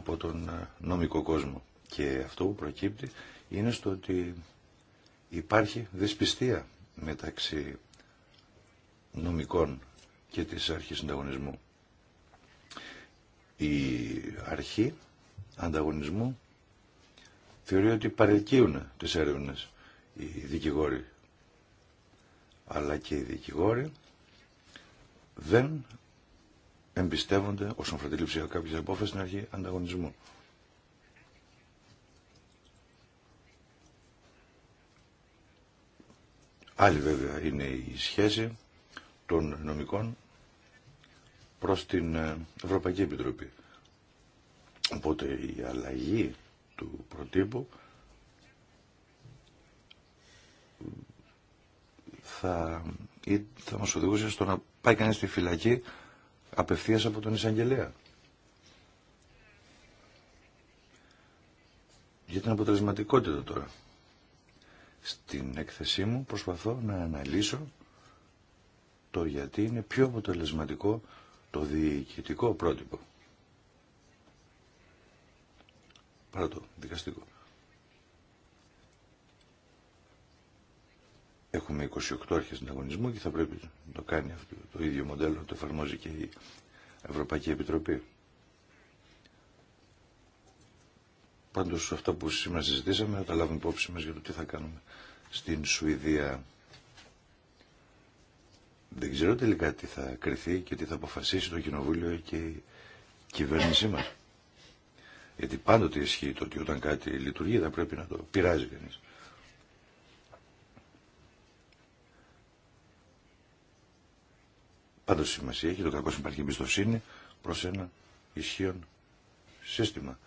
από τον ε, νομικό κόσμο. Και αυτό που προκύπτει είναι στο ότι υπάρχει δυσπιστία μεταξύ νομικών και της αρχής ανταγωνισμού. Η αρχή ανταγωνισμού θεωρεί ότι παρελκύουν τις έρευνες οι δικηγόροι. Αλλά και οι δικηγόροι δεν εμπιστεύονται όσον αφορά τη λήψη κάποιες απόφασεις στην αρχή ανταγωνισμού. Άλλη βέβαια είναι η σχέση των νομικών προς την ε, Ευρωπαϊκή Επιτροπή. Οπότε η αλλαγή του προτύπου θα, θα μας οδηγούσε στο να πάει κανείς στη φυλακή απευθείας από τον εισαγγελέα. Για την αποτελεσματικότητα τώρα. Στην έκθεσή μου προσπαθώ να αναλύσω το γιατί είναι πιο αποτελεσματικό το διοικητικό πρότυπο. Παρά το δικαστικό. Έχουμε 28 αρχές συνταγωνισμού και θα πρέπει να το κάνει αυτό το ίδιο μοντέλο, το εφαρμόζει και η Ευρωπαϊκή Επιτροπή. Πάντως αυτά που σήμερα συζητήσαμε θα τα λάβουμε υπόψη μας για το τι θα κάνουμε στην Σουηδία. Δεν ξέρω τελικά τι θα κρυθεί και τι θα αποφασίσει το Κοινοβούλιο και η κυβέρνησή μας. Γιατί πάντοτε ισχύει το ότι όταν κάτι λειτουργεί θα πρέπει να το πειράζει κανείς. Πάντω σημασία έχει το κακό υπάρχει εμπιστοσύνη προ ένα ισχύον σύστημα.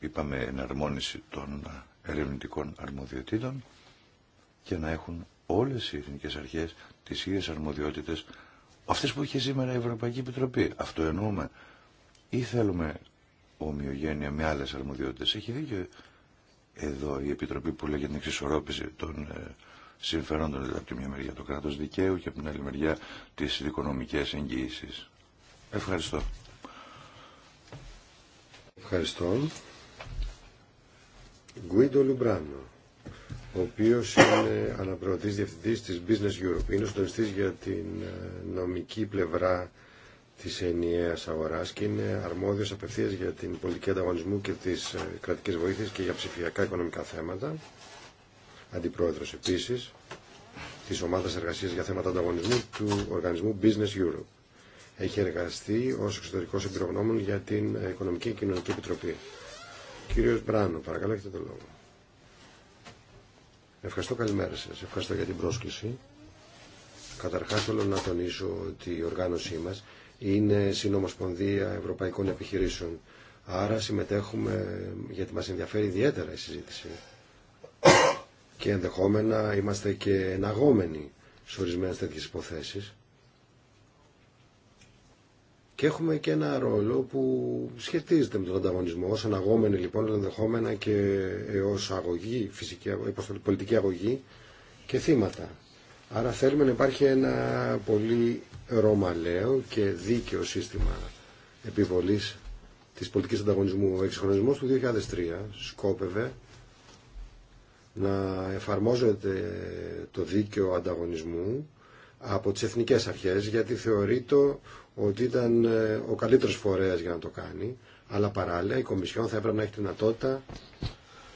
Είπαμε εναρμόνιση των ερευνητικών αρμοδιοτήτων και να έχουν όλε οι εθνικέ αρχέ τι ίδιε αρμοδιότητε, αυτέ που είχε σήμερα η Ευρωπαϊκή Επιτροπή. Αυτό εννοούμε. Ή θέλουμε ομοιογένεια με άλλες αρμοδιότητες. Έχει δίκιο εδώ η θελουμε ομοιογενεια με αλλε αρμοδιοτητε εχει δικιο εδω η επιτροπη που λέγεται την εξισορρόπηση των ε, συμφερόντων, δηλαδή από τη μια μεριά το κράτος δικαίου και από την άλλη μεριά τις οικονομικές εγγύησεις. Ευχαριστώ. Ευχαριστώ. Γκουίντο Λουμπράνο, ο οποίος είναι αναπληρωτής διευθυντής της Business Europe. Είναι συντονιστής για την ε, νομική πλευρά της ενιαίας αγοράς και είναι αρμόδιος απευθείας για την πολιτική ανταγωνισμού και τις ε, κρατικές βοήθειες και για ψηφιακά οικονομικά θέματα αντιπρόεδρος επίσης της ομάδας εργασίας για θέματα ανταγωνισμού του οργανισμού Business Europe. Έχει εργαστεί ως εξωτερικός εμπειρογνώμων για την Οικονομική και Κοινωνική Επιτροπή. Κύριος Μπράνο, παρακαλώ έχετε το λόγο. Ευχαριστώ, καλημέρα σας. Ευχαριστώ για την πρόσκληση. Καταρχάς θέλω να τονίσω ότι η οργάνωσή μας είναι Συνομοσπονδία Ευρωπαϊκών Επιχειρήσεων. Άρα συμμετέχουμε γιατί μας ενδιαφέρει ιδιαίτερα η συζήτηση και ενδεχόμενα είμαστε και εναγόμενοι σε ορισμένε τέτοιες υποθέσεις. Και έχουμε και ένα ρόλο που σχετίζεται με τον ανταγωνισμό, ως εναγόμενοι λοιπόν, ενδεχόμενα και ως αγωγή, φυσική, πολιτική αγωγή και θύματα. Άρα θέλουμε να υπάρχει ένα πολύ ρωμαλαίο και δίκαιο σύστημα επιβολής της πολιτικής ανταγωνισμού. Ο εξυγχρονισμός του 2003 σκόπευε να εφαρμόζεται το δίκαιο ανταγωνισμού από τις εθνικές αρχές γιατί θεωρείται ότι ήταν ε, ο καλύτερος φορέας για να το κάνει αλλά παράλληλα η Κομισιόν θα έπρεπε να έχει τη δυνατότητα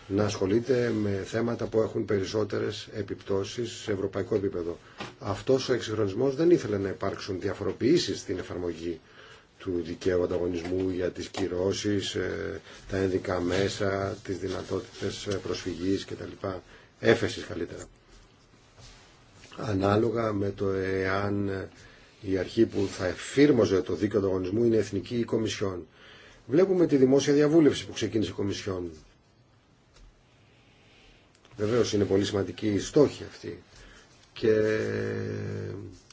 να ασχολείται με θέματα που έχουν περισσότερες επιπτώσεις σε ευρωπαϊκό επίπεδο. Αυτός ο εξυγχρονισμός δεν ήθελε να υπάρξουν διαφοροποιήσεις στην εφαρμογή του δικαίου ανταγωνισμού για τις κυρώσεις, ε, τα ένδικα μέσα, τις δυνατότητες ε, προσφυγής κτλ. Έφεσης καλύτερα. Ανάλογα με το εάν ε, η αρχή που θα εφήρμοζε το δίκαιο ανταγωνισμού είναι εθνική ή κομισιόν. Βλέπουμε τη δημόσια διαβούλευση που ξεκίνησε η κομισιόν. Βεβαίω είναι πολύ σημαντική η στόχη αυτή και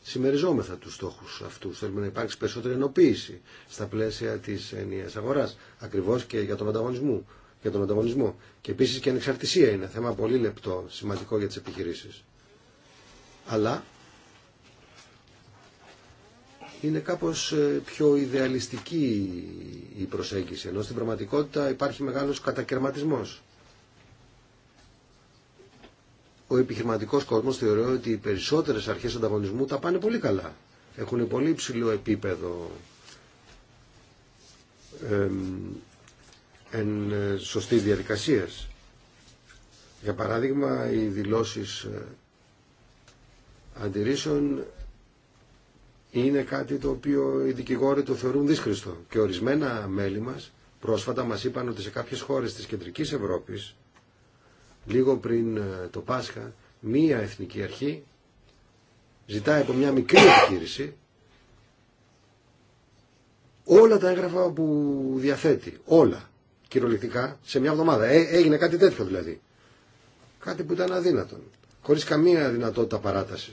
συμμεριζόμεθα τους στόχους αυτούς. Θέλουμε να υπάρξει περισσότερη ενοποίηση στα πλαίσια της ενιαίας αγοράς, ακριβώς και για τον ανταγωνισμό. Για τον ανταγωνισμό. Και επίσης και ανεξαρτησία είναι θέμα πολύ λεπτό, σημαντικό για τις επιχειρήσεις. Αλλά είναι κάπως ε, πιο ιδεαλιστική η προσέγγιση, ενώ στην πραγματικότητα υπάρχει μεγάλος κατακαιρματισμός ο επιχειρηματικό κόσμος θεωρεί ότι οι περισσότερες αρχές ανταγωνισμού τα πάνε πολύ καλά. Έχουν πολύ υψηλό επίπεδο σωστή ε, σωστή Για παράδειγμα, οι δηλώσει ε, αντιρρήσεων είναι κάτι το οποίο οι δικηγόροι το θεωρούν δύσκολο. Και ορισμένα μέλη μας πρόσφατα μας είπαν ότι σε κάποιες χώρες της Κεντρική Ευρώπη λίγο πριν ε, το Πάσχα, μία εθνική αρχή ζητάει από μια μικρή επιχείρηση όλα τα έγγραφα που διαθέτει, όλα, κυριολεκτικά, σε μια εβδομάδα. Ε, έγινε κάτι τέτοιο δηλαδή. Κάτι που ήταν αδύνατον, χωρίς καμία δυνατότητα παράταση.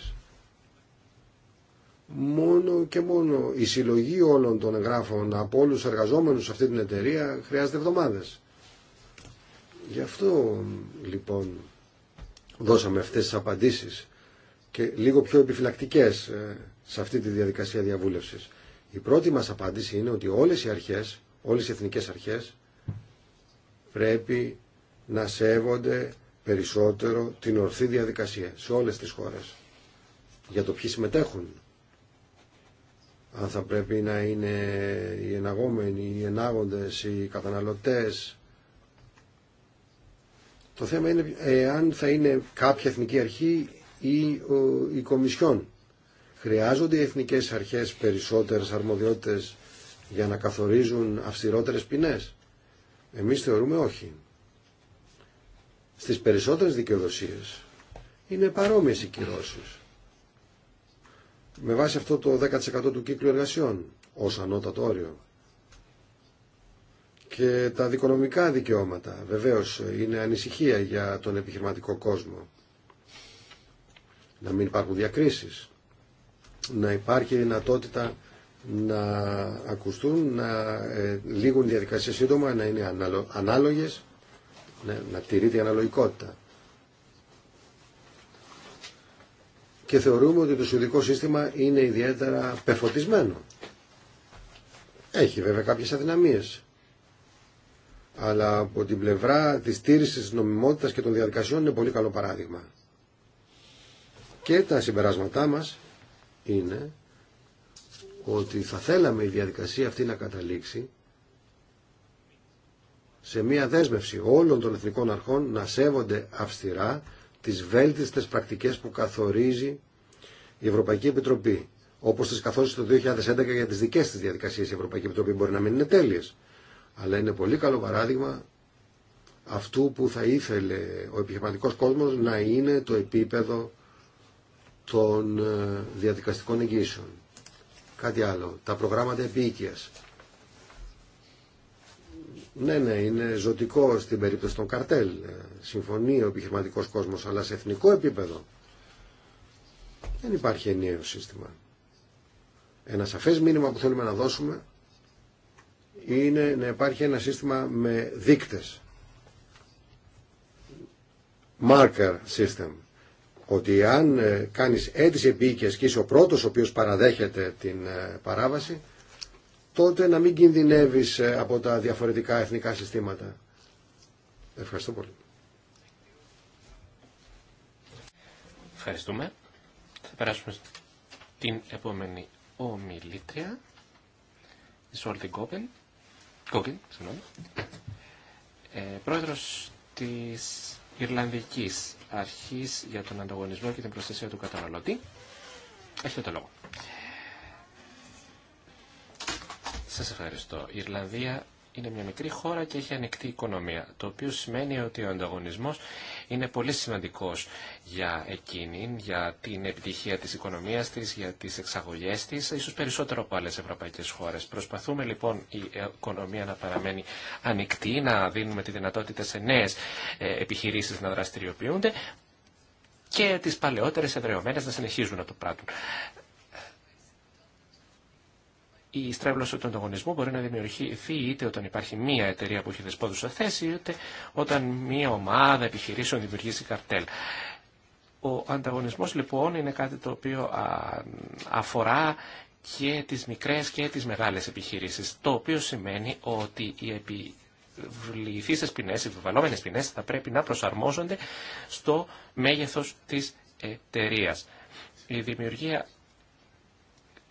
Μόνο και μόνο η συλλογή όλων των εγγράφων από όλου του εργαζόμενου σε αυτή την εταιρεία χρειάζεται εβδομάδε. Γι' αυτό λοιπόν δώσαμε αυτές τις απαντήσεις και λίγο πιο επιφυλακτικές ε, σε αυτή τη διαδικασία διαβούλευσης. Η πρώτη μας απάντηση είναι ότι όλες οι αρχές, όλες οι εθνικές αρχές πρέπει να σέβονται περισσότερο την ορθή διαδικασία σε όλες τις χώρες για το ποιοι συμμετέχουν. Αν θα πρέπει να είναι οι εναγόμενοι, οι ενάγοντες, οι καταναλωτές, το θέμα είναι εάν θα είναι κάποια εθνική αρχή ή η οι κομισιον Χρειάζονται οι εθνικές αρχές περισσότερες αρμοδιότητες για να καθορίζουν αυστηρότερες ποινές. Εμείς θεωρούμε όχι. Στις περισσότερες δικαιοδοσίες είναι παρόμοιες οι κυρώσεις. Με βάση αυτό το 10% του κύκλου εργασιών ως ανώτατο όριο. Και τα δικονομικά δικαιώματα, βεβαίως, είναι ανησυχία για τον επιχειρηματικό κόσμο. Να μην υπάρχουν διακρίσεις, να υπάρχει δυνατότητα να ακουστούν, να ε, λήγουν διαδικασίες σύντομα, να είναι ανάλο, ανάλογες, να, να τηρείται η αναλογικότητα. Και θεωρούμε ότι το σουδικό σύστημα είναι ιδιαίτερα πεφωτισμένο. Έχει βέβαια κάποιες αδυναμίες αλλά από την πλευρά της στήρησης της νομιμότητας και των διαδικασιών είναι πολύ καλό παράδειγμα. Και τα συμπεράσματά μας είναι ότι θα θέλαμε η διαδικασία αυτή να καταλήξει σε μια δέσμευση όλων των εθνικών αρχών να σέβονται αυστηρά τις βέλτιστες πρακτικές που καθορίζει η Ευρωπαϊκή Επιτροπή. Όπως τις καθόρισε το 2011 για τις δικές της διαδικασίες η Ευρωπαϊκή Επιτροπή μπορεί να μην είναι τέλειες αλλά είναι πολύ καλό παράδειγμα αυτού που θα ήθελε ο επιχειρηματικός κόσμος να είναι το επίπεδο των ε, διαδικαστικών εγγύσεων. Κάτι άλλο. Τα προγράμματα επίοικειας. Ναι, ναι, είναι ζωτικό στην περίπτωση των καρτέλ. Ε, συμφωνεί ο επιχειρηματικός κόσμος, αλλά σε εθνικό επίπεδο δεν υπάρχει ενιαίο σύστημα. Ένα σαφές μήνυμα που θέλουμε να δώσουμε είναι να υπάρχει ένα σύστημα με δείκτες. Marker system. Ότι αν ε, κάνεις αίτηση επί και είσαι ο πρώτος ο οποίος παραδέχεται την ε, παράβαση, τότε να μην κινδυνεύεις ε, από τα διαφορετικά εθνικά συστήματα. Ευχαριστώ πολύ. Ευχαριστούμε. Θα περάσουμε στην επόμενη ομιλήτρια, η Σόλτιν Κόκκιν, συγγνώμη, ε, πρόεδρος της Ιρλανδικής Αρχής για τον Ανταγωνισμό και την Προστασία του Καταναλωτή. Έχετε το λόγο. Σας ευχαριστώ. Η Ιρλανδία είναι μια μικρή χώρα και έχει ανοιχτή οικονομία, το οποίο σημαίνει ότι ο ανταγωνισμός είναι πολύ σημαντικός για εκείνη, για την επιτυχία της οικονομίας της, για τις εξαγωγές της, ίσως περισσότερο από άλλες ευρωπαϊκές χώρες. Προσπαθούμε λοιπόν η οικονομία να παραμένει ανοιχτή, να δίνουμε τη δυνατότητα σε νέες ε, επιχειρήσεις να δραστηριοποιούνται και τις παλαιότερες ευρεωμένες να συνεχίζουν να το πράττουν η στρέβλωση του ανταγωνισμού μπορεί να δημιουργηθεί είτε όταν υπάρχει μία εταιρεία που έχει δεσπόδουσα θέση, είτε όταν μία ομάδα επιχειρήσεων δημιουργήσει καρτέλ. Ο ανταγωνισμός λοιπόν είναι κάτι το οποίο αφορά και τις μικρές και τις μεγάλες επιχειρήσεις, το οποίο σημαίνει ότι οι επιβληθήσεις ποινές, οι επιβαλλόμενες ποινές θα πρέπει να προσαρμόζονται στο μέγεθος της εταιρεία. Η δημιουργία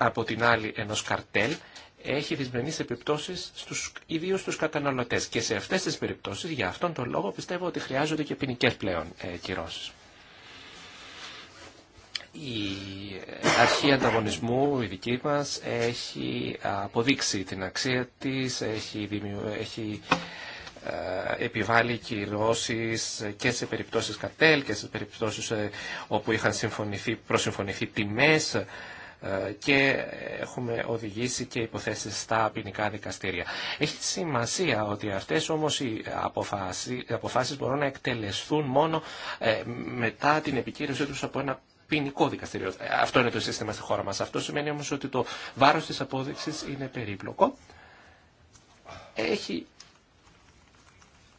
από την άλλη ενός καρτέλ έχει δυσμενείς επιπτώσεις στους, ιδίως στους καταναλωτές. Και σε αυτές τις περιπτώσεις, για αυτόν τον λόγο, πιστεύω ότι χρειάζονται και ποινικέ πλέον ε, κυρώσεις. Η ε, αρχή ανταγωνισμού, η δική μας, έχει αποδείξει την αξία της, έχει, δημιου... έχει ε, κυρώσεις και σε περιπτώσεις καρτέλ και σε περιπτώσεις ε, όπου είχαν προσυμφωνηθεί τιμές ε, και έχουμε οδηγήσει και υποθέσεις στα ποινικά δικαστήρια. Έχει σημασία ότι αυτές όμως οι αποφάσεις μπορούν να εκτελεστούν μόνο ε, μετά την επικύρωσή τους από ένα ποινικό δικαστήριο. Ε, αυτό είναι το σύστημα στη χώρα μας. Αυτό σημαίνει όμως ότι το βάρος της απόδειξης είναι περίπλοκο. Έχει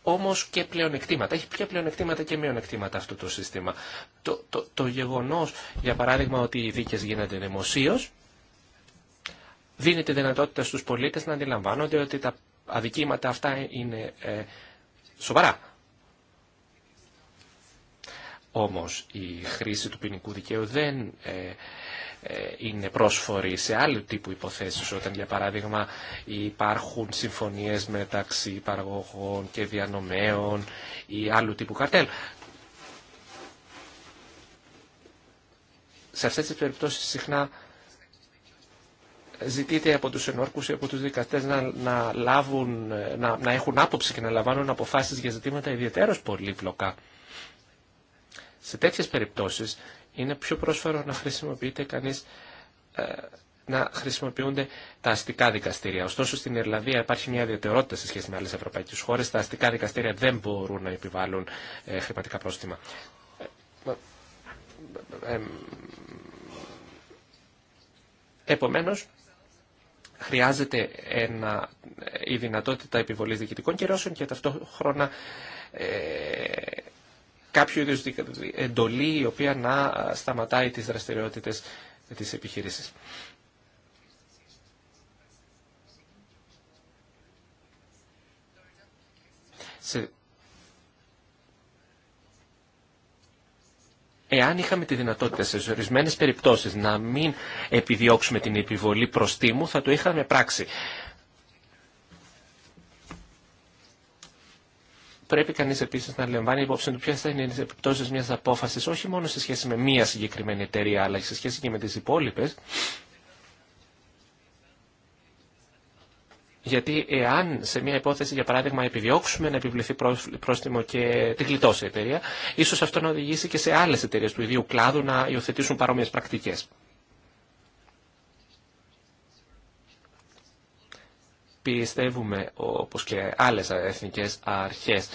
Όμω και πλεονεκτήματα. Έχει πια πλεονεκτήματα και μειονεκτήματα αυτό το σύστημα. Το, το, το γεγονός, για παράδειγμα, ότι οι δίκε γίνονται δημοσίω, δίνει τη δυνατότητα στου πολίτε να αντιλαμβάνονται ότι τα αδικήματα αυτά είναι ε, σοβαρά. Όμως η χρήση του ποινικού δικαίου δεν ε, ε, είναι πρόσφοροι σε άλλου τύπου υποθέσεις, όταν για παράδειγμα υπάρχουν συμφωνίες μεταξύ παραγωγών και διανομέων ή άλλου τύπου καρτέλ. Σε αυτές τις περιπτώσεις συχνά ζητείται από τους ενόρκους ή από τους δικαστές να, λάβουν, να, έχουν άποψη και να λαμβάνουν αποφάσεις για ζητήματα ιδιαίτερως πολύπλοκα. Σε τέτοιες περιπτώσεις είναι πιο πρόσφαρο να χρησιμοποιείται κανείς ε, να χρησιμοποιούνται τα αστικά δικαστήρια. Ωστόσο, στην Ιρλανδία υπάρχει μια ιδιαιτερότητα σε σχέση με άλλε ευρωπαϊκέ χώρε. Τα αστικά δικαστήρια δεν μπορούν να επιβάλλουν ε, χρηματικά πρόστιμα. Ε, Επομένω, χρειάζεται ένα, η δυνατότητα επιβολή διοικητικών κυρώσεων και ταυτόχρονα ε, κάποιο είδου εντολή η οποία να σταματάει τις δραστηριότητες της επιχείρησης. Εάν είχαμε τη δυνατότητα σε ορισμένε περιπτώσεις να μην επιδιώξουμε την επιβολή προστίμου, θα το είχαμε πράξει. πρέπει κανεί επίση να λαμβάνει υπόψη του ποιε θα είναι οι επιπτώσει μια απόφαση, όχι μόνο σε σχέση με μία συγκεκριμένη εταιρεία, αλλά και σε σχέση και με τι υπόλοιπε. Γιατί εάν σε μια υπόθεση, για παράδειγμα, επιδιώξουμε να επιβληθεί πρόστιμο και την γλιτώσει η εταιρεία, ίσω αυτό να οδηγήσει και σε άλλε εταιρείε του ιδίου κλάδου να υιοθετήσουν παρόμοιε πρακτικέ. πιστεύουμε, όπως και άλλες εθνικές αρχές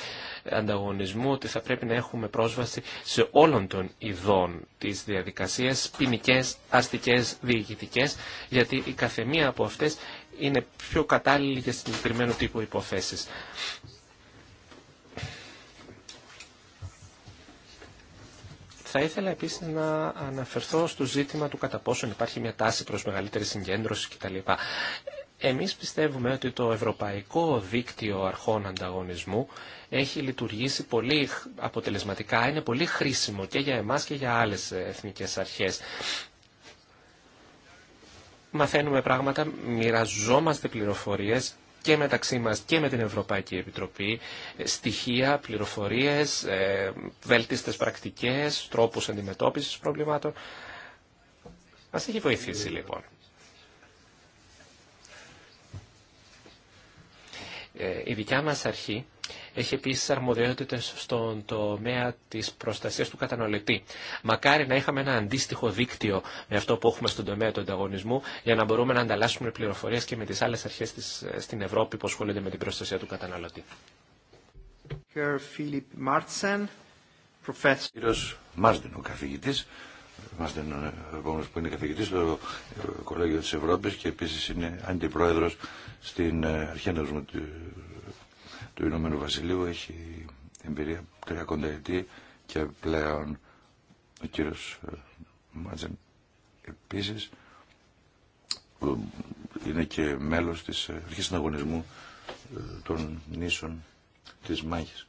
ανταγωνισμού, ότι θα πρέπει να έχουμε πρόσβαση σε όλων των ειδών της διαδικασίας, ποινικέ, αστικές, διοικητικές, γιατί η καθεμία από αυτές είναι πιο κατάλληλη για συγκεκριμένο τύπο υποθέσεις. Θα ήθελα επίσης να αναφερθώ στο ζήτημα του κατά πόσον υπάρχει μια τάση προς μεγαλύτερη συγκέντρωση κτλ. Εμείς πιστεύουμε ότι το Ευρωπαϊκό Δίκτυο Αρχών Ανταγωνισμού έχει λειτουργήσει πολύ αποτελεσματικά, είναι πολύ χρήσιμο και για εμάς και για άλλες εθνικές αρχές. Μαθαίνουμε πράγματα, μοιραζόμαστε πληροφορίες και μεταξύ μας και με την Ευρωπαϊκή Επιτροπή ε, στοιχεία, πληροφορίες, ε, βέλτιστες πρακτικές, τρόπους αντιμετώπισης προβλημάτων. Μας έχει βοηθήσει λοιπόν. Ε, η δικιά μας αρχή έχει επίσης αρμοδιότητες στον τομέα της προστασίας του καταναλωτή. Μακάρι να είχαμε ένα αντίστοιχο δίκτυο με αυτό που έχουμε στον τομέα του ανταγωνισμού για να μπορούμε να ανταλλάσσουμε πληροφορίες και με τις άλλες αρχές της, ε, στην Ευρώπη που ασχολούνται με την προστασία του καταναλωτή. Κύριος Είμαστε ο επόμενο που είναι καθηγητή στο Κολέγιο της Ευρώπης και επίσης είναι αντιπρόεδρος στην ε, αρχή του, του Ηνωμένου Βασιλείου. Έχει εμπειρία 30 ετή και πλέον ο κύριο ε, Μάτζεν επίσης είναι και μέλος της ε, αρχής συναγωνισμού των νήσων της Μάχης.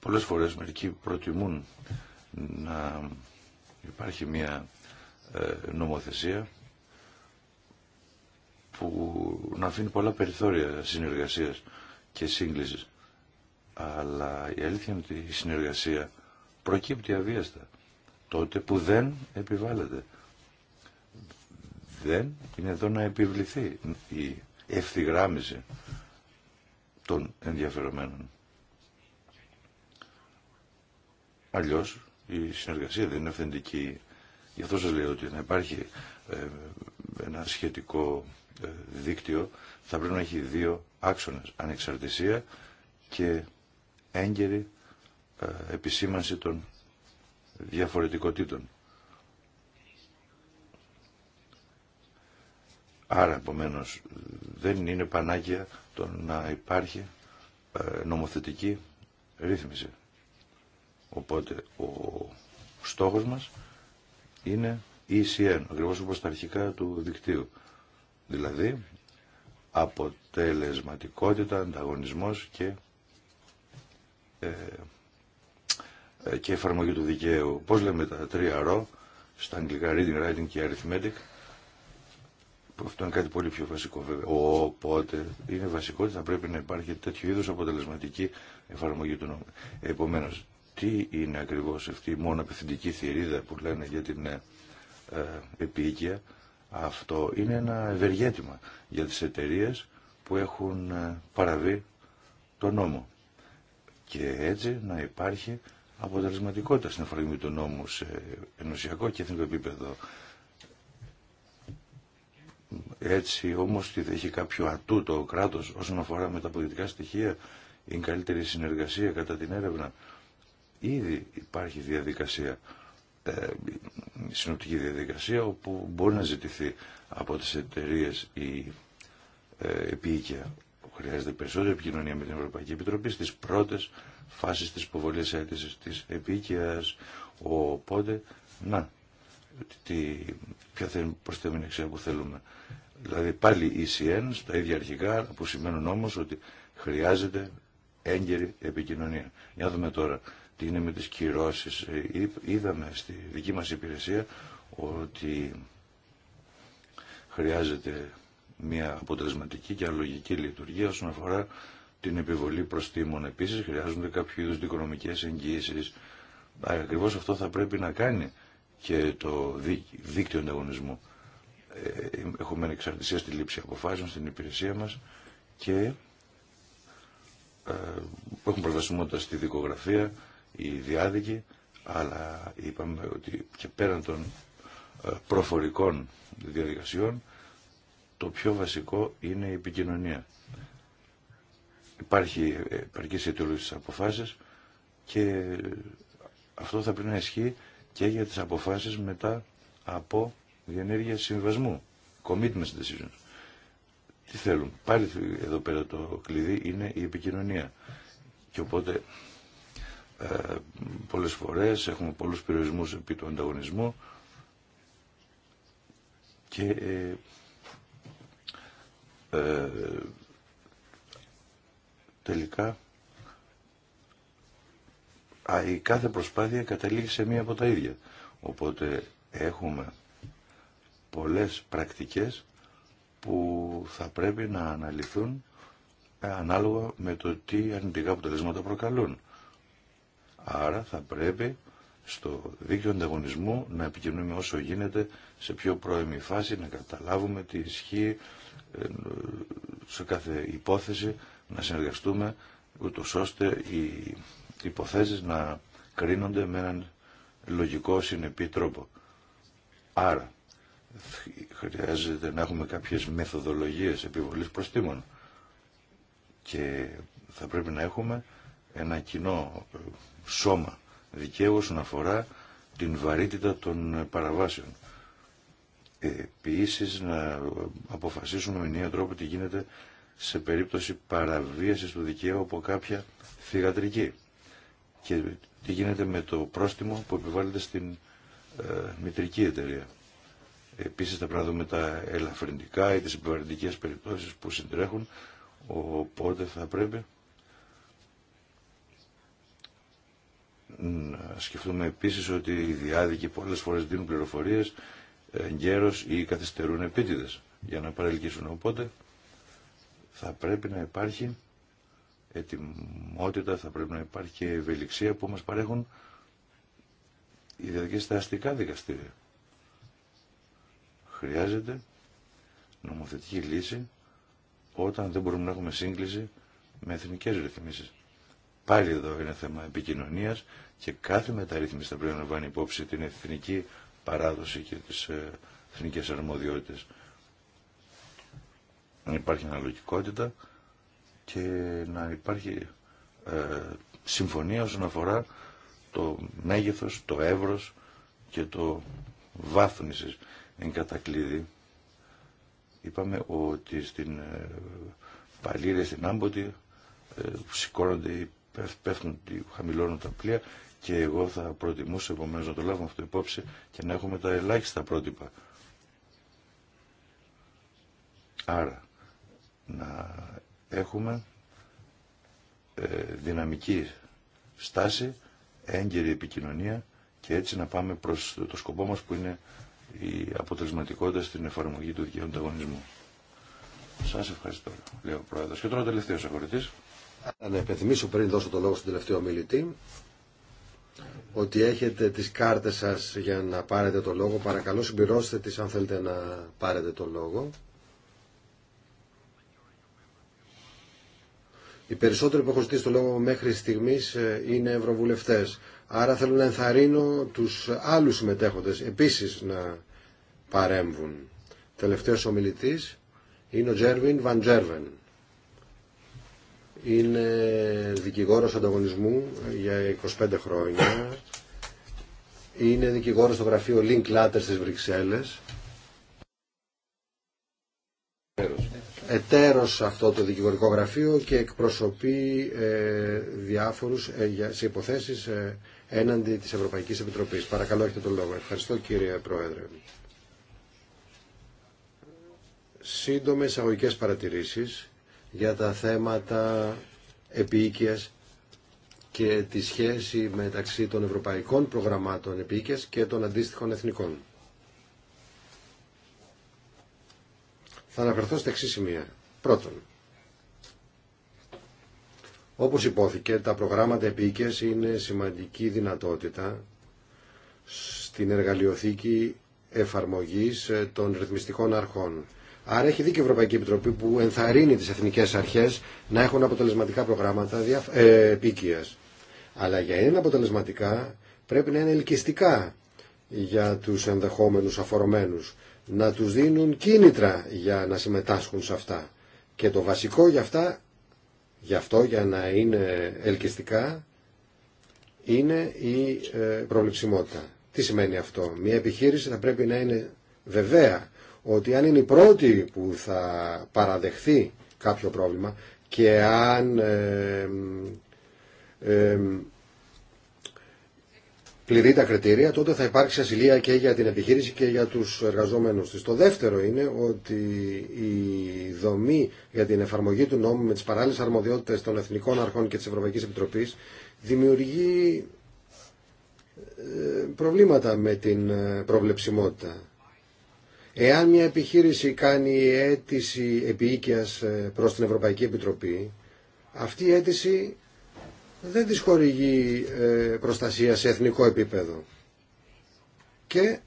Πολλές φορές μερικοί προτιμούν να υπάρχει μια ε, νομοθεσία που να αφήνει πολλά περιθώρια συνεργασίας και σύγκλησης. Αλλά η αλήθεια είναι ότι η συνεργασία προκύπτει αβίαστα τότε που δεν επιβάλλεται. Δεν είναι εδώ να επιβληθεί η ευθυγράμμιση των ενδιαφερομένων. Αλλιώ η συνεργασία δεν είναι αυθεντική. Γι' αυτό σας λέω ότι να υπάρχει ε, ένα σχετικό ε, δίκτυο θα πρέπει να έχει δύο άξονες. Ανεξαρτησία και έγκαιρη ε, επισήμανση των διαφορετικότητων. Άρα, επομένω, δεν είναι πανάγια το να υπάρχει νομοθετική ρύθμιση. Οπότε ο στόχος μας είναι ECN, ακριβώς όπως τα αρχικά του δικτύου. Δηλαδή αποτελεσματικότητα, ανταγωνισμός και, ε, ε, και εφαρμογή του δικαίου. Πώς λέμε τα τρία ρο, στα αγγλικά reading, writing και arithmetic, αυτό είναι κάτι πολύ πιο βασικό βέβαια. Οπότε είναι βασικό ότι θα πρέπει να υπάρχει τέτοιου είδους αποτελεσματική εφαρμογή του νόμου. Επομένως, τι είναι ακριβώς αυτή η μόνο επιθυντική θηρίδα που λένε για την ε, ε, επίοικια. Αυτό είναι ένα ευεργέτημα για τις εταιρείε που έχουν ε, παραβεί τον νόμο. Και έτσι να υπάρχει αποτελεσματικότητα στην εφαρμογή του νόμου σε ενωσιακό και εθνικό επίπεδο. Έτσι όμως έχει κάποιο ατούτο το κράτος όσον αφορά με τα πολιτικά στοιχεία, είναι καλύτερη συνεργασία κατά την έρευνα Ήδη υπάρχει διαδικασία, ε, συνοπτική διαδικασία, όπου μπορεί να ζητηθεί από τις εταιρείε η ε, επίοικια. Χρειάζεται περισσότερη επικοινωνία με την Ευρωπαϊκή Επιτροπή στις πρώτες φάσεις της υποβολής αίτησης της επίοικιας. Οπότε, να, τι, ποια θα είναι που θέλουμε. Δηλαδή πάλι ECN στα ίδια αρχικά που σημαίνουν όμως ότι χρειάζεται έγκαιρη επικοινωνία. Για να δούμε τώρα τι είναι με τις κυρώσεις. Ε, είδαμε στη δική μας υπηρεσία ότι χρειάζεται μια αποτελεσματική και αλογική λειτουργία όσον αφορά την επιβολή προστήμων. Επίσης χρειάζονται κάποιο είδους δικονομικές εγγύησεις. Ακριβώς αυτό θα πρέπει να κάνει και το δίκτυο ανταγωνισμού. Ε, έχουμε ανεξαρτησία στη λήψη αποφάσεων στην υπηρεσία μας και ε, έχουν προσβασιμότητα στη δικογραφία η διάδικοι, αλλά είπαμε ότι και πέραν των ε, προφορικών διαδικασιών, το πιο βασικό είναι η επικοινωνία. Υπάρχει επαρκής αιτιολόγηση στις αποφάσεις και αυτό θα πρέπει να ισχύει και για τις αποφάσεις μετά από διενέργεια συμβασμού, commitment decisions. Τι θέλουν. Πάλι εδώ πέρα το κλειδί είναι η επικοινωνία. Και οπότε πολλές φορές, έχουμε πολλούς περιορισμούς επί του ανταγωνισμού και ε, ε, τελικά η κάθε προσπάθεια καταλήγει σε μία από τα ίδια. Οπότε έχουμε πολλές πρακτικές που θα πρέπει να αναλυθούν ε, ανάλογα με το τι αρνητικά αποτελέσματα προκαλούν. Άρα θα πρέπει στο δίκαιο ανταγωνισμού να επικοινωνούμε όσο γίνεται σε πιο πρώιμη φάση, να καταλάβουμε τι ισχύει ε, σε κάθε υπόθεση, να συνεργαστούμε ούτω ώστε οι υποθέσεις να κρίνονται με έναν λογικό συνεπή τρόπο. Άρα χρειάζεται να έχουμε κάποιες μεθοδολογίες επιβολής προστήμων και θα πρέπει να έχουμε ένα κοινό ε, σώμα δικαίου όσον αφορά την βαρύτητα των ε, παραβάσεων. Επίση να αποφασίσουμε με νέο τρόπο τι γίνεται σε περίπτωση παραβίασης του δικαίου από κάποια θηγατρική και τι γίνεται με το πρόστιμο που επιβάλλεται στην ε, μητρική εταιρεία. Επίσης θα πρέπει να δούμε τα ελαφρυντικά ή τις επιβαρυντικές περιπτώσεις που συντρέχουν, οπότε θα πρέπει Να σκεφτούμε επίσης ότι οι διάδικοι πολλές φορές δίνουν πληροφορίες ε, γέρος ή καθυστερούν επίτηδες για να παρελκύσουν. Οπότε θα πρέπει να υπάρχει ετοιμότητα, θα πρέπει να υπάρχει και ευελιξία που μας παρέχουν οι διαδικές στα αστικά δικαστήρια. Χρειάζεται νομοθετική λύση όταν δεν μπορούμε να έχουμε σύγκληση με εθνικές ρυθμίσεις. Πάλι εδώ είναι θέμα επικοινωνίας και κάθε μεταρρύθμιση θα πρέπει να λαμβάνει υπόψη την εθνική παράδοση και τις ε, εθνικές αρμοδιότητες. Να υπάρχει αναλογικότητα και να υπάρχει ε, συμφωνία όσον αφορά το μέγεθος, το εύρος και το βάθμισης εν κατακλείδη. Είπαμε ότι στην ε, Παλήρια, στην Άμποτη ε, σηκώνονται οι πέφτουν, χαμηλώνουν τα πλοία και εγώ θα προτιμούσα επομένω να το λάβουμε αυτό υπόψη και να έχουμε τα ελάχιστα πρότυπα. Άρα, να έχουμε ε, δυναμική στάση, έγκαιρη επικοινωνία και έτσι να πάμε προς το σκοπό μας που είναι η αποτελεσματικότητα στην εφαρμογή του δικαίου ανταγωνισμού. Σας ευχαριστώ, λέει ο Πρόεδρος. Και τώρα ο τελευταίος να επιθυμίσω πριν δώσω το λόγο στον τελευταίο μιλητή ότι έχετε τις κάρτες σας για να πάρετε το λόγο. Παρακαλώ συμπληρώστε τις αν θέλετε να πάρετε το λόγο. Οι περισσότεροι που έχουν ζητήσει το λόγο μέχρι στιγμής ε, είναι ευρωβουλευτές. Άρα θέλω να ενθαρρύνω τους άλλους συμμετέχοντες επίσης να παρέμβουν. Τελευταίος ομιλητής είναι ο Τζέρβιν Βαν είναι δικηγόρος ανταγωνισμού για 25 χρόνια. Είναι δικηγόρος στο γραφείο Link Latter στις Βρυξέλλες. ετέρος αυτό το δικηγορικό γραφείο και εκπροσωπεί ε, διάφορους ε, σε υποθέσεις ε, έναντι της Ευρωπαϊκής Επιτροπής. Παρακαλώ έχετε τον λόγο. Ευχαριστώ κύριε Πρόεδρε. Σύντομες αγωγικές παρατηρήσεις για τα θέματα επίοικειας και τη σχέση μεταξύ των ευρωπαϊκών προγραμμάτων επίοικειας και των αντίστοιχων εθνικών. Θα αναφερθώ στα εξή σημεία. Πρώτον, όπως υπόθηκε, τα προγράμματα επίοικειας είναι σημαντική δυνατότητα στην εργαλειοθήκη εφαρμογής των ρυθμιστικών αρχών Άρα έχει δίκιο η Ευρωπαϊκή Επιτροπή που ενθαρρύνει τις εθνικές αρχές να έχουν αποτελεσματικά προγράμματα ε, Αλλά για να είναι αποτελεσματικά πρέπει να είναι ελκυστικά για τους ενδεχόμενους αφορομένους. Να τους δίνουν κίνητρα για να συμμετάσχουν σε αυτά. Και το βασικό για αυτά, γι' αυτό για να είναι ελκυστικά, είναι η ε, προβληψιμότητα. Τι σημαίνει αυτό. Μια επιχείρηση θα πρέπει να είναι βεβαία ότι αν είναι η πρώτη που θα παραδεχθεί κάποιο πρόβλημα και αν πληρεί τα κριτήρια, τότε θα υπάρξει ασυλία και για την επιχείρηση και για τους εργαζόμενους της. Το δεύτερο είναι ότι η δομή για την εφαρμογή του νόμου με τις παράλληλες αρμοδιότητες των Εθνικών Αρχών και της Ευρωπαϊκής Επιτροπής δημιουργεί ε, προβλήματα με την ε, προβλεψιμότητα. Εάν μια επιχείρηση κάνει αίτηση επίοικιας ε, προς την Ευρωπαϊκή Επιτροπή, αυτή η αίτηση δεν της χορηγεί ε, προστασία σε εθνικό επίπεδο. Και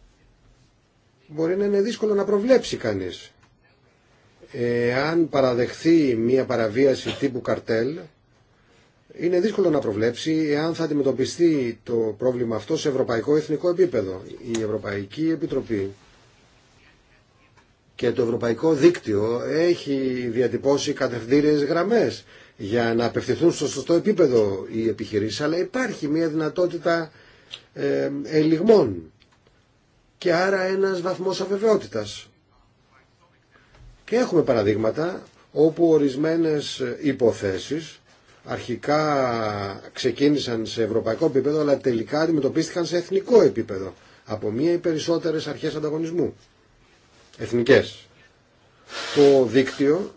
μπορεί να είναι δύσκολο να προβλέψει κανείς. Εάν παραδεχθεί μια παραβίαση τύπου καρτέλ, είναι δύσκολο να προβλέψει εάν θα αντιμετωπιστεί το πρόβλημα αυτό σε ευρωπαϊκό εθνικό επίπεδο. Η Ευρωπαϊκή Επιτροπή και το Ευρωπαϊκό Δίκτυο έχει διατυπώσει κατευθύνες γραμμές για να απευθυνθούν στο σωστό επίπεδο οι επιχειρήσεις, αλλά υπάρχει μια δυνατότητα ε, ελιγμών και άρα ένας βαθμός αβεβαιότητας. Και έχουμε παραδείγματα όπου ορισμένες υποθέσεις αρχικά ξεκίνησαν σε ευρωπαϊκό επίπεδο αλλά τελικά αντιμετωπίστηκαν σε εθνικό επίπεδο από μία ή περισσότερες αρχές ανταγωνισμού εθνικές. Το δίκτυο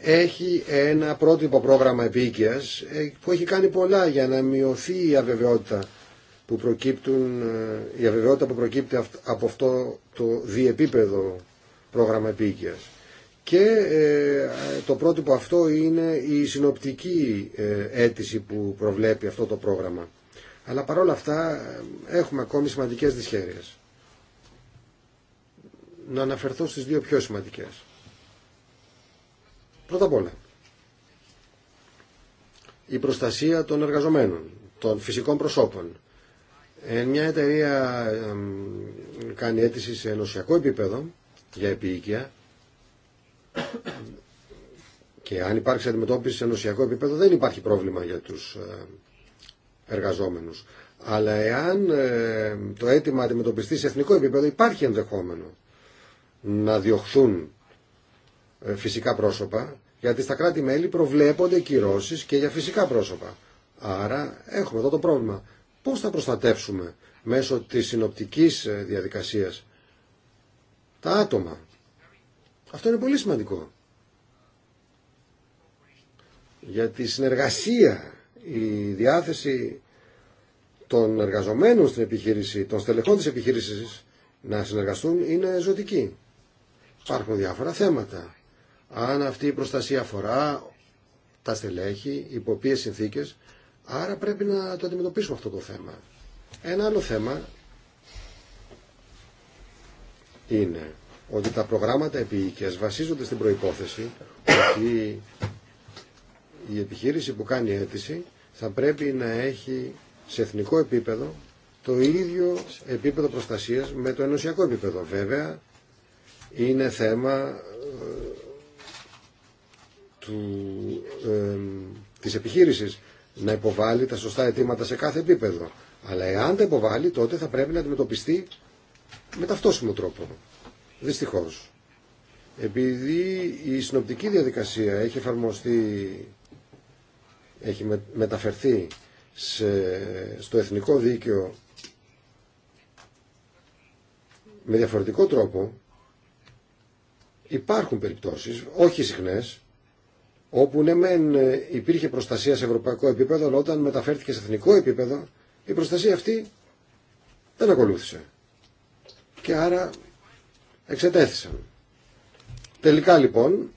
έχει ένα πρότυπο πρόγραμμα επίοικειας ε, που έχει κάνει πολλά για να μειωθεί η αβεβαιότητα που, προκύπτουν, ε, η αβεβαιότητα που προκύπτει από αυτό το διεπίπεδο πρόγραμμα επίοικειας. Και ε, το πρότυπο αυτό είναι η συνοπτική αίτηση που προβλέπει αυτό το πρόγραμμα. Αλλά παρόλα αυτά έχουμε ακόμη σημαντικές δυσχέρειες να αναφερθώ στις δύο πιο σημαντικές. Πρώτα απ' όλα, η προστασία των εργαζομένων, των φυσικών προσώπων. Εν μια εταιρεία κάνει αίτηση σε ενωσιακό επίπεδο για επίοικια και αν υπάρξει αντιμετώπιση σε ενωσιακό επίπεδο δεν υπάρχει πρόβλημα για τους ε, εργαζόμενους. Αλλά εάν ε, το αίτημα αντιμετωπιστεί σε εθνικό επίπεδο υπάρχει ενδεχόμενο να διωχθούν ε, φυσικά πρόσωπα, γιατί στα κράτη-μέλη προβλέπονται κυρώσει και για φυσικά πρόσωπα. Άρα έχουμε εδώ το πρόβλημα. Πώς θα προστατεύσουμε μέσω της συνοπτικής ε, διαδικασίας τα άτομα. Αυτό είναι πολύ σημαντικό. γιατί η συνεργασία, η διάθεση των εργαζομένων στην επιχείρηση, των στελεχών της επιχείρησης να συνεργαστούν είναι ζωτική. Υπάρχουν διάφορα θέματα. Αν αυτή η προστασία αφορά τα στελέχη, υπό ποιε συνθήκε, άρα πρέπει να το αντιμετωπίσουμε αυτό το θέμα. Ένα άλλο θέμα είναι ότι τα προγράμματα επίοικες βασίζονται στην προϋπόθεση ότι η επιχείρηση που κάνει αίτηση θα πρέπει να έχει σε εθνικό επίπεδο το ίδιο επίπεδο προστασίας με το ενωσιακό επίπεδο. Βέβαια, είναι θέμα ε, του, ε, της επιχείρησης να υποβάλει τα σωστά αιτήματα σε κάθε επίπεδο. Αλλά εάν τα υποβάλει τότε θα πρέπει να αντιμετωπιστεί με ταυτόσιμο τρόπο. Δυστυχώς. Επειδή η συνοπτική διαδικασία έχει εφαρμοστεί, έχει μεταφερθεί στο εθνικό δίκαιο με διαφορετικό τρόπο, Υπάρχουν περιπτώσεις, όχι συχνές, όπου ναι μεν ε, υπήρχε προστασία σε ευρωπαϊκό επίπεδο, αλλά όταν μεταφέρθηκε σε εθνικό επίπεδο, η προστασία αυτή δεν ακολούθησε. Και άρα εξετέθησαν. Τελικά λοιπόν,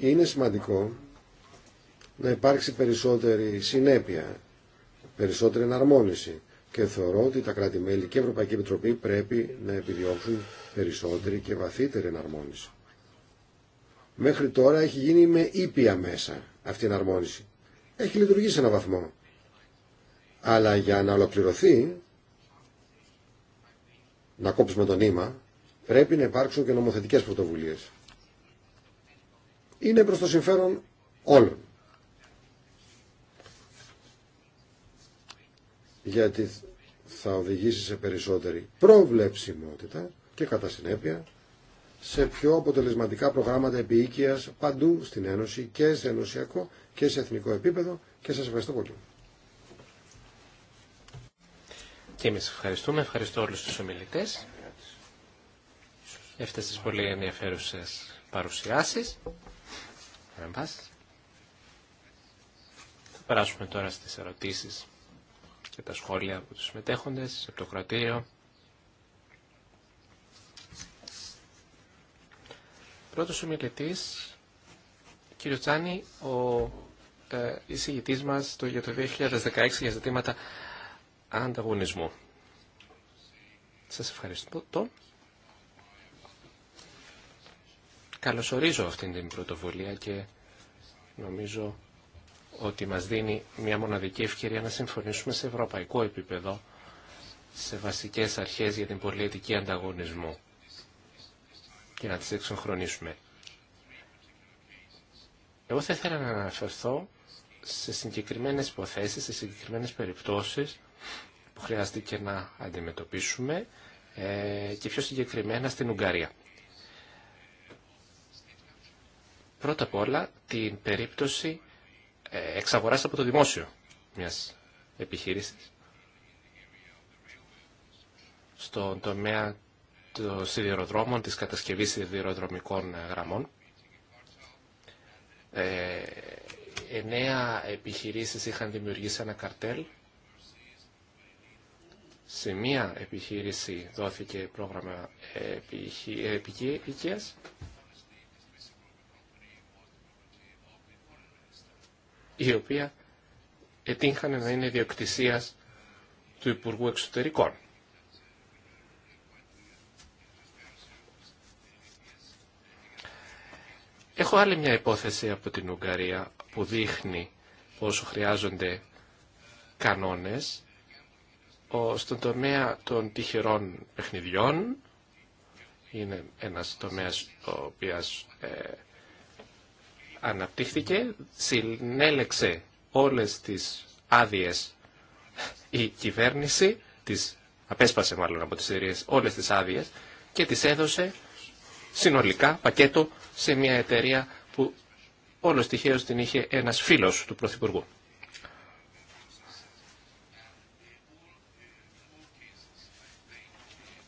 είναι σημαντικό να υπάρξει περισσότερη συνέπεια, περισσότερη εναρμόνιση και θεωρώ ότι τα κράτη-μέλη και η Ευρωπαϊκή Επιτροπή πρέπει να επιδιώξουν περισσότερη και βαθύτερη εναρμόνιση. Μέχρι τώρα έχει γίνει με ήπια μέσα αυτή η εναρμόνιση. Έχει λειτουργήσει σε έναν βαθμό. Αλλά για να ολοκληρωθεί, να κόψουμε το νήμα, πρέπει να υπάρξουν και νομοθετικές πρωτοβουλίες. Είναι προς το συμφέρον όλων. Γιατί θα οδηγήσει σε περισσότερη προβλεψιμότητα και κατά συνέπεια σε πιο αποτελεσματικά προγράμματα επίοικεια παντού στην Ένωση και σε ενωσιακό και σε εθνικό επίπεδο και σας ευχαριστώ πολύ. Και εμείς ευχαριστούμε. Ευχαριστώ όλους τους ομιλητές. Έφτασε τι πολύ ενδιαφέρουσες παρουσιάσεις. Θα περάσουμε τώρα στις ερωτήσεις και τα σχόλια από τους συμμετέχοντες από το κρατήριο. Πρώτος ομιλητής, κύριο Τσάνη, ο ε, εισηγητής μας το, για το 2016 για ζητήματα ανταγωνισμού. Σας ευχαριστώ. Καλωσορίζω αυτήν την πρωτοβουλία και νομίζω ότι μας δίνει μια μοναδική ευκαιρία να συμφωνήσουμε σε ευρωπαϊκό επίπεδο σε βασικές αρχές για την πολιτική ανταγωνισμού και να τις εξοχρονίσουμε. Εγώ θα ήθελα να αναφερθώ σε συγκεκριμένες υποθέσεις, σε συγκεκριμένες περιπτώσεις που χρειάζεται και να αντιμετωπίσουμε ε, και πιο συγκεκριμένα στην Ουγγαρία. Πρώτα απ' όλα την περίπτωση ε, εξαγοράς από το δημόσιο μιας επιχείρησης στον τομέα των σιδηροδρόμων, της κατασκευής σιδηροδρομικών γραμμών. Ε, εννέα επιχειρήσεις είχαν δημιουργήσει ένα καρτέλ. Σε μία επιχείρηση δόθηκε πρόγραμμα επικίας. η οποία ετύχανε να είναι διοκτησίας του Υπουργού Εξωτερικών. Έχω άλλη μια υπόθεση από την Ουγγαρία που δείχνει πόσο χρειάζονται κανόνες ο, στον τομέα των τυχερών παιχνιδιών είναι ένας τομέας ο οποίος ε, αναπτύχθηκε, συνέλεξε όλες τις άδειες η κυβέρνηση, τις απέσπασε μάλλον από τις εταιρείε όλες τις άδειες και τις έδωσε συνολικά πακέτο σε μια εταιρεία που όλος τυχαίω την είχε ένας φίλος του Πρωθυπουργού.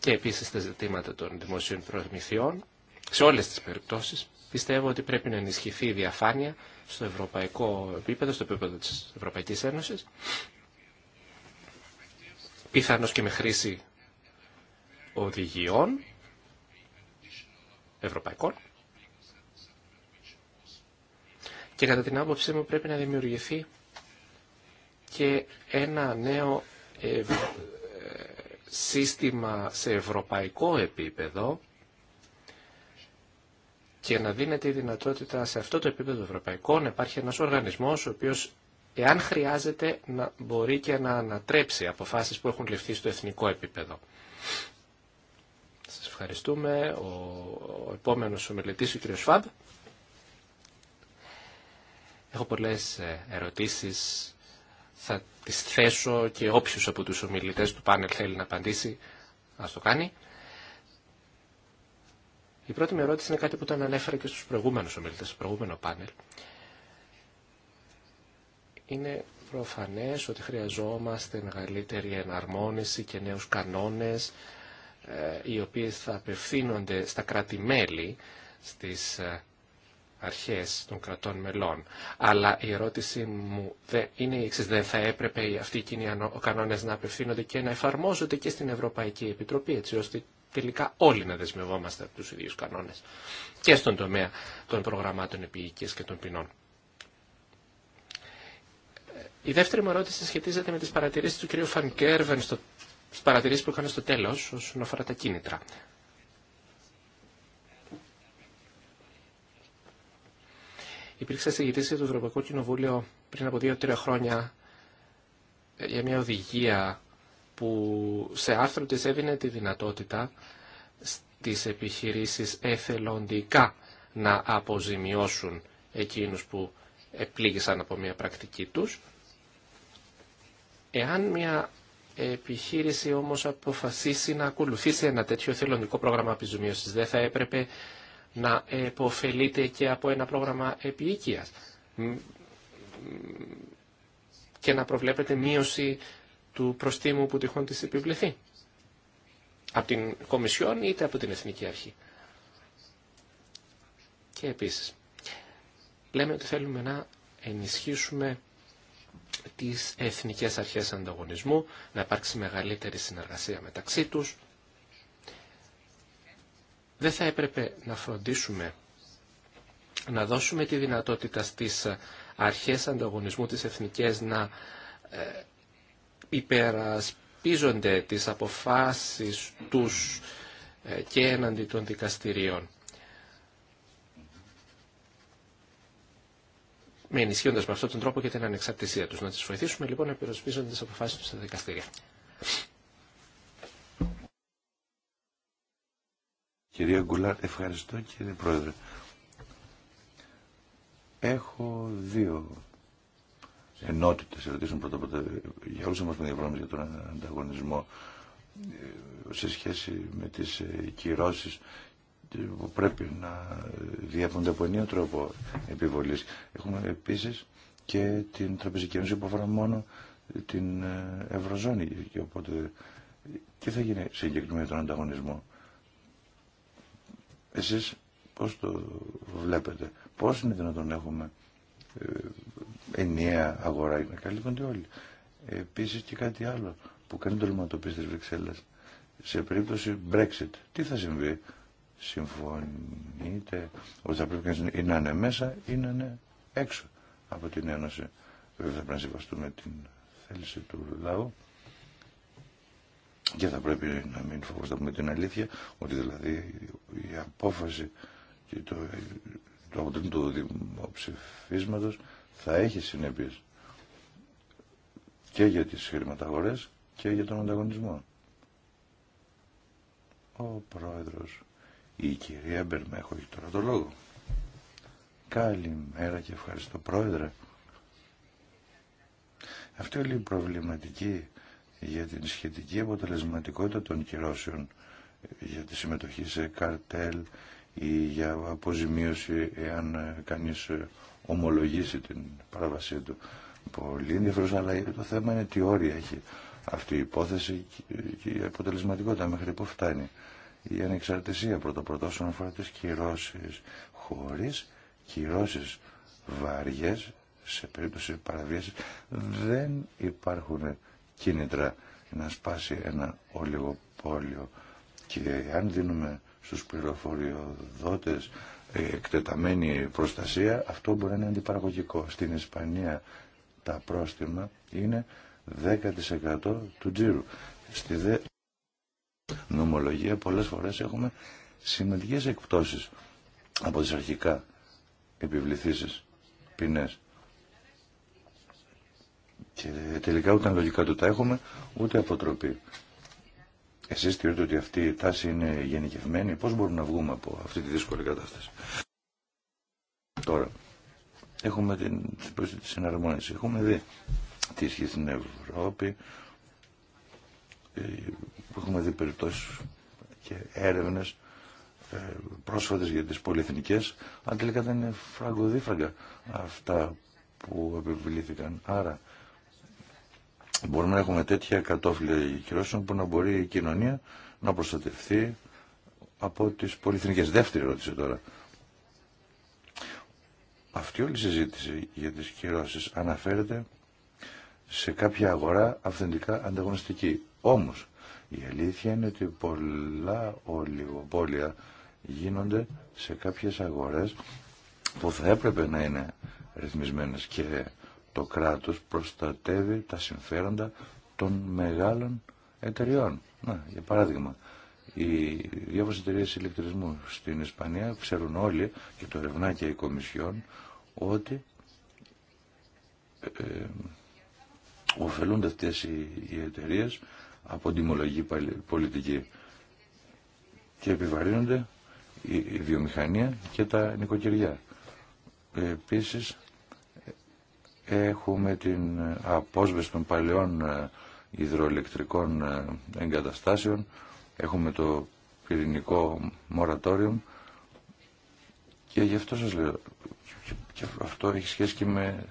Και επίσης τα ζητήματα των δημοσίων προμηθειών. Σε όλες τις περιπτώσεις πιστεύω ότι πρέπει να ενισχυθεί η διαφάνεια στο ευρωπαϊκό επίπεδο, στο επίπεδο της Ευρωπαϊκής Ένωσης. Πιθανώς και με χρήση οδηγιών ευρωπαϊκών. Και κατά την άποψή μου πρέπει να δημιουργηθεί και ένα νέο ε, ε, σύστημα σε ευρωπαϊκό επίπεδο και να δίνεται η δυνατότητα σε αυτό το επίπεδο ευρωπαϊκό να υπάρχει ένας οργανισμός ο οποίος εάν χρειάζεται να μπορεί και να ανατρέψει αποφάσεις που έχουν ληφθεί στο εθνικό επίπεδο. Σας ευχαριστούμε. Ο επόμενος ομιλητής, ο κ. Σφάμπ. Έχω πολλές ε, ερωτήσεις. Θα τις θέσω και όποιος από τους ομιλητές του πάνελ θέλει να απαντήσει, ας το κάνει. Η πρώτη ερώτηση είναι κάτι που τον ανέφερα και στους προηγούμενους ομιλητές, στο προηγούμενο πάνελ. Είναι προφανές ότι χρειαζόμαστε μεγαλύτερη εναρμόνιση και νέους κανόνες ε, οι οποίες θα απευθύνονται στα κράτη-μέλη, στις ε, αρχές των κρατών μελών. Αλλά η ερώτησή μου είναι η εξής, δεν θα έπρεπε αυτοί οι κοινοί κανόνες να απευθύνονται και να εφαρμόζονται και στην Ευρωπαϊκή Επιτροπή, έτσι ώστε τελικά όλοι να δεσμευόμαστε από τους ίδιους κανόνες και στον τομέα των προγραμμάτων επίοικης και των ποινών. Ε, η δεύτερη μου ερώτηση σχετίζεται με τις παρατηρήσεις του κ. Κέρβεν στο στις παρατηρήσεις που είχαν στο τέλος όσον αφορά τα κίνητρα. Υπήρξε για του Ευρωπαϊκού Κοινοβούλιο πριν από δύο-τρία χρόνια ε, για μια οδηγία που σε άρθρο της έδινε τη δυνατότητα στις επιχειρήσεις εθελοντικά να αποζημιώσουν εκείνους που επλήγησαν από μια πρακτική τους. Εάν μια επιχείρηση όμως αποφασίσει να ακολουθήσει ένα τέτοιο θελοντικό πρόγραμμα επιζημίωσης. Δεν θα έπρεπε να υποφελείται και από ένα πρόγραμμα επιοίκειας και να προβλέπεται μείωση του προστίμου που τυχόν της επιβληθεί από την Κομισιόν είτε από την Εθνική Αρχή. Και επίσης, λέμε ότι θέλουμε να ενισχύσουμε τις εθνικές αρχές ανταγωνισμού, να υπάρξει μεγαλύτερη συνεργασία μεταξύ τους. Δεν θα έπρεπε να φροντίσουμε να δώσουμε τη δυνατότητα στις αρχές ανταγωνισμού της εθνικές να ε, υπερασπίζονται τις αποφάσεις τους ε, και εναντί των δικαστηρίων. με ενισχύοντα με αυτόν τον τρόπο και την ανεξαρτησία του. Να του βοηθήσουμε λοιπόν να πυροσβήσουν τι αποφάσει του στα δικαστήρια. Κυρία Γκουλάρ, ευχαριστώ κύριε Πρόεδρε. Έχω δύο ενότητε ερωτήσεων πρώτα απ' όλα για όλου εμά που ενδιαφέρονται για τον ανταγωνισμό ε, σε σχέση με τις ε, κυρώσεις που πρέπει να διέπονται από ενίο τρόπο επιβολής. Έχουμε επίσης και την Τραπεζική Ένωση που αφορά μόνο την ε, Ευρωζώνη και οπότε τι θα γίνει συγκεκριμένα τον ανταγωνισμό. Εσείς πώς το βλέπετε, πώς είναι δυνατόν να έχουμε ε, ενιαία αγορά για να καλύπτονται όλοι. Επίσης και κάτι άλλο που κάνει το λιματοπή Βρυξέλλας Σε περίπτωση Brexit, τι θα συμβεί, συμφωνείτε ότι θα πρέπει να είναι μέσα ή να είναι έξω από την Ένωση. Βέβαια θα πρέπει να συμβαστούμε την θέληση του λαού και θα πρέπει να μην φοβόμαστε την αλήθεια ότι δηλαδή η απόφαση και το, το αποτέλεσμα του δημοψηφίσματος θα έχει συνέπειες και για τις χρηματαγορές και για τον ανταγωνισμό. Ο πρόεδρος η κυρία Μπερμέχο έχει τώρα το λόγο. Καλημέρα και ευχαριστώ πρόεδρε. Αυτή όλη η προβληματική για την σχετική αποτελεσματικότητα των κυρώσεων για τη συμμετοχή σε καρτέλ ή για αποζημίωση εάν κανείς ομολογήσει την παράβασή του. Πολύ ενδιαφέρον, αλλά το θέμα είναι τι όρια έχει αυτή η υπόθεση και η αποτελεσματικότητα μέχρι που φτάνει η ανεξαρτησία πρώτα-πρώτα όσον αφορά τις κυρώσεις χωρίς κυρώσεις βαριές σε περίπτωση παραβίασης δεν υπάρχουν κίνητρα να σπάσει ένα ολιγοπόλιο και αν δίνουμε στους πληροφοριοδότες εκτεταμένη προστασία αυτό μπορεί να είναι αντιπαραγωγικό. Στην Ισπανία τα πρόστιμα είναι 10% του τζίρου. Στη νομολογία πολλές φορές έχουμε σημαντικές εκπτώσεις από τις αρχικά επιβληθήσεις ποινές. Και τελικά ούτε λογικά του τα έχουμε, ούτε αποτροπή. Εσείς θεωρείτε ότι αυτή η τάση είναι γενικευμένη. Πώς μπορούμε να βγούμε από αυτή τη δύσκολη κατάσταση. Τώρα, έχουμε την, την συναρμόνιση. Έχουμε δει τι ισχύει στην Ευρώπη έχουμε δει περιπτώσεις και έρευνες ε, πρόσφατες για τις πολυεθνικές, αν τελικά δεν είναι φραγκοδίφραγκα αυτά που επιβλήθηκαν. Άρα μπορούμε να έχουμε τέτοια κατόφυλλα κυρώσεων που να μπορεί η κοινωνία να προστατευθεί από τις πολυεθνικές. Δεύτερη ερώτηση τώρα. Αυτή όλη η συζήτηση για τις κυρώσεις αναφέρεται σε κάποια αγορά αυθεντικά ανταγωνιστική. Όμως, η αλήθεια είναι ότι πολλά ολιγοπόλια γίνονται σε κάποιες αγορές που θα έπρεπε να είναι ρυθμισμένες και το κράτος προστατεύει τα συμφέροντα των μεγάλων εταιριών. Να, για παράδειγμα, οι διάφορες εταιρείε ηλεκτρισμού στην Ισπανία ξέρουν όλοι και το ερευνά και οι κομισιόν ότι ε, ωφελούνται αυτές οι, οι εταιρείε από τιμολογική πολιτική και επιβαρύνονται η, βιομηχανία και τα νοικοκυριά. Επίσης έχουμε την απόσβεση των παλαιών ε, υδροελεκτρικών ε, εγκαταστάσεων, έχουμε το πυρηνικό μορατόριο και γι' αυτό σας λέω, και αυτό έχει σχέση και με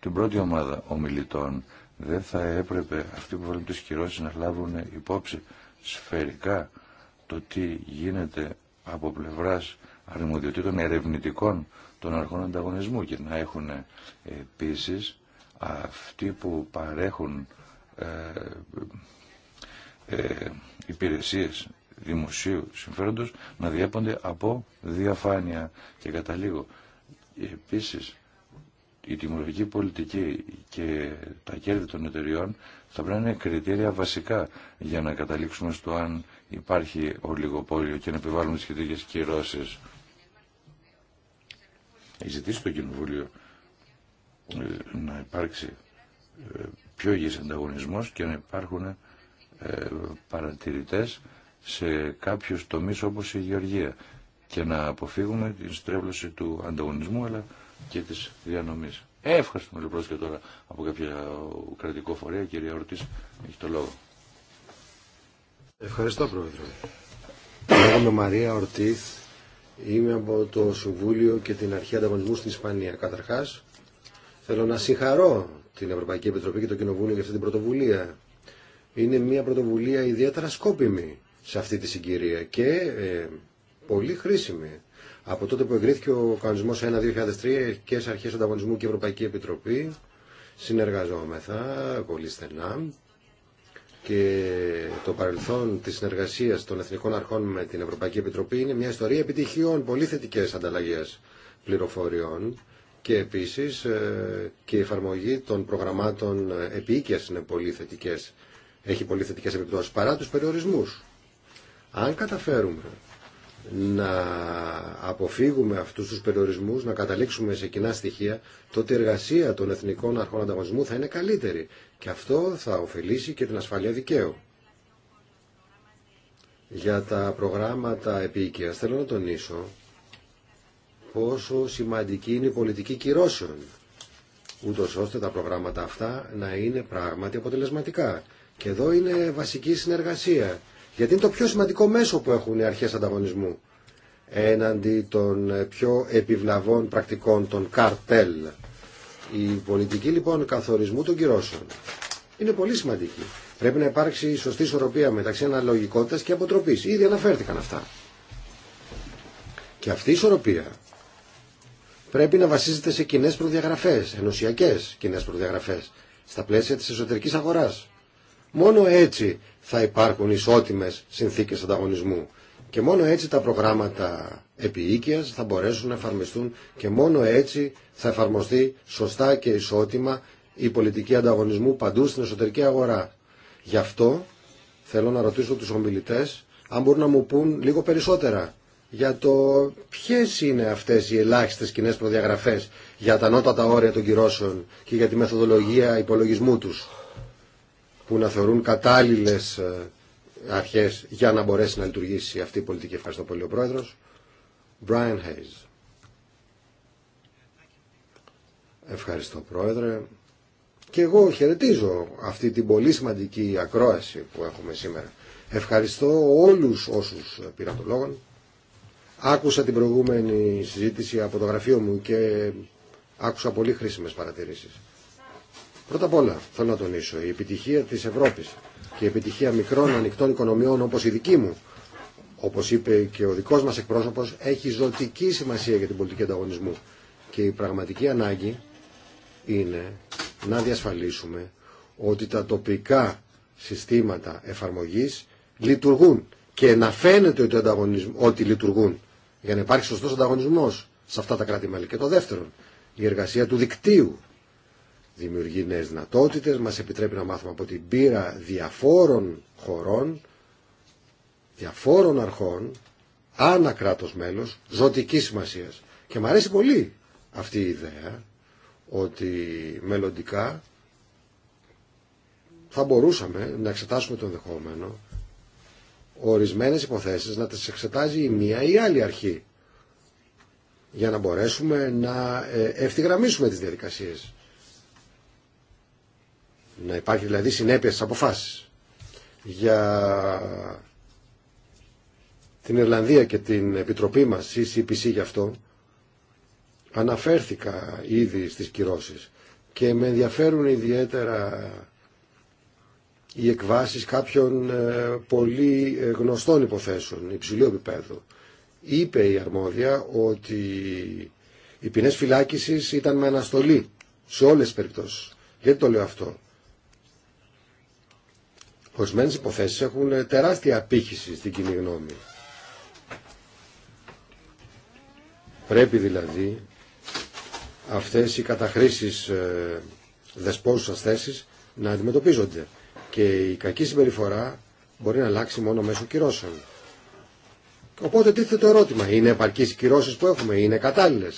την πρώτη ομάδα ομιλητών δεν θα έπρεπε αυτοί που βάλουν τις κυρώσεις να λάβουν υπόψη σφαιρικά το τι γίνεται από πλευράς αρμοδιοτήτων ερευνητικών των αρχών ανταγωνισμού και να έχουν ε, επίσης αυτοί που παρέχουν ε, ε, υπηρεσίες δημοσίου συμφέροντος να διέπονται από διαφάνεια και κατά λίγο. Επίσης, η τιμολογική πολιτική και τα κέρδη των εταιριών θα πρέπει να είναι κριτήρια βασικά για να καταλήξουμε στο αν υπάρχει ολιγοπόλιο και να επιβάλλουμε τις σχετικές κυρώσεις. η ζητήσει το Κοινοβούλιο ε, να υπάρξει ε, πιο υγιής ανταγωνισμός και να υπάρχουν ε, παρατηρητές σε κάποιους τομείς όπως η γεωργία και να αποφύγουμε την στρέβλωση του ανταγωνισμού αλλά και διανομή. διανομής. Ε, ευχαριστούμε λοιπόν και τώρα από κάποια κρατικό φορέα. Κυρία Ορτή, έχει το λόγο. Ευχαριστώ Πρόεδρε. Λέγομαι Μαρία ορτή, είμαι από το Συμβούλιο και την Αρχή Ανταγωνισμού στην Ισπανία. Καταρχάς, θέλω να συγχαρώ την Ευρωπαϊκή Επιτροπή και το Κοινοβούλιο για αυτή την πρωτοβουλία. Είναι μια πρωτοβουλία ιδιαίτερα σκόπιμη σε αυτή τη συγκυρία και ε, πολύ χρήσιμη. Από τότε που εγκρίθηκε ο κανονισμο 1 1-2003, σε αρχέ Ανταγωνισμού και Ευρωπαϊκή Επιτροπή συνεργαζόμεθα πολύ στενά και το παρελθόν τη συνεργασίας των Εθνικών Αρχών με την Ευρωπαϊκή Επιτροπή είναι μια ιστορία επιτυχιών, πολύ θετικέ ανταλλαγέ πληροφοριών και επίσης ε, και η εφαρμογή των προγραμμάτων επίοικια είναι πολύ θετικές, έχει πολύ θετικέ επιπτώσει παρά του περιορισμού. Αν καταφέρουμε να αποφύγουμε αυτούς τους περιορισμούς, να καταλήξουμε σε κοινά στοιχεία, τότε η εργασία των εθνικών αρχών ανταγωνισμού θα είναι καλύτερη. Και αυτό θα ωφελήσει και την ασφαλεία δικαίου. Για τα προγράμματα επίοικειας θέλω να τονίσω πόσο σημαντική είναι η πολιτική κυρώσεων, ούτω ώστε τα προγράμματα αυτά να είναι πράγματι αποτελεσματικά. Και εδώ είναι βασική συνεργασία γιατί είναι το πιο σημαντικό μέσο που έχουν οι αρχές ανταγωνισμού έναντι των πιο επιβλαβών πρακτικών, των καρτέλ. Η πολιτική λοιπόν καθορισμού των κυρώσεων είναι πολύ σημαντική. Πρέπει να υπάρξει σωστή ισορροπία μεταξύ αναλογικότητας και αποτροπής. Ήδη αναφέρθηκαν αυτά. Και αυτή η ισορροπία πρέπει να βασίζεται σε κοινέ προδιαγραφέ, ενωσιακέ κοινέ προδιαγραφέ, στα πλαίσια τη εσωτερική αγορά. Μόνο έτσι θα υπάρχουν ισότιμες συνθήκες ανταγωνισμού. Και μόνο έτσι τα προγράμματα επιοίκειας θα μπορέσουν να εφαρμοστούν και μόνο έτσι θα εφαρμοστεί σωστά και ισότιμα η πολιτική ανταγωνισμού παντού στην εσωτερική αγορά. Γι' αυτό θέλω να ρωτήσω τους ομιλητές αν μπορούν να μου πούν λίγο περισσότερα για το ποιες είναι αυτές οι ελάχιστες κοινέ προδιαγραφές για τα ανώτατα όρια των κυρώσεων και για τη μεθοδολογία υπολογισμού τους που να θεωρούν κατάλληλε ε, αρχές για να μπορέσει να λειτουργήσει αυτή η πολιτική. Ευχαριστώ πολύ ο πρόεδρο. Brian Hayes. Ευχαριστώ Πρόεδρε. Και εγώ χαιρετίζω αυτή την πολύ σημαντική ακρόαση που έχουμε σήμερα. Ευχαριστώ όλους όσους πήραν τον λόγο. Άκουσα την προηγούμενη συζήτηση από το γραφείο μου και άκουσα πολύ χρήσιμες παρατηρήσεις. Πρώτα απ' όλα θέλω να τονίσω η επιτυχία της Ευρώπης και η επιτυχία μικρών ανοιχτών οικονομιών όπως η δική μου, όπως είπε και ο δικός μας εκπρόσωπος, έχει ζωτική σημασία για την πολιτική ανταγωνισμού. Και η πραγματική ανάγκη είναι να διασφαλίσουμε ότι τα τοπικά συστήματα εφαρμογής λειτουργούν και να φαίνεται ότι, ότι λειτουργούν για να υπάρχει σωστός ανταγωνισμός σε αυτά τα κράτη-μέλη. Και το δεύτερο, η εργασία του δικτύου δημιουργεί νέες δυνατότητες, μας επιτρέπει να μάθουμε από την πύρα διαφόρων χωρών, διαφόρων αρχών, άνα κράτος μέλος, ζωτικής σημασίας. Και μου αρέσει πολύ αυτή η ιδέα ότι μελλοντικά θα μπορούσαμε να εξετάσουμε το ενδεχόμενο ορισμένες υποθέσεις να τις εξετάζει η μία ή η άλλη αρχή για να μπορέσουμε να ε, ευθυγραμμίσουμε τις διαδικασίες. Να υπάρχει δηλαδή συνέπεια στις αποφάσεις. Για την Ιρλανδία και την Επιτροπή μας, η γι' αυτό, αναφέρθηκα ήδη στις κυρώσεις και με ενδιαφέρουν ιδιαίτερα οι εκβάσεις κάποιων ε, πολύ ε, γνωστών υποθέσεων υψηλού επίπεδου. Είπε η αρμόδια ότι οι ποινές φυλάκισης ήταν με αναστολή σε όλες τις περιπτώσεις. Γιατί το λέω αυτό. Ορισμένε υποθέσεις έχουν ε, τεράστια απήχηση στην κοινή γνώμη. Πρέπει δηλαδή αυτές οι καταχρήσεις ε, δεσπόζουσας θέσεις, να αντιμετωπίζονται. Και η κακή συμπεριφορά μπορεί να αλλάξει μόνο μέσω κυρώσεων. Οπότε τίθεται το ερώτημα, είναι επαρκείς οι κυρώσει που έχουμε, είναι κατάλληλε,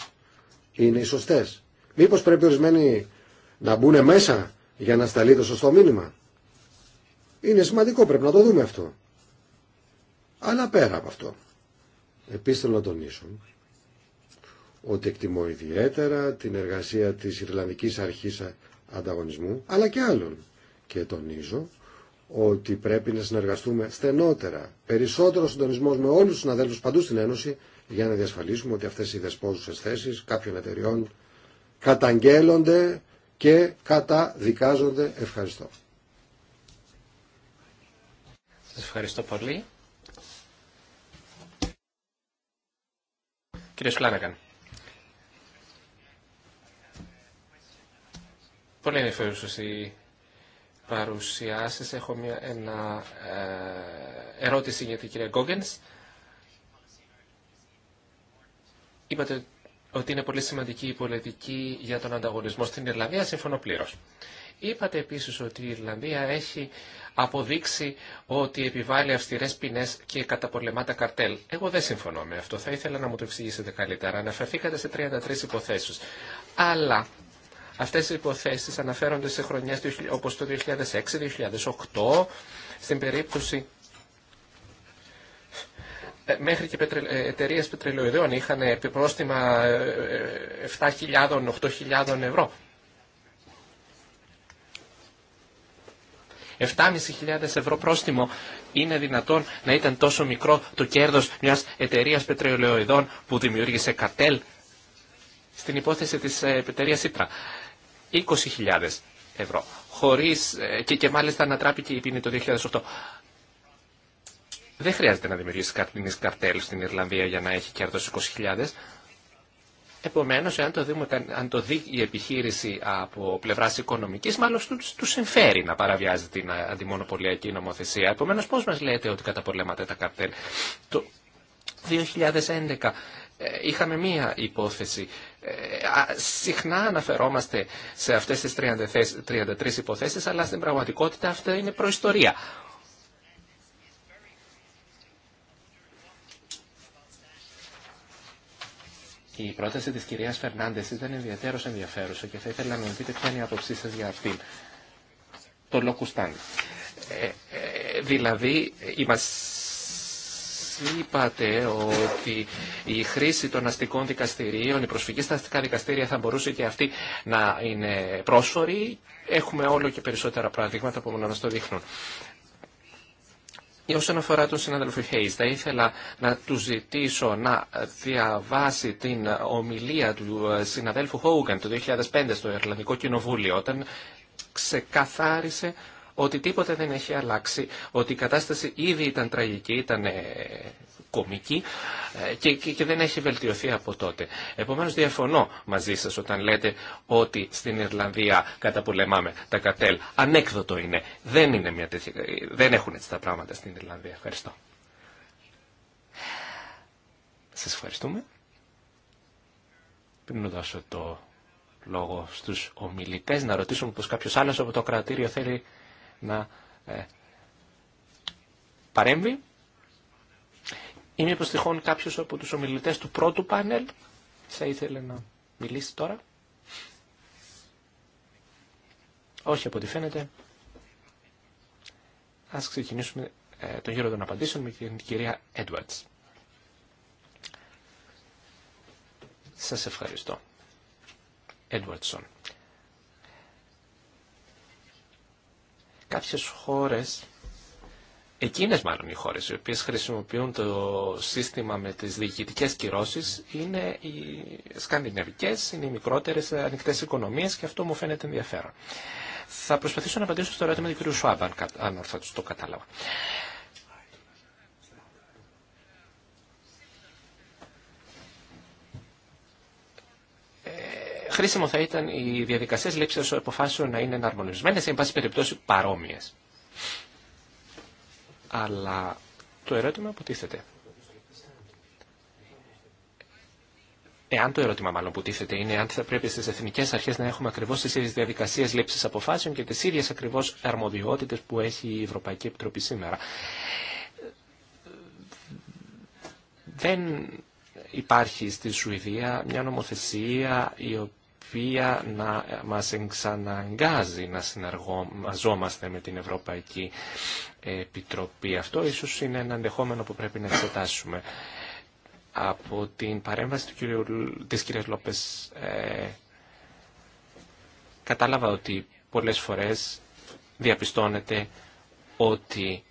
είναι οι σωστέ. Μήπω πρέπει ορισμένοι να μπουν μέσα για να σταλεί το σωστό μήνυμα. Είναι σημαντικό, πρέπει να το δούμε αυτό. Αλλά πέρα από αυτό, επίσης θέλω να τονίσω ότι εκτιμώ ιδιαίτερα την εργασία της Ιρλανδικής Αρχής Ανταγωνισμού, αλλά και άλλων. Και τονίζω ότι πρέπει να συνεργαστούμε στενότερα, περισσότερο συντονισμό με όλους τους συναδέλφους παντού στην Ένωση, για να διασφαλίσουμε ότι αυτές οι δεσπόζουσες θέσεις κάποιων εταιριών καταγγέλλονται και καταδικάζονται. Ευχαριστώ. Σας ευχαριστώ πολύ. Κύριε Σουλάνακαν. Πολύ ενδιαφέρουσε οι παρουσιάσεις. Έχω μια, ε, ερώτηση για την κυρία Γκόγκενς. Είπατε ότι είναι πολύ σημαντική η πολιτική για τον ανταγωνισμό στην Ιρλανδία. Συμφωνώ πλήρω. Είπατε επίσης ότι η Ιρλανδία έχει αποδείξει ότι επιβάλλει αυστηρές ποινές και καταπολεμά τα καρτέλ. Εγώ δεν συμφωνώ με αυτό. Θα ήθελα να μου το εξηγήσετε καλύτερα. Αναφερθήκατε σε 33 υποθέσεις. Αλλά αυτές οι υποθέσεις αναφέρονται σε χρονιές όπως το 2006-2008, στην περίπτωση ε, μέχρι και ε, εταιρείε πετρελαιοειδών είχαν επιπρόστιμα 7.000-8.000 ε, ευρώ. 7.500 ευρώ πρόστιμο είναι δυνατόν να ήταν τόσο μικρό το κέρδος μιας εταιρείας πετρελαιοειδών που δημιούργησε καρτέλ στην υπόθεση της ε, εταιρείας Ήτρα. 20.000 ευρώ. Χωρίς, ε, και, και μάλιστα ανατράπηκε η ποινή το 2008. Δεν χρειάζεται να δημιουργήσει κανεί καρτέλ στην Ιρλανδία για να έχει κέρδο 20.000. Επομένως, αν το, δει η επιχείρηση από πλευράς οικονομικής, μάλλον του συμφέρει να παραβιάζει την αντιμονοπολιακή νομοθεσία. Επομένως, πώς μας λέτε ότι καταπολέματε τα καρτέλ. Το 2011 ε, είχαμε μία υπόθεση. Ε, συχνά αναφερόμαστε σε αυτές τις 33 υποθέσεις, αλλά στην πραγματικότητα αυτά είναι προϊστορία. Η πρόταση της κυρίας Φερνάντες ήταν ιδιαίτερο ενδιαφέρουσα και θα ήθελα να μου πείτε ποια είναι η άποψή σας για αυτήν. Το λοκουστάν. Ε, ε δηλαδή, μα είπατε ότι η χρήση των αστικών δικαστηρίων, η προσφυγή στα αστικά δικαστήρια θα μπορούσε και αυτή να είναι πρόσφορη. Έχουμε όλο και περισσότερα παραδείγματα που να μας το δείχνουν. Ε, όσον αφορά τον συνάδελφο Χέις, θα ήθελα να του ζητήσω να διαβάσει την ομιλία του ε, συναδέλφου Χόγκαν το 2005 στο Ιρλανδικό Κοινοβούλιο, όταν ξεκαθάρισε ότι τίποτα δεν έχει αλλάξει, ότι η κατάσταση ήδη ήταν τραγική, ήταν κομική ε, και, δεν έχει βελτιωθεί από τότε. Επομένως διαφωνώ μαζί σας όταν λέτε ότι στην Ιρλανδία καταπολεμάμε τα κατέλ. Ανέκδοτο είναι. Δεν, είναι μια τέτοια, δεν έχουν έτσι τα πράγματα στην Ιρλανδία. Ευχαριστώ. Σας ευχαριστούμε. Πριν δώσω το λόγο στους ομιλητές να ρωτήσουν πως κάποιος άλλος από το κρατήριο θέλει να ε, παρέμβει. Είμαι μήπως τυχόν κάποιος από τους ομιλητές του πρώτου πάνελ θα ήθελε να μιλήσει τώρα. Όχι από ό,τι φαίνεται. Ας ξεκινήσουμε ε, τον γύρο των απαντήσεων με την κυρία Έντουαρτς. Σας ευχαριστώ. Έντουαρτσον. Κάποιες χώρες Εκείνε μάλλον οι χώρε οι οποίε χρησιμοποιούν το σύστημα με τις διοικητικέ κυρώσει είναι οι σκανδιναβικές, είναι οι μικρότερες ανοιχτέ οικονομίες και αυτό μου φαίνεται ενδιαφέρον. Θα προσπαθήσω να απαντήσω στο ερώτημα του κ. Σουάμπ, αν ορθά το κατάλαβα. Ε, χρήσιμο θα ήταν οι διαδικασίε λήψη αποφάσεων να είναι εναρμονισμένε ή, εν πάση περιπτώσει, παρόμοιε. Αλλά το ερώτημα που τίθεται. Εάν το ερώτημα μάλλον που είναι αν θα πρέπει στις εθνικές αρχές να έχουμε ακριβώς τις ίδιες διαδικασίες λήψης αποφάσεων και τις ίδιες ακριβώς αρμοδιότητες που έχει η Ευρωπαϊκή Επιτροπή σήμερα. Δεν υπάρχει στη Σουηδία μια νομοθεσία η οποία οποία να μας εξαναγκάζει να συνεργαζόμαστε με την Ευρωπαϊκή Επιτροπή. Αυτό ίσως είναι ένα ενδεχόμενο που πρέπει να εξετάσουμε. Από την παρέμβαση του κυρίου, της κυρίας Λόπες ε, κατάλαβα ότι πολλές φορές διαπιστώνεται ότι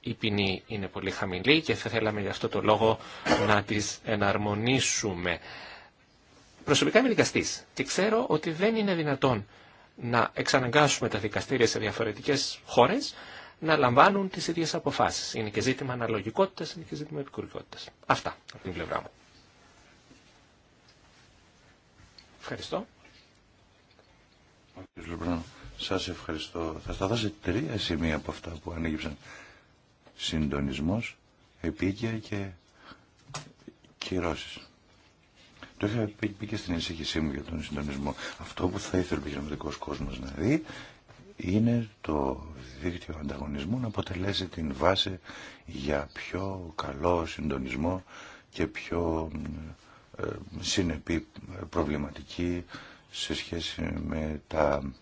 η ποινή είναι πολύ χαμηλή και θα θέλαμε γι' αυτό το λόγο να τις εναρμονίσουμε. Προσωπικά είμαι δικαστή και ξέρω ότι δεν είναι δυνατόν να εξαναγκάσουμε τα δικαστήρια σε διαφορετικέ χώρε να λαμβάνουν τι ίδιε αποφάσει. Είναι και ζήτημα αναλογικότητα, είναι και ζήτημα επικουρικότητα. Αυτά από την πλευρά μου. Ευχαριστώ. Κύριε σα ευχαριστώ. Θα σταθώ σε τρία σημεία από αυτά που ανέγυψαν. Συντονισμό, επίκαια και κυρώσει. Το είχα πει και στην ενσύχησή μου για τον συντονισμό. Αυτό που θα ήθελε ο επιχειρηματικό κόσμο να δει είναι το δίκτυο ανταγωνισμού να αποτελέσει την βάση για πιο καλό συντονισμό και πιο ε, συνεπή ε, προβληματική σε σχέση με τα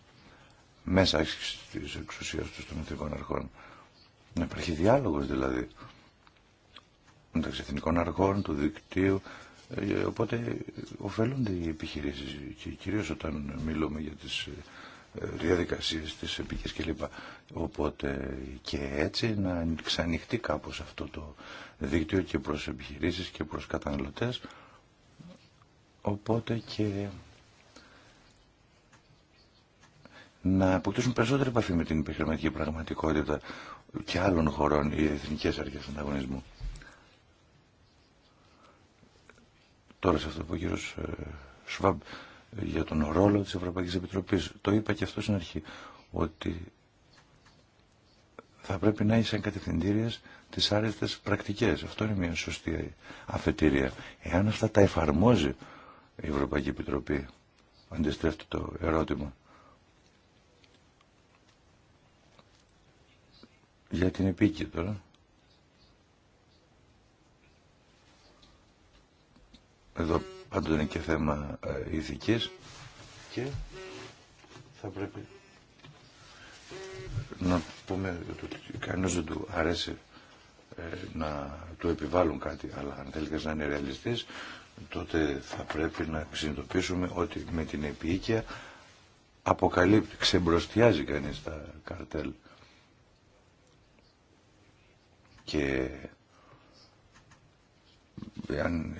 μέσα της εξουσίας του των εθνικών αρχών. Να υπάρχει διάλογος δηλαδή μεταξύ εθνικών αρχών, του δικτύου, ε, οπότε ωφελούνται οι επιχειρήσεις και κυρίως όταν μιλούμε για τις ε, διαδικασίες της επίκης κλπ. Οπότε και έτσι να ξανοιχτεί κάπως αυτό το δίκτυο και προς επιχειρήσεις και προς καταναλωτές. Οπότε και να αποκτήσουν περισσότερη επαφή με την επιχειρηματική πραγματικότητα και άλλων χωρών οι εθνικές αρχές ανταγωνισμού. Τώρα σε αυτό που ο κύριο ε, Σβάμπ ε, για τον ρόλο της Ευρωπαϊκής Επιτροπής. Το είπα και αυτό στην αρχή, ότι θα πρέπει να είσαι κατευθυντήριας τις άρεστες πρακτικές. Αυτό είναι μια σωστή αφετηρία. Εάν αυτά τα εφαρμόζει η Ευρωπαϊκή Επιτροπή, αντιστρέφεται το ερώτημα. Για την επίκη τώρα. Εδώ πάντοτε είναι και θέμα ε, ηθικής και θα πρέπει να πούμε ότι κανένας δεν του αρέσει ε, να του επιβάλλουν κάτι, αλλά αν θέλει να είναι ρεαλιστής, τότε θα πρέπει να συνειδητοποιήσουμε ότι με την επίοικια αποκαλύπτει, ξεμπροστιάζει κανείς τα καρτέλ. Και ε, αν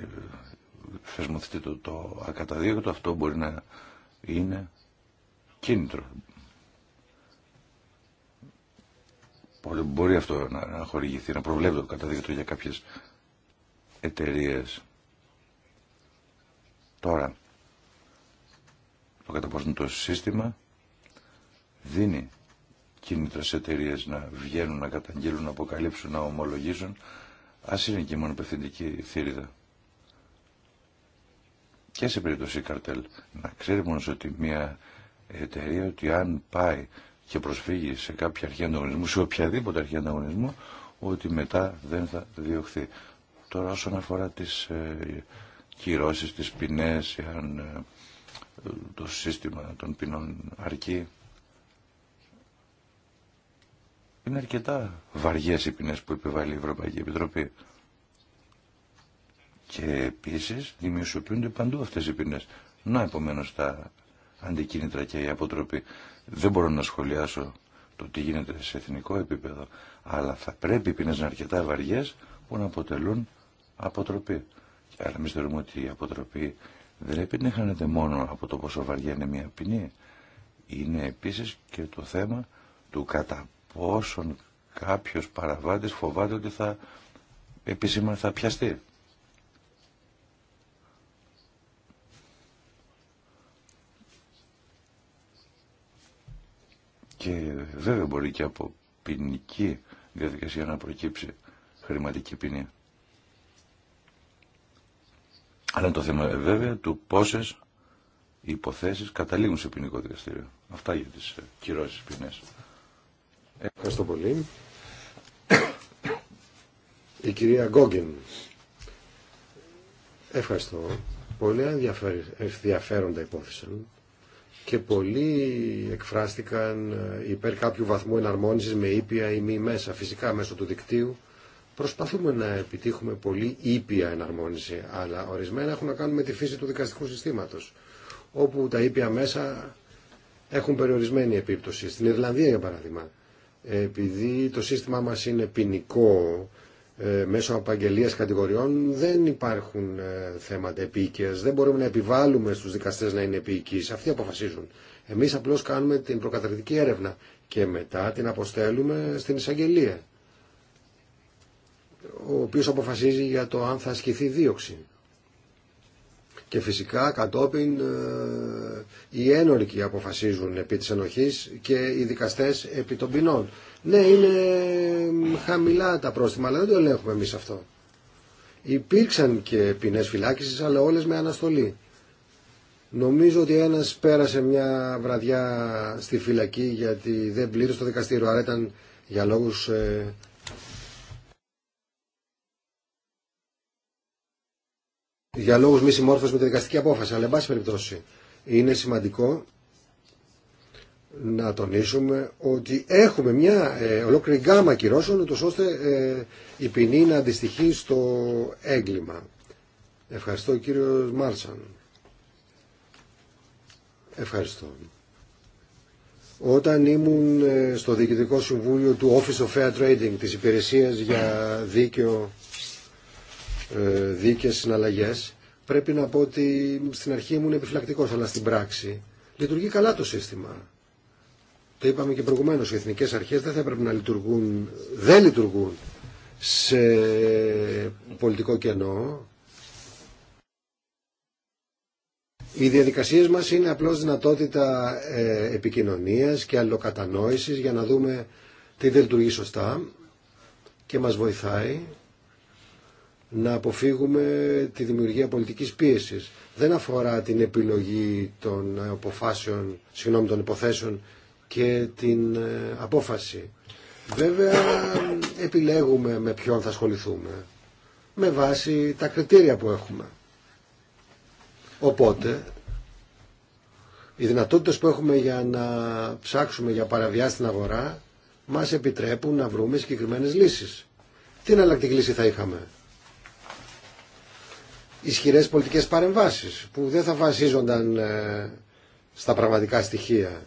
φεσμοθετεί το, το αυτό μπορεί να είναι κίνητρο. Μπορεί, μπορεί αυτό να, να χορηγηθεί, να προβλέπει το καταδίκτυο για κάποιες εταιρείε. Τώρα, το κατά το σύστημα δίνει κίνητρα σε εταιρείε να βγαίνουν, να καταγγείλουν, να αποκαλύψουν, να ομολογήσουν. Ας είναι και μόνο μονοπευθυντική θηρίδα και σε περίπτωση καρτέλ. Να ξέρει μόνο ότι μια εταιρεία ότι αν πάει και προσφύγει σε κάποια αρχή ανταγωνισμού, σε οποιαδήποτε αρχή ανταγωνισμού, ότι μετά δεν θα διωχθεί. Τώρα όσον αφορά τις ε, κυρώσεις, τις ποινές, αν ε, το σύστημα των ποινών αρκεί, είναι αρκετά βαριές οι ποινές που επιβάλλει η Ευρωπαϊκή Επιτροπή. Και επίση δημιουργούνται παντού αυτές οι ποινέ. Να επομένω τα αντικίνητρα και η αποτροπή. Δεν μπορώ να σχολιάσω το τι γίνεται σε εθνικό επίπεδο, αλλά θα πρέπει οι ποινέ να αρκετά βαριές που να αποτελούν αποτροπή. Αλλά εμεί θεωρούμε ότι η αποτροπή δεν επιτυχάνεται μόνο από το πόσο βαριά είναι μια ποινή. Είναι επίση και το θέμα του κατά πόσον κάποιο παραβάτη φοβάται ότι θα θα πιαστεί. Και βέβαια μπορεί και από ποινική διαδικασία να προκύψει χρηματική ποινή. Αλλά είναι το θέμα ε, βέβαια του πόσες υποθέσεις καταλήγουν σε ποινικό δικαστήριο. Αυτά για τις ε, κυρώσεις ποινές. Ευχαριστώ πολύ. Η κυρία Γκόγκεν. Ευχαριστώ. Πολύ ενδιαφέροντα υπόθεση και πολλοί εκφράστηκαν ε, υπέρ κάποιου βαθμού εναρμόνισης με ήπια ή μη μέσα. Φυσικά μέσω του δικτύου προσπαθούμε να επιτύχουμε πολύ ήπια εναρμόνιση, αλλά ορισμένα έχουν να κάνουν με τη φύση του δικαστικού συστήματος, όπου τα ήπια μέσα έχουν περιορισμένη επίπτωση. Στην Ιρλανδία, για παράδειγμα, επειδή το σύστημά μας είναι ποινικό ε, μέσω απαγγελία κατηγοριών δεν υπάρχουν ε, θέματα επίκαιες. Δεν μπορούμε να επιβάλλουμε στους δικαστές να είναι επίοικοι. Αυτοί αποφασίζουν. Εμείς απλώς κάνουμε την προκαταρκτική έρευνα και μετά την αποστέλουμε στην εισαγγελία ο οποίο αποφασίζει για το αν θα ασκηθεί δίωξη. Και φυσικά κατόπιν ε, οι ένορικοι αποφασίζουν επί της ενοχής και οι δικαστές επί των ποινών. Ναι, είναι χαμηλά τα πρόστιμα, αλλά δεν το ελέγχουμε εμεί αυτό. Υπήρξαν και ποινέ φυλάκιση, αλλά όλε με αναστολή. Νομίζω ότι ένα πέρασε μια βραδιά στη φυλακή γιατί δεν πλήρωσε το δικαστήριο, άρα ήταν για λόγου. Ε, για λόγους μη συμμόρφωση με τη δικαστική απόφαση, αλλά εν πάση περιπτώσει είναι σημαντικό να τονίσουμε ότι έχουμε μια ε, ολόκληρη γκάμα κυρώσεων ούτως ώστε ε, η ποινή να αντιστοιχεί στο έγκλημα. Ευχαριστώ κύριο Μάρσαν. Ευχαριστώ. Όταν ήμουν ε, στο Διοικητικό Συμβούλιο του Office of Fair Trading της Υπηρεσίας για δίκαιο, ε, δίκαιες συναλλαγές πρέπει να πω ότι στην αρχή ήμουν επιφυλακτικός αλλά στην πράξη λειτουργεί καλά το σύστημα το είπαμε και προηγουμένως, οι εθνικές αρχές δεν θα έπρεπε να λειτουργούν, δεν λειτουργούν σε πολιτικό κενό. Οι διαδικασίες μας είναι απλώς δυνατότητα ε, επικοινωνίας και αλλοκατανόησης για να δούμε τι δεν λειτουργεί σωστά και μας βοηθάει να αποφύγουμε τη δημιουργία πολιτικής πίεσης. Δεν αφορά την επιλογή των αποφάσεων, συγγνώμη, των υποθέσεων και την ε, απόφαση. Βέβαια επιλέγουμε με ποιον θα ασχοληθούμε με βάση τα κριτήρια που έχουμε. Οπότε οι δυνατότητες που έχουμε για να ψάξουμε για παραβιά στην αγορά μας επιτρέπουν να βρούμε συγκεκριμένε λύσεις. Τι εναλλακτική λύση θα είχαμε. Ισχυρές πολιτικές παρεμβάσεις που δεν θα βασίζονταν ε, στα πραγματικά στοιχεία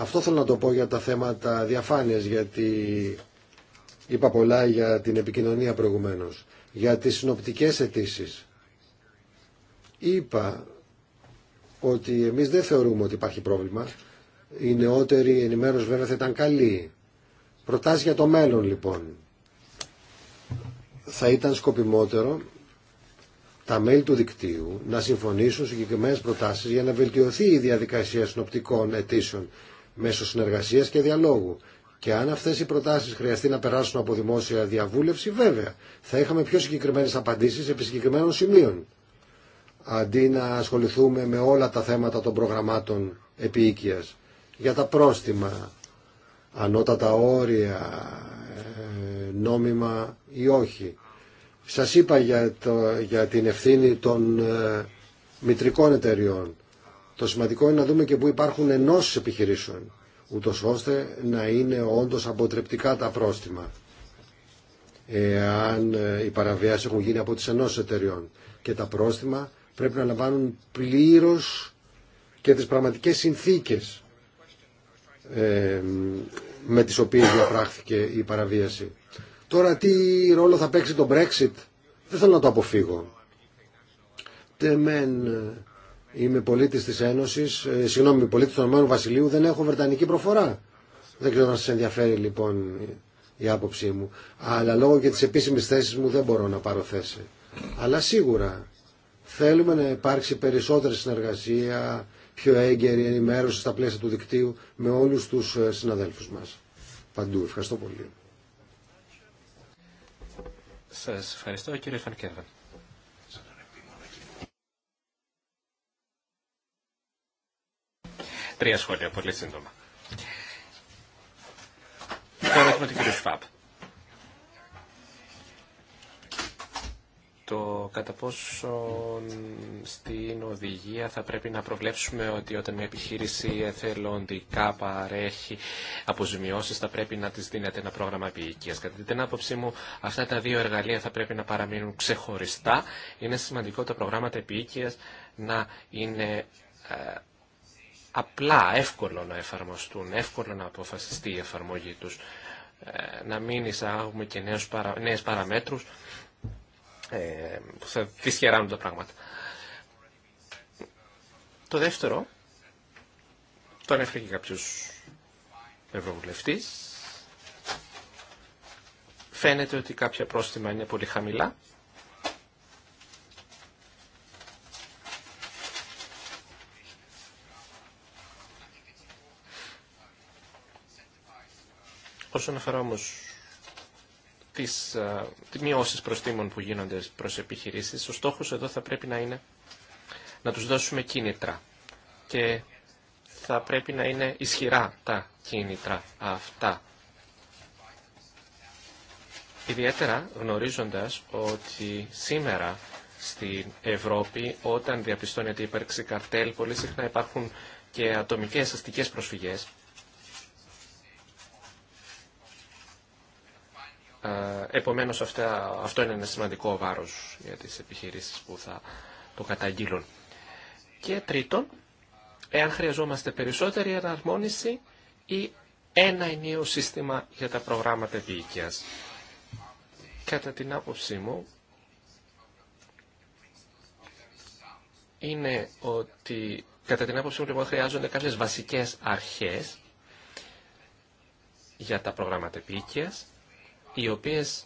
αυτό θέλω να το πω για τα θέματα διαφάνειας, γιατί είπα πολλά για την επικοινωνία προηγουμένως. Για τις συνοπτικές αιτήσει. είπα ότι εμείς δεν θεωρούμε ότι υπάρχει πρόβλημα. Οι νεότεροι ενημέρωση βέβαια θα ήταν καλή. Προτάσεις για το μέλλον λοιπόν. Θα ήταν σκοπιμότερο τα μέλη του δικτύου να συμφωνήσουν συγκεκριμένε προτάσεις για να βελτιωθεί η διαδικασία συνοπτικών αιτήσεων μέσω συνεργασία και διαλόγου. Και αν αυτέ οι προτάσει χρειαστεί να περάσουν από δημόσια διαβούλευση, βέβαια θα είχαμε πιο συγκεκριμένε απαντήσει επί συγκεκριμένων σημείων. Αντί να ασχοληθούμε με όλα τα θέματα των προγραμμάτων επί για τα πρόστιμα, ανώτατα όρια, ε, νόμιμα ή όχι. Σας είπα για, το, για την ευθύνη των ε, μητρικών εταιριών. Το σημαντικό είναι να δούμε και πού υπάρχουν ενώσεις επιχειρήσεων, ούτω ώστε να είναι όντως αποτρεπτικά τα πρόστιμα, εάν ε, οι παραβιάσεις έχουν γίνει από τις ενώσεις εταιριών. Και τα πρόστιμα πρέπει να λαμβάνουν πλήρως και τις πραγματικές συνθήκες ε, με τις οποίες διαπράχθηκε η παραβίαση. Τώρα τι ρόλο θα παίξει το Brexit, δεν θέλω να το αποφύγω. Είμαι πολίτη της Ένωσης, ε, συγγνώμη, πολίτης του Ηνωμένου Βασιλείου, δεν έχω βρετανική προφορά. Δεν ξέρω αν σα ενδιαφέρει λοιπόν η άποψή μου. Αλλά λόγω και της επίσημη θέσης μου δεν μπορώ να πάρω θέση. Αλλά σίγουρα θέλουμε να υπάρξει περισσότερη συνεργασία, πιο έγκαιρη ενημέρωση στα πλαίσια του δικτύου με όλου του ε, συναδέλφου μα. Παντού. Ευχαριστώ πολύ. Σας ευχαριστώ κύριε Τρία σχόλια, πολύ σύντομα. Τώρα έχουμε τον κύριο Σφάπ. το κατά πόσο στην οδηγία θα πρέπει να προβλέψουμε ότι όταν μια επιχείρηση εθελοντικά παρέχει αποζημιώσει, θα πρέπει να τη δίνεται ένα πρόγραμμα επιοικία. Κατά την άποψή μου αυτά τα δύο εργαλεία θα πρέπει να παραμείνουν ξεχωριστά. Είναι σημαντικό τα προγράμματα επιοικία να είναι ε, απλά, εύκολο να εφαρμοστούν, εύκολο να αποφασιστεί η εφαρμογή τους, ε, να μην εισάγουμε και νέους παρα, νέες παραμέτρους ε, που θα δυσχεράνουν τα πράγματα. Το δεύτερο, το ανέφερε και κάποιος ευρωβουλευτής, φαίνεται ότι κάποια πρόστιμα είναι πολύ χαμηλά Όσον αφορά όμω τις μειώσεις προστήμων που γίνονται προ επιχειρήσει, ο στόχο εδώ θα πρέπει να είναι να του δώσουμε κίνητρα και θα πρέπει να είναι ισχυρά τα κίνητρα αυτά. Ιδιαίτερα γνωρίζοντας ότι σήμερα στην Ευρώπη όταν διαπιστώνεται η ύπαρξη καρτέλ πολύ συχνά υπάρχουν και ατομικές αστικές προσφυγές Ε, επομένως αυτό είναι ένα σημαντικό βάρος για τις επιχειρήσεις που θα το καταγγείλουν. Και τρίτον, εάν χρειαζόμαστε περισσότερη εναρμόνιση ή ένα ενιαίο σύστημα για τα προγράμματα επίοικειας. Κατά την άποψή μου, είναι ότι κατά την άποψή μου λοιπόν, χρειάζονται κάποιες βασικές αρχές για τα προγράμματα επίοικειας οι οποίες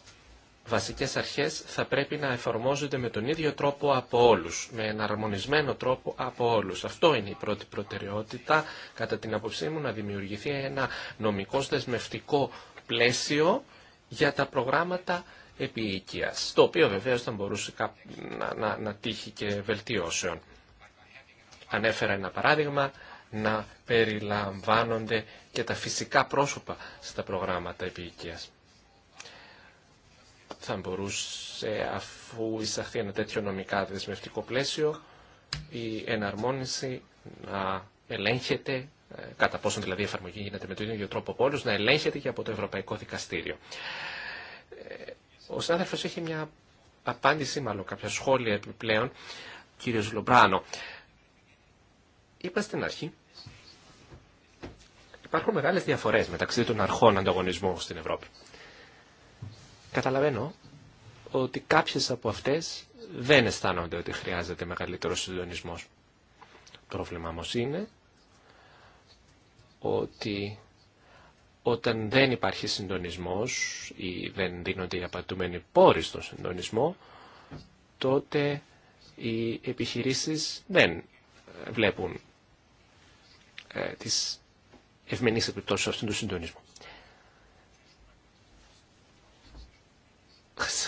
βασικές αρχές θα πρέπει να εφαρμόζονται με τον ίδιο τρόπο από όλους, με ένα αρμονισμένο τρόπο από όλους. Αυτό είναι η πρώτη προτεραιότητα, κατά την αποψή μου, να δημιουργηθεί ένα νομικό δεσμευτικό πλαίσιο για τα προγράμματα επίοικιας, το οποίο βεβαίως θα μπορούσε να, να, να τύχει και βελτιώσεων. Ανέφερα ένα παράδειγμα, να περιλαμβάνονται και τα φυσικά πρόσωπα στα προγράμματα επίοικιας θα μπορούσε αφού εισαχθεί ένα τέτοιο νομικά δεσμευτικό πλαίσιο η εναρμόνιση να ελέγχεται ε, κατά πόσο δηλαδή η εφαρμογή γίνεται με τον ίδιο τρόπο από όλους, να ελέγχεται και από το Ευρωπαϊκό Δικαστήριο. Ε, ο συνάδελφος έχει μια απάντηση, μάλλον κάποια σχόλια επιπλέον, κύριος Λομπράνο. Είπα στην αρχή, υπάρχουν μεγάλες διαφορές μεταξύ των αρχών ανταγωνισμού στην Ευρώπη. Καταλαβαίνω ότι κάποιες από αυτές δεν αισθάνονται ότι χρειάζεται μεγαλύτερο συντονισμό. Το πρόβλημα όμω είναι ότι όταν δεν υπάρχει συντονισμός ή δεν δίνονται οι απατούμενοι πόροι στον συντονισμό, τότε οι επιχειρήσεις δεν βλέπουν ε, τις ευμενείς επιπτώσεις αυτού του συντονισμού.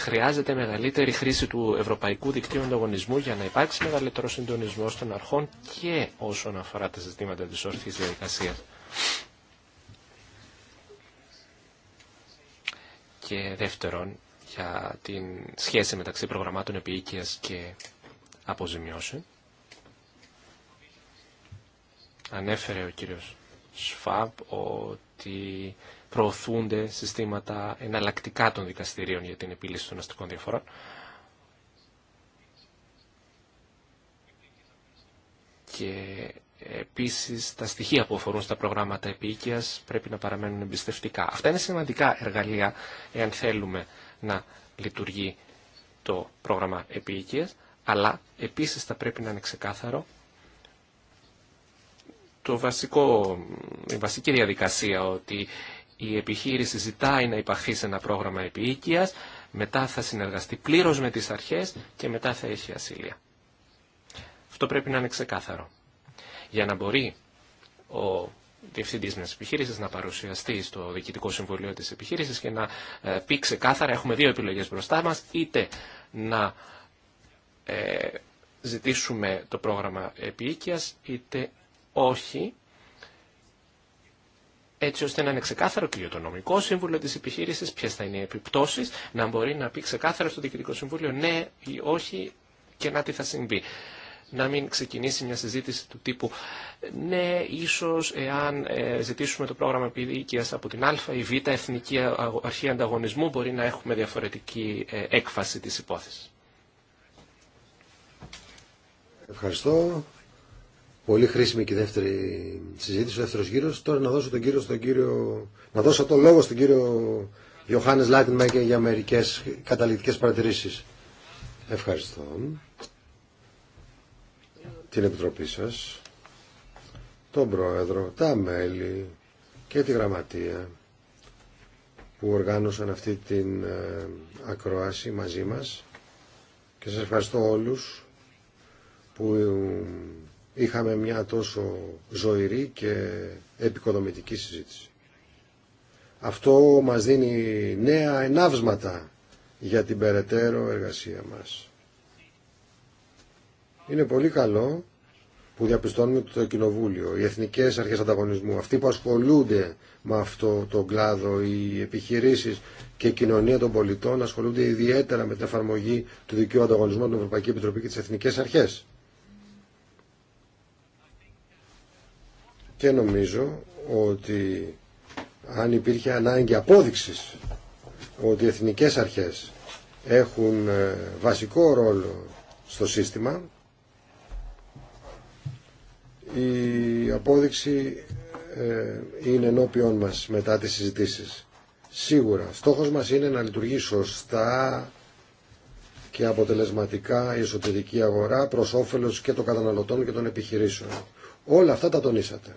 χρειάζεται μεγαλύτερη χρήση του Ευρωπαϊκού Δικτύου Ανταγωνισμού για να υπάρξει μεγαλύτερο συντονισμό των αρχών και όσον αφορά τα ζητήματα της όρθιης διαδικασίας. Και δεύτερον, για την σχέση μεταξύ προγραμμάτων επίοικειας και αποζημιώσεων. Ανέφερε ο κύριος Σφάμπ ότι προωθούνται συστήματα εναλλακτικά των δικαστηρίων για την επίλυση των αστικών διαφορών. Και επίσης τα στοιχεία που αφορούν στα προγράμματα επίοικειας πρέπει να παραμένουν εμπιστευτικά. Αυτά είναι σημαντικά εργαλεία εάν θέλουμε να λειτουργεί το πρόγραμμα επίοικειας, αλλά επίσης θα πρέπει να είναι ξεκάθαρο το βασικό, η βασική διαδικασία ότι η επιχείρηση ζητάει να υπαχθεί σε ένα πρόγραμμα επίοικειας, μετά θα συνεργαστεί πλήρως με τις αρχές και μετά θα έχει ασύλια. Αυτό πρέπει να είναι ξεκάθαρο. Για να μπορεί ο διευθυντή μια επιχείρηση να παρουσιαστεί στο διοικητικό συμβουλίο τη επιχείρηση και να ε, πει ξεκάθαρα: Έχουμε δύο επιλογέ μπροστά μα, είτε να ε, ζητήσουμε το πρόγραμμα επίοικια, είτε όχι έτσι ώστε να είναι ξεκάθαρο και για το νομικό σύμβουλο τη επιχείρηση ποιε θα είναι οι επιπτώσει, να μπορεί να πει ξεκάθαρα στο διοικητικό συμβούλιο ναι ή όχι και να τι θα συμβεί. Να μην ξεκινήσει μια συζήτηση του τύπου ναι, ίσω εάν ε, ζητήσουμε το πρόγραμμα επιδίκεια από την Α ή Β Εθνική Αρχή Ανταγωνισμού μπορεί να έχουμε διαφορετική ε, έκφαση τη υπόθεση. Ευχαριστώ. Πολύ χρήσιμη και η δεύτερη συζήτηση, ο δεύτερο γύρο. Τώρα να δώσω, τον κύριο στον κύριο... να δώσω τον λόγο στον κύριο Ιωάννη Λάτινμακερ για μερικέ καταληκτικέ παρατηρήσει. Ευχαριστώ την Επιτροπή σα, τον Πρόεδρο, τα μέλη και τη Γραμματεία που οργάνωσαν αυτή την ε, ακρόαση μαζί μας και σας ευχαριστώ όλους που είχαμε μια τόσο ζωηρή και επικοδομητική συζήτηση. Αυτό μας δίνει νέα ενάβσματα για την περαιτέρω εργασία μας. Είναι πολύ καλό που διαπιστώνουμε το Κοινοβούλιο, οι εθνικές αρχές ανταγωνισμού, αυτοί που ασχολούνται με αυτό το κλάδο, οι επιχειρήσεις και η κοινωνία των πολιτών ασχολούνται ιδιαίτερα με την εφαρμογή του δικαίου ανταγωνισμού την Ευρωπαϊκή Επιτροπή και τις εθνικές αρχές. και νομίζω ότι αν υπήρχε ανάγκη απόδειξης ότι οι εθνικές αρχές έχουν ε, βασικό ρόλο στο σύστημα η απόδειξη ε, είναι ενώπιον μας μετά τις συζητήσεις. Σίγουρα, στόχος μας είναι να λειτουργεί σωστά και αποτελεσματικά η εσωτερική αγορά προς όφελος και των καταναλωτών και των επιχειρήσεων. Όλα αυτά τα τονίσατε.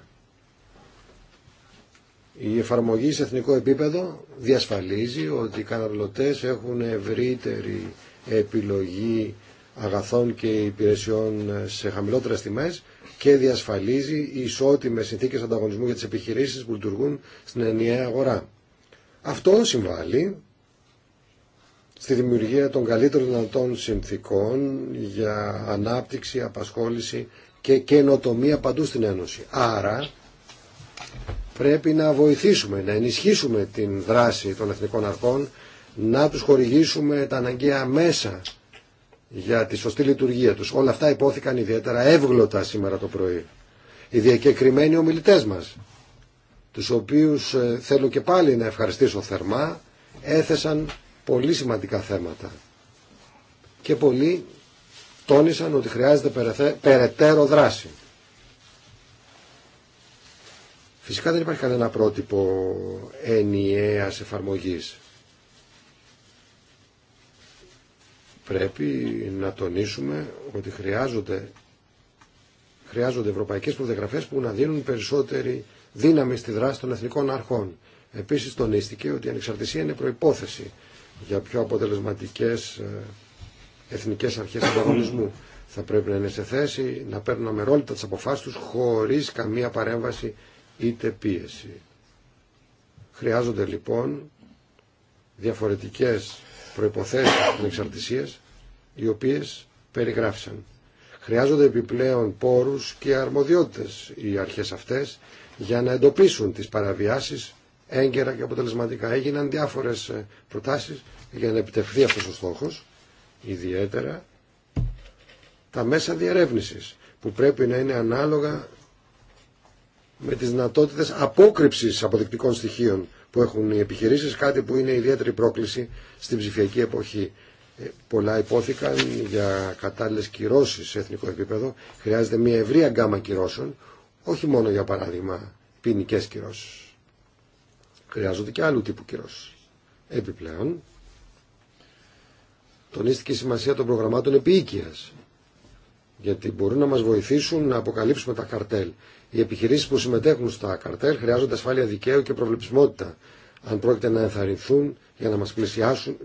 Η εφαρμογή σε εθνικό επίπεδο διασφαλίζει ότι οι καταναλωτές έχουν ευρύτερη επιλογή αγαθών και υπηρεσιών σε χαμηλότερες τιμές και διασφαλίζει ισότιμες συνθήκες ανταγωνισμού για τις επιχειρήσεις που λειτουργούν στην ενιαία αγορά. Αυτό συμβάλλει στη δημιουργία των καλύτερων δυνατών συνθήκων για ανάπτυξη, απασχόληση και καινοτομία παντού στην Ένωση. Άρα πρέπει να βοηθήσουμε, να ενισχύσουμε την δράση των εθνικών αρχών, να τους χορηγήσουμε τα αναγκαία μέσα για τη σωστή λειτουργία τους. Όλα αυτά υπόθηκαν ιδιαίτερα εύγλωτα σήμερα το πρωί. Οι διακεκριμένοι ομιλητές μας, τους οποίους ε, θέλω και πάλι να ευχαριστήσω θερμά, έθεσαν πολύ σημαντικά θέματα και πολύ τόνισαν ότι χρειάζεται περαιτέρω δράση. Φυσικά δεν υπάρχει κανένα πρότυπο ενιαίας εφαρμογής. Πρέπει να τονίσουμε ότι χρειάζονται, χρειάζονται ευρωπαϊκές προδιαγραφές που να δίνουν περισσότερη δύναμη στη δράση των εθνικών αρχών. Επίσης τονίστηκε ότι η ανεξαρτησία είναι προϋπόθεση για πιο αποτελεσματικές ε, εθνικές αρχές ανταγωνισμού. Θα πρέπει να είναι σε θέση να παίρνουν αμερόλυτα τις αποφάσεις τους χωρίς καμία παρέμβαση είτε πίεση. Χρειάζονται λοιπόν διαφορετικές προϋποθέσεις ανεξαρτησίας οι οποίες περιγράφησαν. Χρειάζονται επιπλέον πόρους και αρμοδιότητες οι αρχές αυτές για να εντοπίσουν τις παραβιάσεις έγκαιρα και αποτελεσματικά. Έγιναν διάφορες ε, προτάσεις για να επιτευχθεί αυτός ο στόχος ιδιαίτερα τα μέσα διερεύνησης που πρέπει να είναι ανάλογα με τις δυνατότητες απόκρυψης αποδεικτικών στοιχείων που έχουν οι επιχειρήσεις, κάτι που είναι ιδιαίτερη πρόκληση στην ψηφιακή εποχή. Ε, πολλά υπόθηκαν για κατάλληλε κυρώσει σε εθνικό επίπεδο. Χρειάζεται μια ευρία γκάμα κυρώσεων, όχι μόνο για παράδειγμα ποινικέ κυρώσει. Χρειάζονται και άλλου τύπου κυρώσει. Επιπλέον, τονίστηκε η σημασία των προγραμμάτων επί οίκειας. Γιατί μπορούν να μας βοηθήσουν να αποκαλύψουμε τα καρτέλ. Οι επιχειρήσεις που συμμετέχουν στα καρτέλ χρειάζονται ασφάλεια δικαίου και προβλεψιμότητα. Αν πρόκειται να ενθαρρυνθούν για να μας πλησιάσουν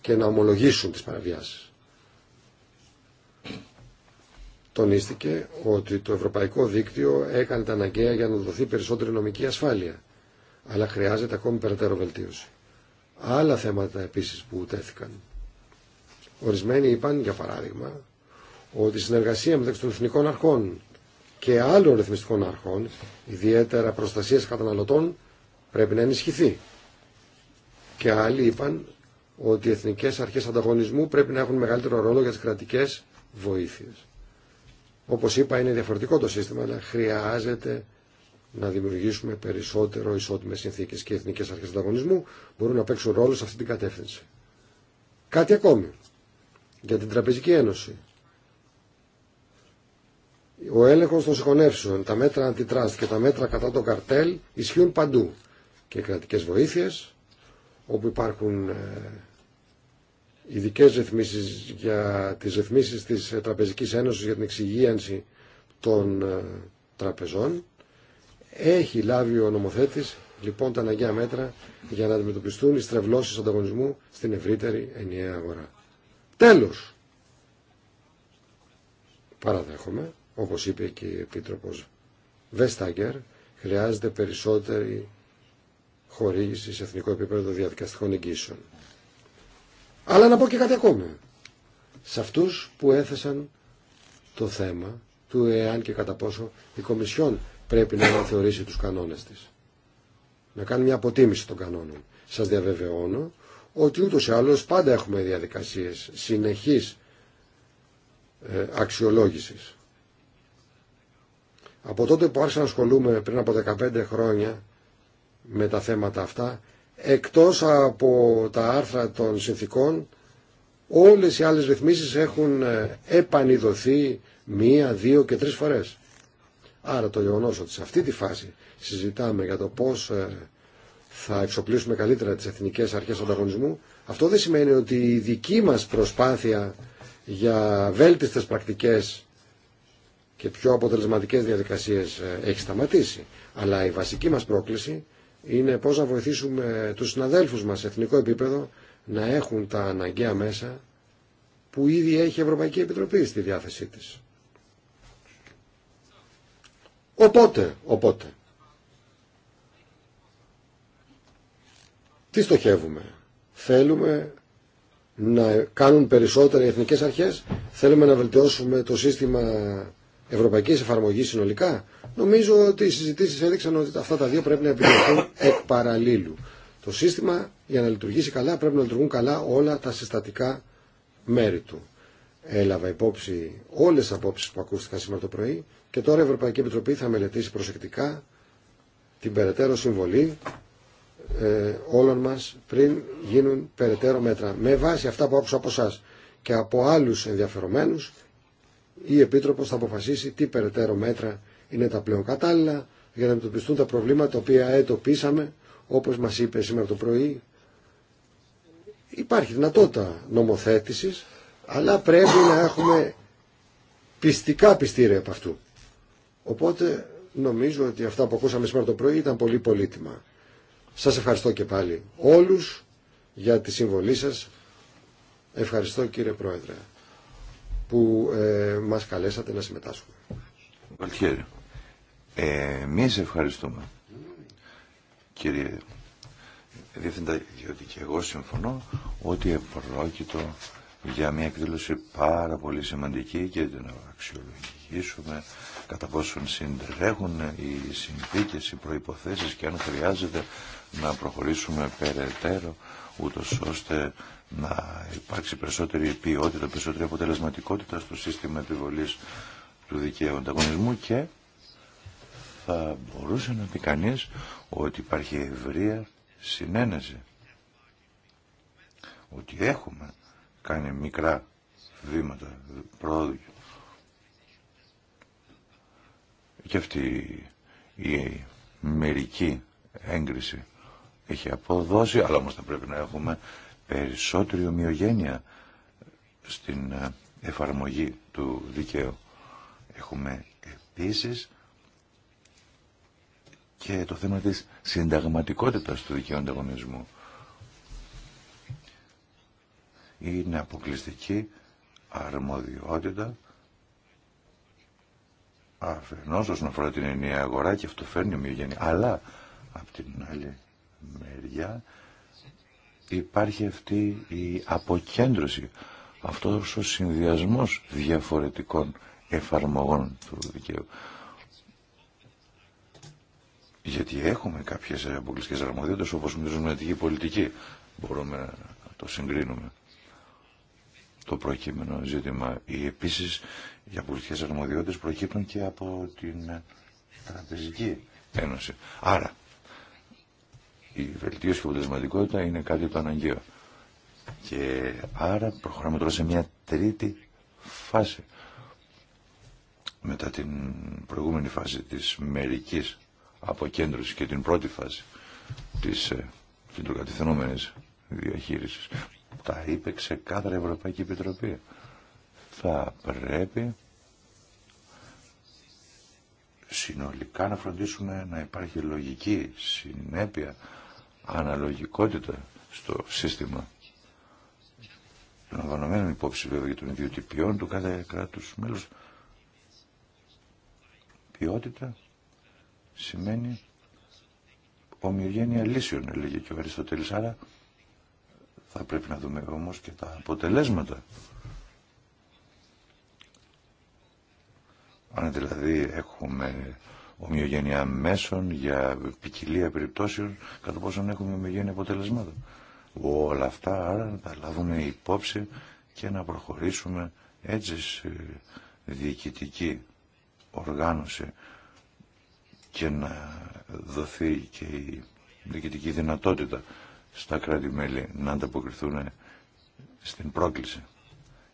και να ομολογήσουν τις παραβιάσεις. Τονίστηκε ότι το Ευρωπαϊκό Δίκτυο έκανε τα αναγκαία για να δοθεί περισσότερη νομική ασφάλεια. Αλλά χρειάζεται ακόμη περαιτέρω βελτίωση. Άλλα θέματα επίσης που τέθηκαν Ορισμένοι είπαν, για παράδειγμα, ότι η συνεργασία μεταξύ των εθνικών αρχών και άλλων ρυθμιστικών αρχών, ιδιαίτερα προστασία καταναλωτών, πρέπει να ενισχυθεί. Και άλλοι είπαν ότι οι εθνικέ αρχέ ανταγωνισμού πρέπει να έχουν μεγαλύτερο ρόλο για τι κρατικέ βοήθειε. Όπω είπα είναι διαφορετικό το σύστημα, αλλά χρειάζεται να δημιουργήσουμε περισσότερο ισότιμε συνθήκε και οι εθνικέ αρχέ ανταγωνισμού μπορούν να παίξουν ρόλο σε αυτή την κατεύθυνση. Κάτι ακόμη για την Τραπεζική Ένωση. Ο έλεγχο των συγχωνεύσεων, τα μέτρα αντιτράστ και τα μέτρα κατά το καρτέλ ισχύουν παντού. Και κρατικέ βοήθειε, όπου υπάρχουν ε, ειδικέ ρυθμίσει για τι ρυθμίσει τη ε, Τραπεζική Ένωση για την εξυγίανση των ε, τραπεζών. Έχει λάβει ο νομοθέτης λοιπόν τα αναγκαία μέτρα για να αντιμετωπιστούν οι στρεβλώσεις ανταγωνισμού στην ευρύτερη ενιαία αγορά. Τέλος, παραδέχομαι, όπως είπε και η Επίτροπος Βεστάγκερ, χρειάζεται περισσότερη χορήγηση σε εθνικό επίπεδο διαδικαστικών εγγύσεων. Αλλά να πω και κάτι ακόμη. Σε αυτούς που έθεσαν το θέμα του εάν και κατά πόσο η Κομισιόν πρέπει να θεωρήσει τους κανόνες της. Να κάνει μια αποτίμηση των κανόνων. Σας διαβεβαιώνω ότι ούτως ή άλλως πάντα έχουμε διαδικασίες συνεχής ε, αξιολόγησης. Από τότε που άρχισα να ασχολούμαι πριν από 15 χρόνια με τα θέματα αυτά, εκτός από τα άρθρα των συνθήκων, όλες οι άλλες ρυθμίσεις έχουν ε, επανειδωθεί μία, δύο και τρεις φορές. Άρα το γεγονό ότι σε αυτή τη φάση συζητάμε για το πώς ε, θα εξοπλίσουμε καλύτερα τις εθνικές αρχές ανταγωνισμού. Αυτό δεν σημαίνει ότι η δική μας προσπάθεια για βέλτιστες πρακτικές και πιο αποτελεσματικές διαδικασίες ε, έχει σταματήσει. Αλλά η βασική μας πρόκληση είναι πώς να βοηθήσουμε τους συναδέλφους μας σε εθνικό επίπεδο να έχουν τα αναγκαία μέσα που ήδη έχει η Ευρωπαϊκή Επιτροπή στη διάθεσή της. Οπότε, οπότε, Τι στοχεύουμε. Θέλουμε να κάνουν περισσότερα οι εθνικές αρχές. Θέλουμε να βελτιώσουμε το σύστημα ευρωπαϊκής εφαρμογής συνολικά. Νομίζω ότι οι συζητήσεις έδειξαν ότι αυτά τα δύο πρέπει να επιλεχθούν *coughs* εκ παραλίλου. Το σύστημα για να λειτουργήσει καλά πρέπει να λειτουργούν καλά όλα τα συστατικά μέρη του. Έλαβα υπόψη όλες τις απόψεις που ακούστηκαν σήμερα το πρωί και τώρα η Ευρωπαϊκή Επιτροπή θα μελετήσει προσεκτικά την περαιτέρω συμβολή ε, όλων μας πριν γίνουν περαιτέρω μέτρα. Με βάση αυτά που άκουσα από εσά και από άλλους ενδιαφερομένους, η Επίτροπος θα αποφασίσει τι περαιτέρω μέτρα είναι τα πλέον κατάλληλα για να αντιμετωπιστούν τα προβλήματα τα οποία ετοπίσαμε, όπως μας είπε σήμερα το πρωί. Υπάρχει δυνατότητα νομοθέτησης, αλλά πρέπει να έχουμε πιστικά πιστήρια από αυτού. Οπότε νομίζω ότι αυτά που ακούσαμε σήμερα το πρωί ήταν πολύ πολύτιμα. Σας ευχαριστώ και πάλι όλους για τη συμβολή σας. Ευχαριστώ κύριε Πρόεδρε που ε, μας καλέσατε να συμμετάσχουμε. Εμεί εμείς ευχαριστούμε κύριε Διευθυντά, διότι και εγώ συμφωνώ ότι επρόκειτο για μια εκδήλωση πάρα πολύ σημαντική και να αξιολογήσουμε κατά πόσον συντρέχουν οι συνθήκες, οι προϋποθέσεις και αν χρειάζεται να προχωρήσουμε περαιτέρω ούτως ώστε να υπάρξει περισσότερη ποιότητα, περισσότερη αποτελεσματικότητα στο σύστημα επιβολής του δικαίου ανταγωνισμού και θα μπορούσε να πει κανεί ότι υπάρχει ευρεία συνένεση ότι έχουμε κάνει μικρά βήματα πρόοδου και αυτή η μερική έγκριση έχει αποδώσει, αλλά όμως θα πρέπει να έχουμε περισσότερη ομοιογένεια στην ε, εφαρμογή του δικαίου. Έχουμε επίσης και το θέμα της συνταγματικότητας του δικαίου ανταγωνισμού. Είναι αποκλειστική αρμοδιότητα αφενός όσον αφορά την ενιαία αγορά και αυτό φέρνει ομοιογένεια. Αλλά, απ' την άλλη μεριά υπάρχει αυτή η αποκέντρωση, αυτός ο συνδυασμός διαφορετικών εφαρμογών του δικαίου. Γιατί έχουμε κάποιες αποκλειστικές αρμοδιότητες όπως με την πολιτική μπορούμε να το συγκρίνουμε το προκείμενο ζήτημα. ή επίσης οι αποκλειστικές αρμοδιότητες προκύπτουν και από την Τραπεζική Ένωση. Άρα η βελτίωση και η αποτελεσματικότητα είναι κάτι το αναγκαίο. Και άρα προχωράμε τώρα σε μια τρίτη φάση μετά την προηγούμενη φάση της μερικής αποκέντρωσης και την πρώτη φάση της ε, κεντροκατηθενόμενης διαχείρισης. Τα είπε ξεκάθαρα η Ευρωπαϊκή Επιτροπή. Θα πρέπει συνολικά να φροντίσουμε να υπάρχει λογική συνέπεια αναλογικότητα στο σύστημα λαμβανωμένων υπόψη βέβαια για τον ιδιωτυπιών του κάθε κράτους μέλους ποιότητα σημαίνει ομοιογένεια λύσεων έλεγε και ο Αριστοτέλης άρα θα πρέπει να δούμε όμως και τα αποτελέσματα αν δηλαδή έχουμε ομοιογένεια μέσων, για ποικιλία περιπτώσεων, κατά πόσον έχουμε ομοιογένεια αποτελεσμάτων. Όλα αυτά άρα τα λάβουμε υπόψη και να προχωρήσουμε έτσι σε διοικητική οργάνωση και να δοθεί και η διοικητική δυνατότητα στα κράτη-μέλη να ανταποκριθούν στην πρόκληση.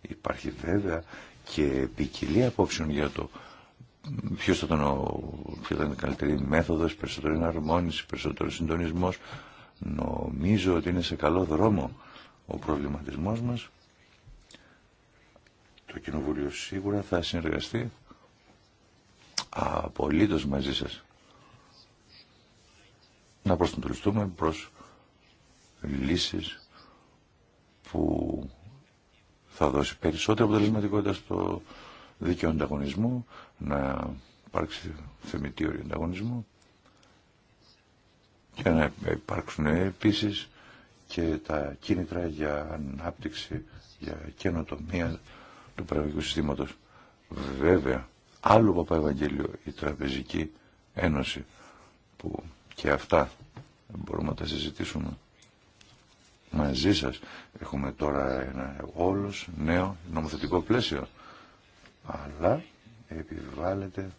Υπάρχει βέβαια και ποικιλία απόψεων για το Ποιο θα ήταν, ο, ποιος ήταν η καλύτερη μέθοδος, περισσότερη αρμόνιση, περισσότερο συντονισμός. Νομίζω ότι είναι σε καλό δρόμο ο προβληματισμός μας. Το Κοινοβούλιο σίγουρα θα συνεργαστεί απολύτως μαζί σας. Να προστατευτούμε προς λύσεις που θα δώσει περισσότερη αποτελεσματικότητα στο δίκαιο ανταγωνισμού, να υπάρξει θεμητή οριονταγωνισμό και να υπάρξουν επίσης και τα κίνητρα για ανάπτυξη, για καινοτομία του πραγματικού συστήματος. Βέβαια, άλλο Ευαγγέλιο, η Τραπεζική Ένωση που και αυτά μπορούμε να τα συζητήσουμε μαζί σας. Έχουμε τώρα ένα όλος νέο νομοθετικό πλαίσιο αλλά επιβάλλεται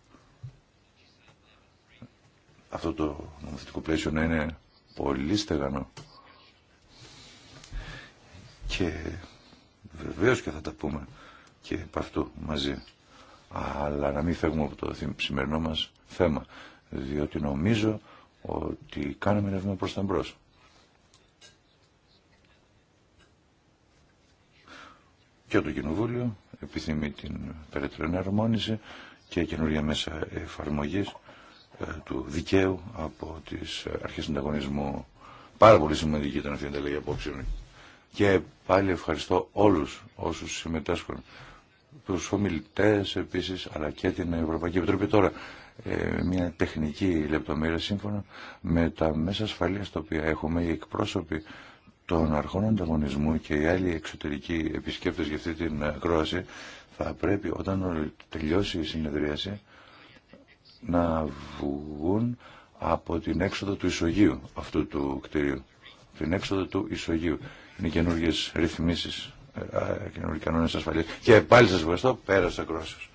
αυτό το νομοθετικό πλαίσιο να είναι πολύ στεγανό. Και βεβαίως και θα τα πούμε και από αυτού μαζί. Αλλά να μην φεύγουμε από το σημερινό μας θέμα, διότι νομίζω ότι κάναμε ένα βήμα προς τα μπρος. Και το Κοινοβούλιο επιθυμεί την περαιτέρω εναρμόνιση και καινούργια μέσα εφαρμογής ε, του δικαίου από τις αρχές συνταγωνισμού. Πάρα πολύ σημαντική ήταν αυτή η ανταλλαγή απόψεων. Και πάλι ευχαριστώ όλους όσους συμμετάσχουν. του ομιλητέ επίσης, αλλά και την Ευρωπαϊκή Επιτροπή τώρα. Ε, μια τεχνική λεπτομέρεια σύμφωνα με τα μέσα ασφαλεία τα οποία έχουμε οι εκπρόσωποι των αρχών ανταγωνισμού και οι άλλοι εξωτερικοί επισκέπτες για αυτή την ε, ακρόαση θα πρέπει όταν τελειώσει η συνεδρίαση να βγουν από την έξοδο του ισογείου αυτού του κτηρίου. Την έξοδο του ισογείου. Είναι καινούργιε ρυθμίσει, ε, καινούργιοι κανόνε ασφαλεία. Και πάλι σα ευχαριστώ. Πέρασε ακρόαση.